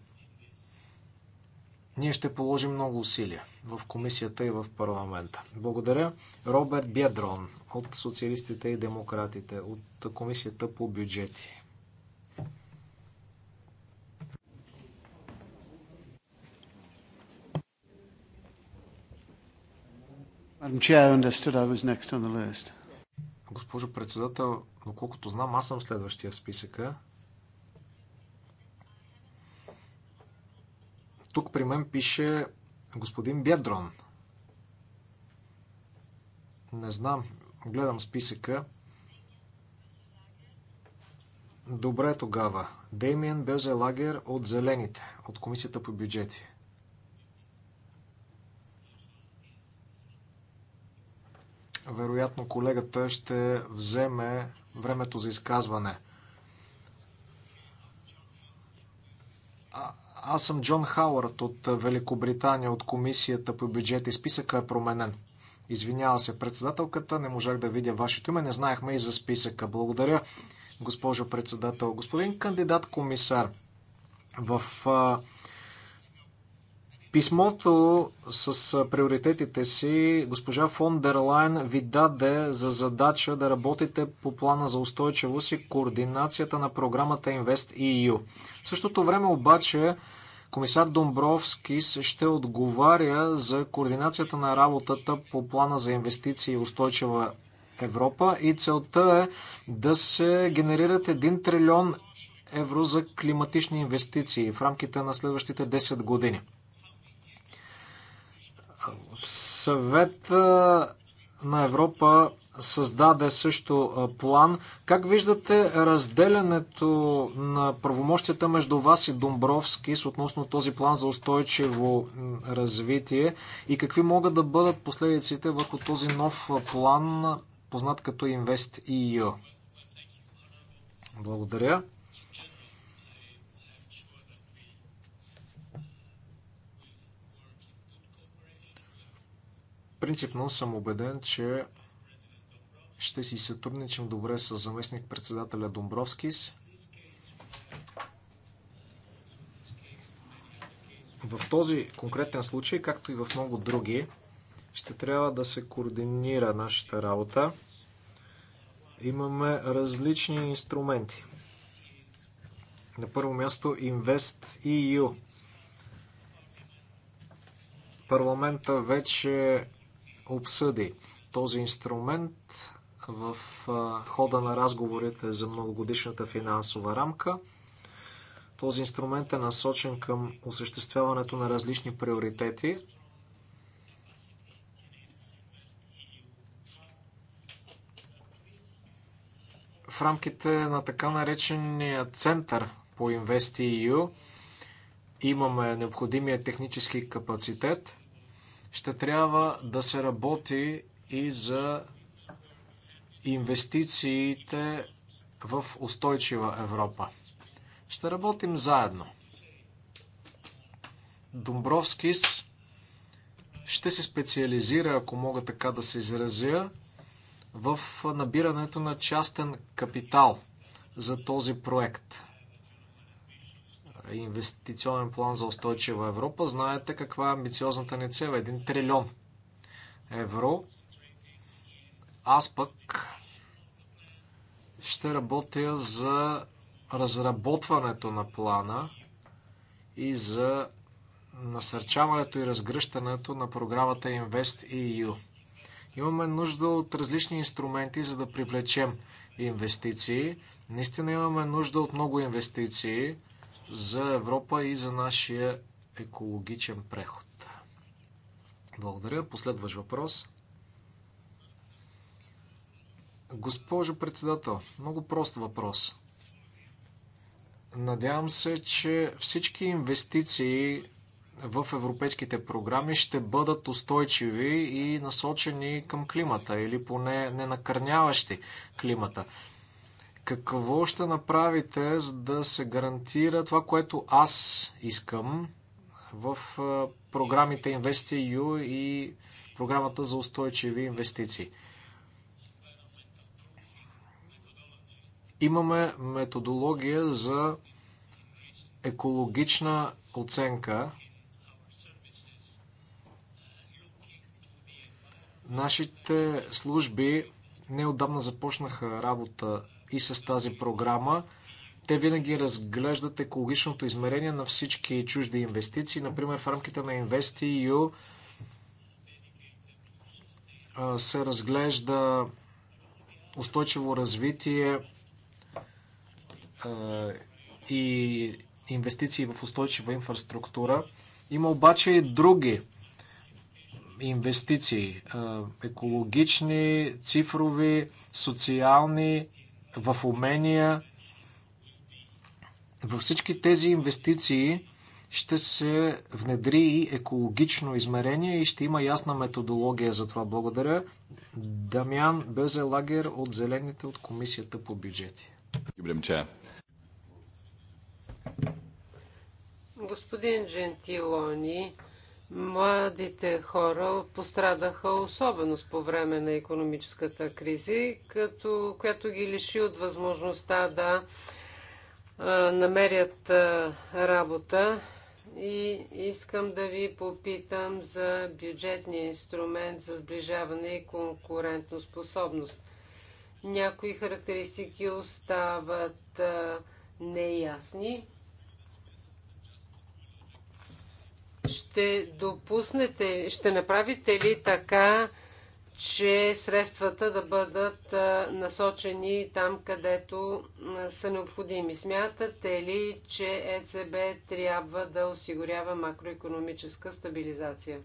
ние ще положим много усилия в комисията и в парламента. Благодаря Роберт Бедрон от Социалистите и Демократите, от комисията по бюджети. Госпожо председател, доколкото знам, аз съм следващия в списъка. Тук при мен пише господин Бедрон. Не знам, гледам списъка. Добре тогава. Деймиен Безелагер от Зелените, от Комисията по бюджети. Вероятно колегата ще вземе времето за изказване – Аз съм Джон Хауърд от Великобритания, от комисията по бюджет и списъка е променен. Извинява се председателката, не можах да видя вашето име, не знаехме и за списъка. Благодаря, госпожо председател. Господин кандидат комисар, в а, писмото с а, приоритетите си госпожа фон дер Лайн ви даде за задача да работите по плана за устойчивост и координацията на програмата Invest EU. В същото време обаче Комисар Домбровски ще отговаря за координацията на работата по плана за инвестиции и устойчива Европа и целта е да се генерират 1 трилион евро за климатични инвестиции в рамките на следващите 10 години. Съвет на Европа създаде също план. Как виждате разделянето на правомощията между вас и Домбровски с относно този план за устойчиво развитие и какви могат да бъдат последиците върху този нов план, познат като InvestEU? Благодаря. Принципно съм убеден, че ще си сътрудничим добре с заместник-председателя Домбровскис. В този конкретен случай, както и в много други, ще трябва да се координира нашата работа. Имаме различни инструменти. На първо място Invest EU. Парламента вече обсъди този инструмент в хода на разговорите за многогодишната финансова рамка. Този инструмент е насочен към осъществяването на различни приоритети. В рамките на така наречения център по InvestEU имаме необходимия технически капацитет – ще трябва да се работи и за инвестициите в устойчива Европа. Ще работим заедно. Домбровскис ще се специализира, ако мога така да се изразя, в набирането на частен капитал за този проект инвестиционен план за устойчива Европа. Знаете каква е амбициозната ни цел? Един трилион евро. Аз пък ще работя за разработването на плана и за насърчаването и разгръщането на програмата InvestEU. Имаме нужда от различни инструменти, за да привлечем инвестиции. Наистина имаме нужда от много инвестиции за Европа и за нашия екологичен преход. Благодаря. Последващ въпрос. Госпожо председател, много прост въпрос. Надявам се, че всички инвестиции в европейските програми ще бъдат устойчиви и насочени към климата или поне ненакърняващи климата. Какво ще направите, за да се гарантира това, което аз искам в програмите InvestEU и програмата за устойчиви инвестиции? Имаме методология за екологична оценка. Нашите служби неодавна започнаха работа и с тази програма. Те винаги разглеждат екологичното измерение на всички чужди инвестиции. Например, в рамките на InvestEU се разглежда устойчиво развитие и инвестиции в устойчива инфраструктура. Има обаче и други инвестиции. Екологични, цифрови, социални, в умения. Във всички тези инвестиции ще се внедри и екологично измерение и ще има ясна методология за това. Благодаря. Дамян Безелагер от Зелените от Комисията по бюджети.
Господин Джентилони, Младите хора пострадаха особено по време на економическата кризи, като, която ги лиши от възможността да а, намерят а, работа. И искам да ви попитам за бюджетния инструмент за сближаване и конкурентоспособност. Някои характеристики остават а, неясни. ще допуснете, ще направите ли така, че средствата да бъдат насочени там, където са необходими. Смятате ли, че ЕЦБ трябва да осигурява макроекономическа стабилизация?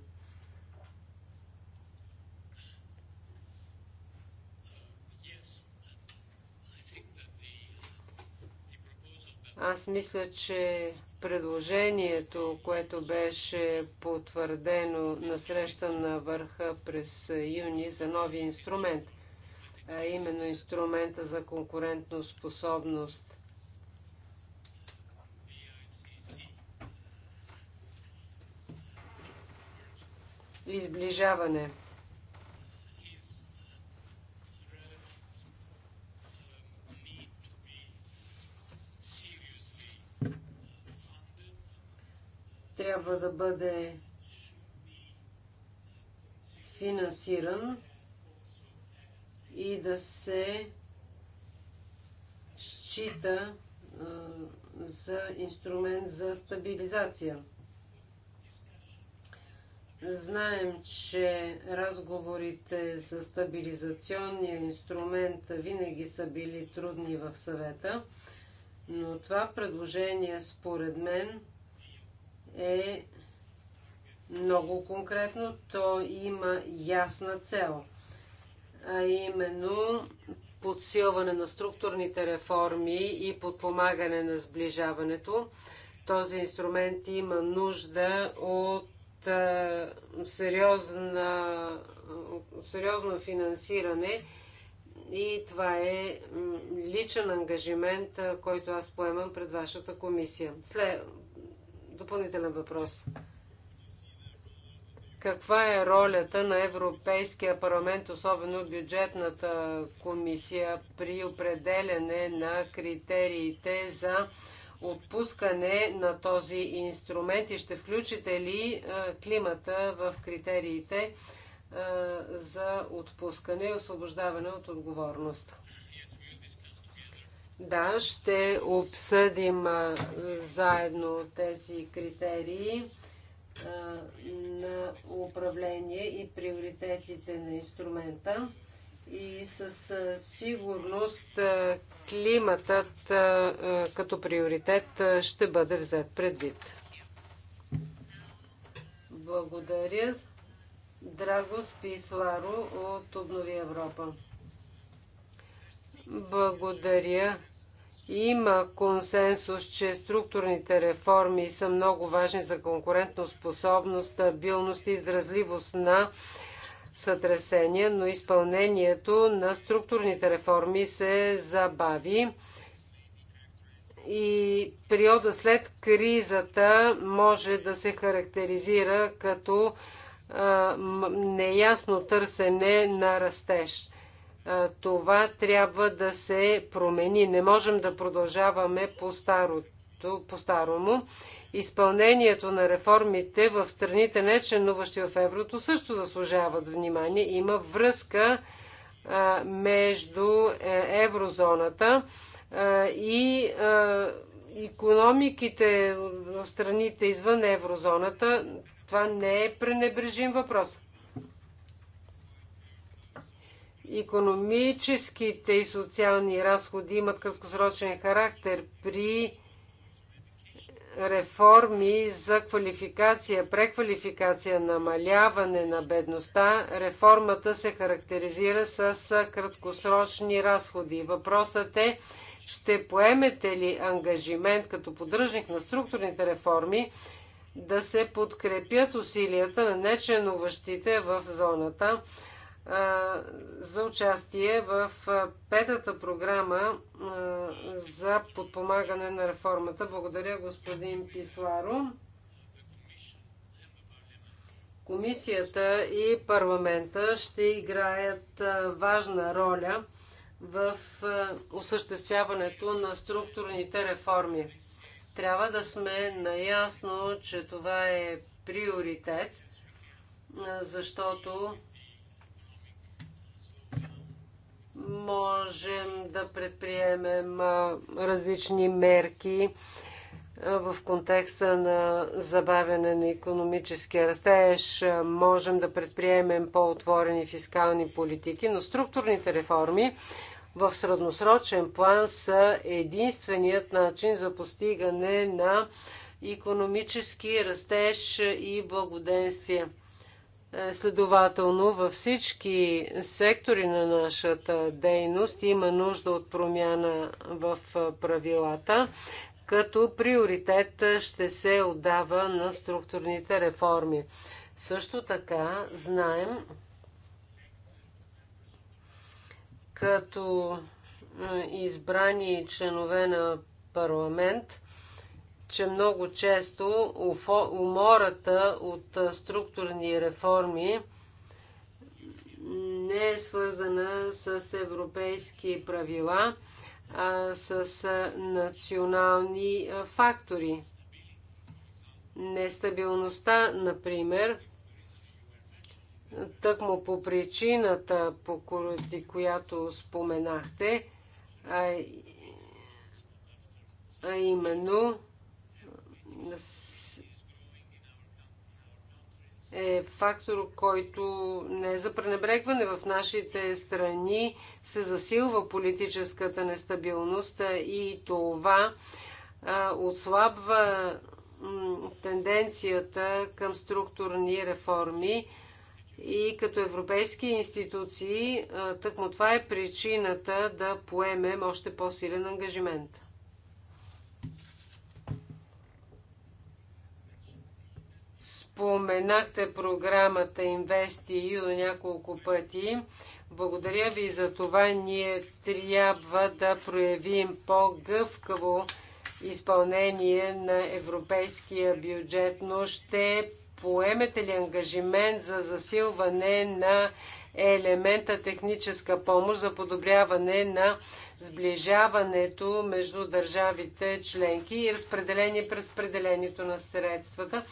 Аз мисля, че предложението, което беше потвърдено на среща на върха през юни за нови инструмент, а именно инструмента за конкурентно способност. Изближаване. трябва да бъде финансиран и да се счита за инструмент за стабилизация. Знаем, че разговорите за стабилизационния инструмент винаги са били трудни в съвета, но това предложение според мен е много конкретно. То има ясна цел, а именно подсилване на структурните реформи и подпомагане на сближаването. Този инструмент има нужда от сериозна, сериозно финансиране и това е личен ангажимент, който аз поемам пред вашата комисия. След, допълнителен въпрос. Каква е ролята на Европейския парламент, особено бюджетната комисия, при определене на критериите за отпускане на този инструмент и ще включите ли е, климата в критериите е, за отпускане и освобождаване от отговорност? Да, ще обсъдим заедно тези критерии на управление и приоритетите на инструмента. И със сигурност климатът като приоритет ще бъде взет предвид. Благодаря. Драго Списваро от Обнови Европа. Благодаря. Има консенсус, че структурните реформи са много важни за способност, стабилност и изразливост на сътресения, но изпълнението на структурните реформи се забави и периода след кризата може да се характеризира като неясно търсене на растеж. Това трябва да се промени. Не можем да продължаваме по-старото, по-старому. Изпълнението на реформите в страните, не членуващи в еврото, също заслужават внимание. Има връзка между е, еврозоната и економиките в страните извън еврозоната. Това не е пренебрежим въпрос. Економическите и социални разходи имат краткосрочен характер при реформи за квалификация, преквалификация, намаляване на бедността, реформата се характеризира с краткосрочни разходи. Въпросът е, ще поемете ли ангажимент като поддръжник на структурните реформи да се подкрепят усилията на нечленуващите в зоната за участие в петата програма за подпомагане на реформата. Благодаря, господин Писларо. Комисията и парламента ще играят важна роля в осъществяването на структурните реформи. Трябва да сме наясно, че това е приоритет, защото можем да предприемем различни мерки в контекста на забавяне на економическия растеж. Можем да предприемем по-отворени фискални политики, но структурните реформи в средносрочен план са единственият начин за постигане на економически растеж и благоденствие. Е, следователно, във всички сектори на нашата дейност има нужда от промяна в е, правилата, като приоритет е, ще се отдава на структурните реформи. Също така знаем, като избрани членове на парламент, че много често умората от структурни реформи не е свързана с европейски правила, а с национални фактори. Нестабилността, например, тъкмо по причината, по която споменахте, а именно е фактор, който не е за пренебрегване. В нашите страни се засилва политическата нестабилност и това отслабва тенденцията към структурни реформи и като европейски институции, тъкмо това е причината да поемем още по-силен ангажимент. Споменахте програмата InvestEU няколко пъти. Благодаря ви за това. Ние трябва да проявим по-гъвкаво изпълнение на европейския бюджет, но ще поемете ли ангажимент за засилване на елемента техническа помощ за подобряване на сближаването между държавите членки и разпределение през разпределението на средствата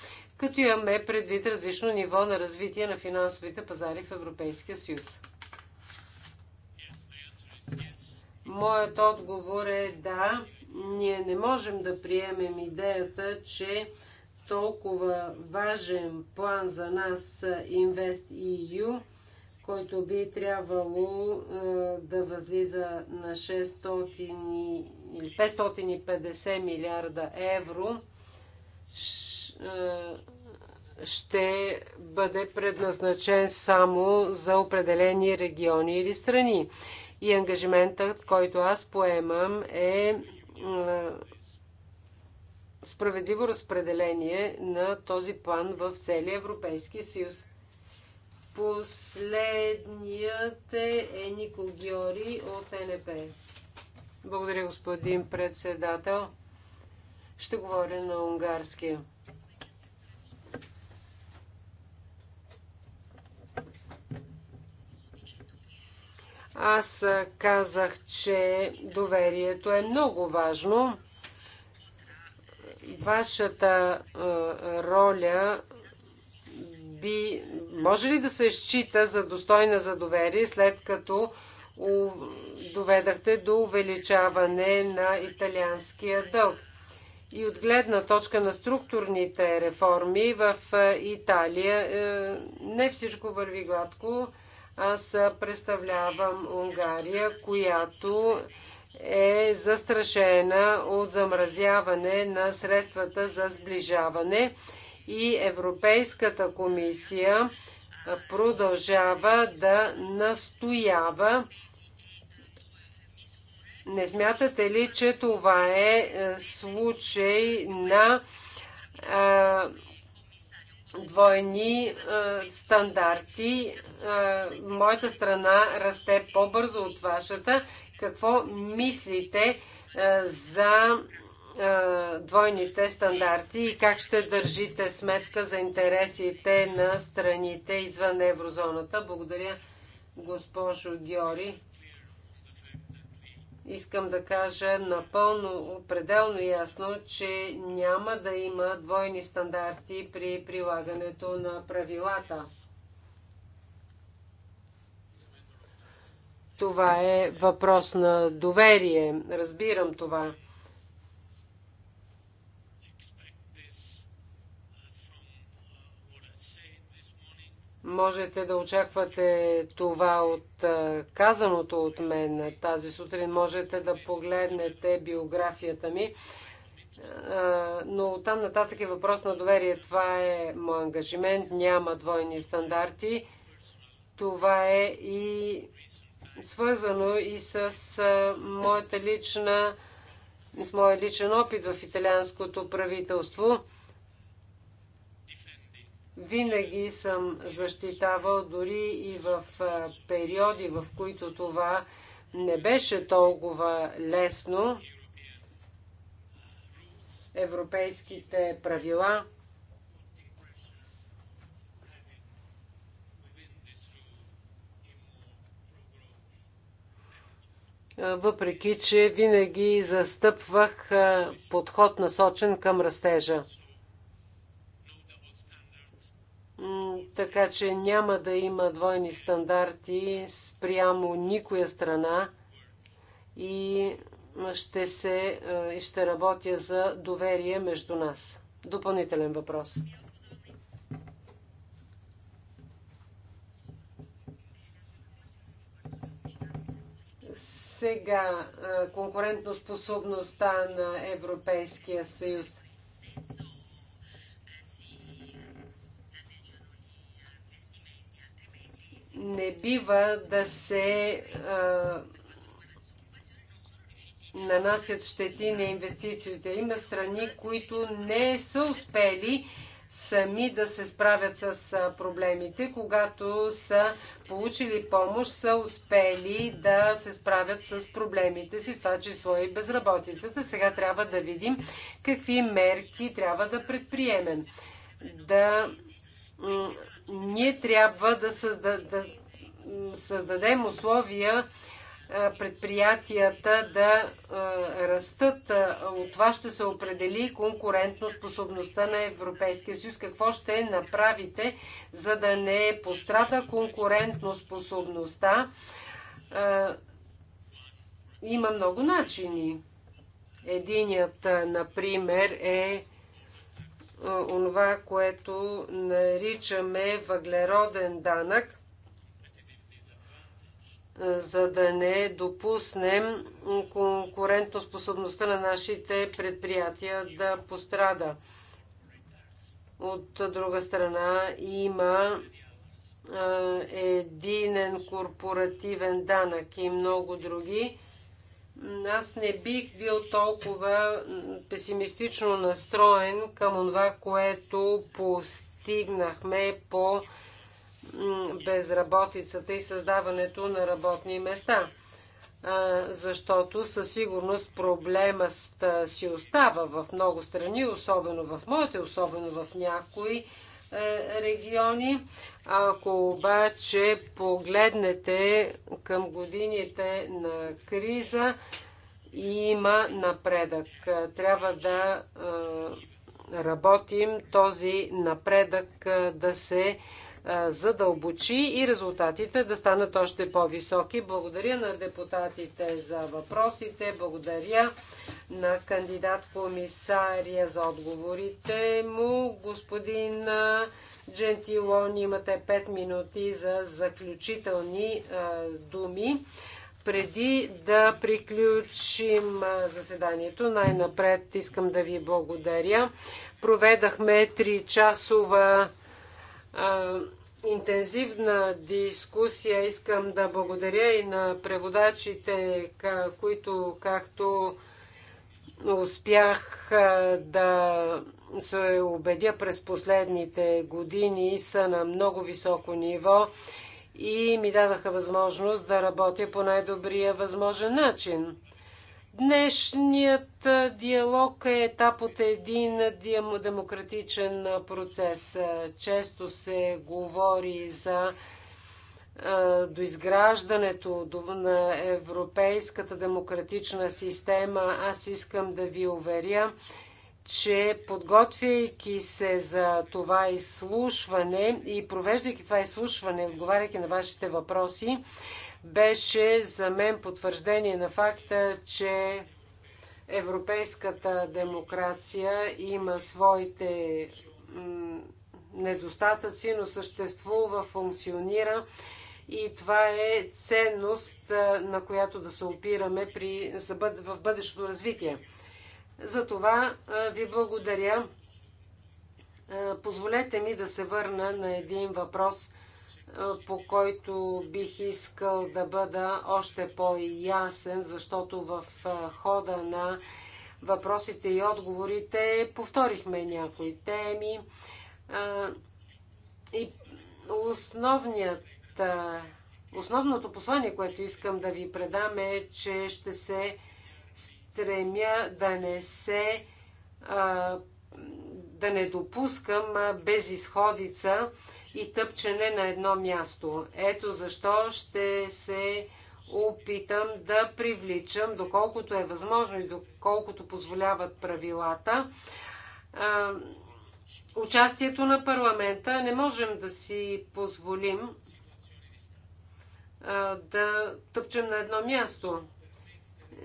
като имаме предвид различно ниво на развитие на финансовите пазари в Европейския съюз. Моят отговор е да, ние не можем да приемем идеята, че толкова важен план за нас InvestEU, който би трябвало е, да възлиза на 600 550 милиарда евро, е, ще бъде предназначен само за определени региони или страни. И ангажиментът, който аз поемам е, е справедливо разпределение на този план в целия Европейски съюз. Последният е Никол Геори от НП. Благодаря, господин председател. Ще говоря на унгарския. Аз казах, че доверието е много важно. Вашата роля би, може ли да се счита за достойна за доверие, след като доведахте до увеличаване на италианския дълг? И от гледна точка на структурните реформи в Италия е, не всичко върви гладко аз представлявам Унгария, която е застрашена от замразяване на средствата за сближаване и Европейската комисия продължава да настоява. Не смятате ли, че това е, е случай на е, двойни е, стандарти. Е, моята страна расте по-бързо от вашата. Какво мислите е, за е, двойните стандарти и как ще държите сметка за интересите на страните извън еврозоната? Благодаря, госпожо Геори. Искам да кажа напълно, пределно ясно, че няма да има двойни стандарти при прилагането на правилата. Това е въпрос на доверие. Разбирам това. Можете да очаквате това от казаното от мен тази сутрин. Можете да погледнете биографията ми. Но там нататък е въпрос на доверие. Това е мой ангажимент. Няма двойни стандарти. Това е и свързано и с моята лична с моя личен опит в италианското правителство винаги съм защитавал дори и в периоди, в които това не беше толкова лесно. Европейските правила въпреки че винаги застъпвах подход насочен към растежа така че няма да има двойни стандарти спрямо никоя страна и ще, се, е, ще работя за доверие между нас. Допълнителен въпрос. Сега е, конкурентоспособността на Европейския съюз. не бива да се а, нанасят щети на инвестициите. Има страни, които не са успели сами да се справят с проблемите. Когато са получили помощ, са успели да се справят с проблемите си, това число и безработицата. Сега трябва да видим какви мерки трябва да предприемем. Да ние трябва да, да създадем условия предприятията да растат. От това ще се определи конкурентно способността на Европейския съюз. Какво ще направите, за да не пострада конкурентно способността? Има много начини. Единият, например, е онова, което наричаме въглероден данък, за да не допуснем конкурентоспособността на нашите предприятия да пострада. От друга страна има единен корпоративен данък и много други аз не бих бил толкова песимистично настроен към това, което постигнахме по безработицата и създаването на работни места. Защото със сигурност проблемът си остава в много страни, особено в моите, особено в някои е, региони. Ако обаче погледнете към годините на криза, има напредък. Трябва да е, работим този напредък е, да се задълбочи и резултатите да станат още по-високи. Благодаря на депутатите за въпросите, благодаря на кандидат комисария за отговорите му. Господин Джентилон, имате 5 минути за заключителни думи. Преди да приключим заседанието, най-напред искам да ви благодаря. Проведахме 3-часова а, интензивна дискусия. Искам да благодаря и на преводачите, които както успях да се убедя през последните години, са на много високо ниво и ми дадаха възможност да работя по най-добрия възможен начин. Днешният диалог е етап от един демократичен процес. Често се говори за доизграждането на европейската демократична система. Аз искам да ви уверя, че подготвяйки се за това изслушване и провеждайки това изслушване, отговаряйки на вашите въпроси, беше за мен потвърждение на факта, че европейската демокрация има своите недостатъци, но съществува, функционира и това е ценност, на която да се опираме при, за бъд, в бъдещото развитие. За това ви благодаря. Позволете ми да се върна на един въпрос – по който бих искал да бъда още по-ясен, защото в хода на въпросите и отговорите повторихме някои теми. И основният, основното послание, което искам да ви предам е, че ще се стремя да не се да не допускам безисходица и тъпчене на едно място. Ето защо ще се опитам да привличам, доколкото е възможно и доколкото позволяват правилата, участието на парламента. Не можем да си позволим да тъпчем на едно място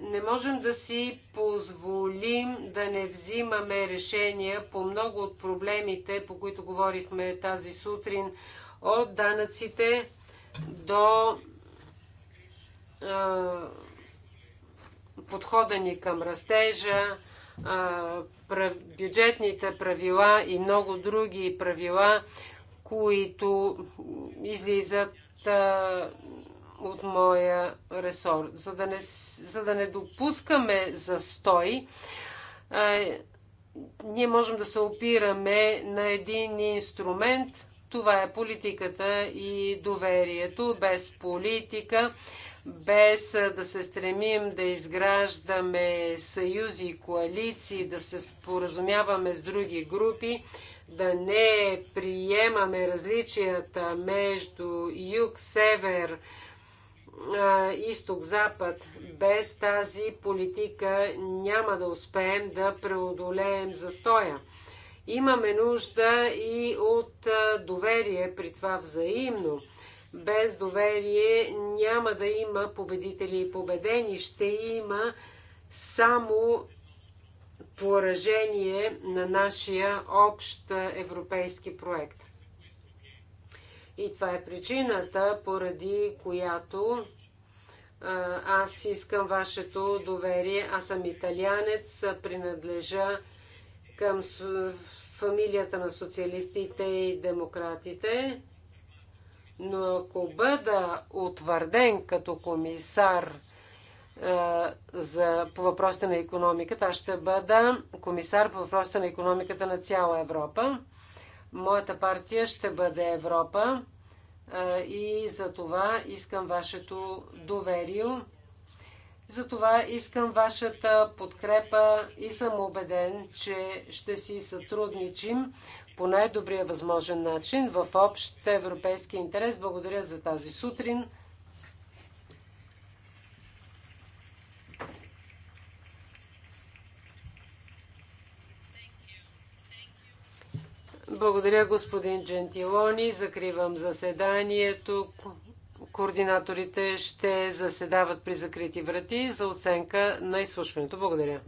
не можем да си позволим да не взимаме решения по много от проблемите, по които говорихме тази сутрин, от данъците до а, подхода ни към растежа, а, бюджетните правила и много други правила, които излизат а, от моя ресор. За да не, за да не допускаме застой, а, ние можем да се опираме на един инструмент. Това е политиката и доверието. Без политика, без да се стремим да изграждаме съюзи, и коалиции, да се споразумяваме с други групи, да не приемаме различията между юг, север, изток-запад. Без тази политика няма да успеем да преодолеем застоя. Имаме нужда и от доверие, при това взаимно. Без доверие няма да има победители и победени. Ще има само поражение на нашия общ европейски проект. И това е причината, поради която аз искам вашето доверие. Аз съм италианец, принадлежа към фамилията на социалистите и демократите. Но ако бъда утвърден като комисар за, по въпросите на економиката, аз ще бъда комисар по въпросите на економиката на цяла Европа. Моята партия ще бъде Европа и за това искам вашето доверие. За това искам вашата подкрепа и съм убеден, че ще си сътрудничим по най-добрия възможен начин в общ европейски интерес. Благодаря за тази сутрин. Благодаря, господин Джентилони. Закривам заседанието. Координаторите ще заседават при закрити врати за оценка на изслушването. Благодаря.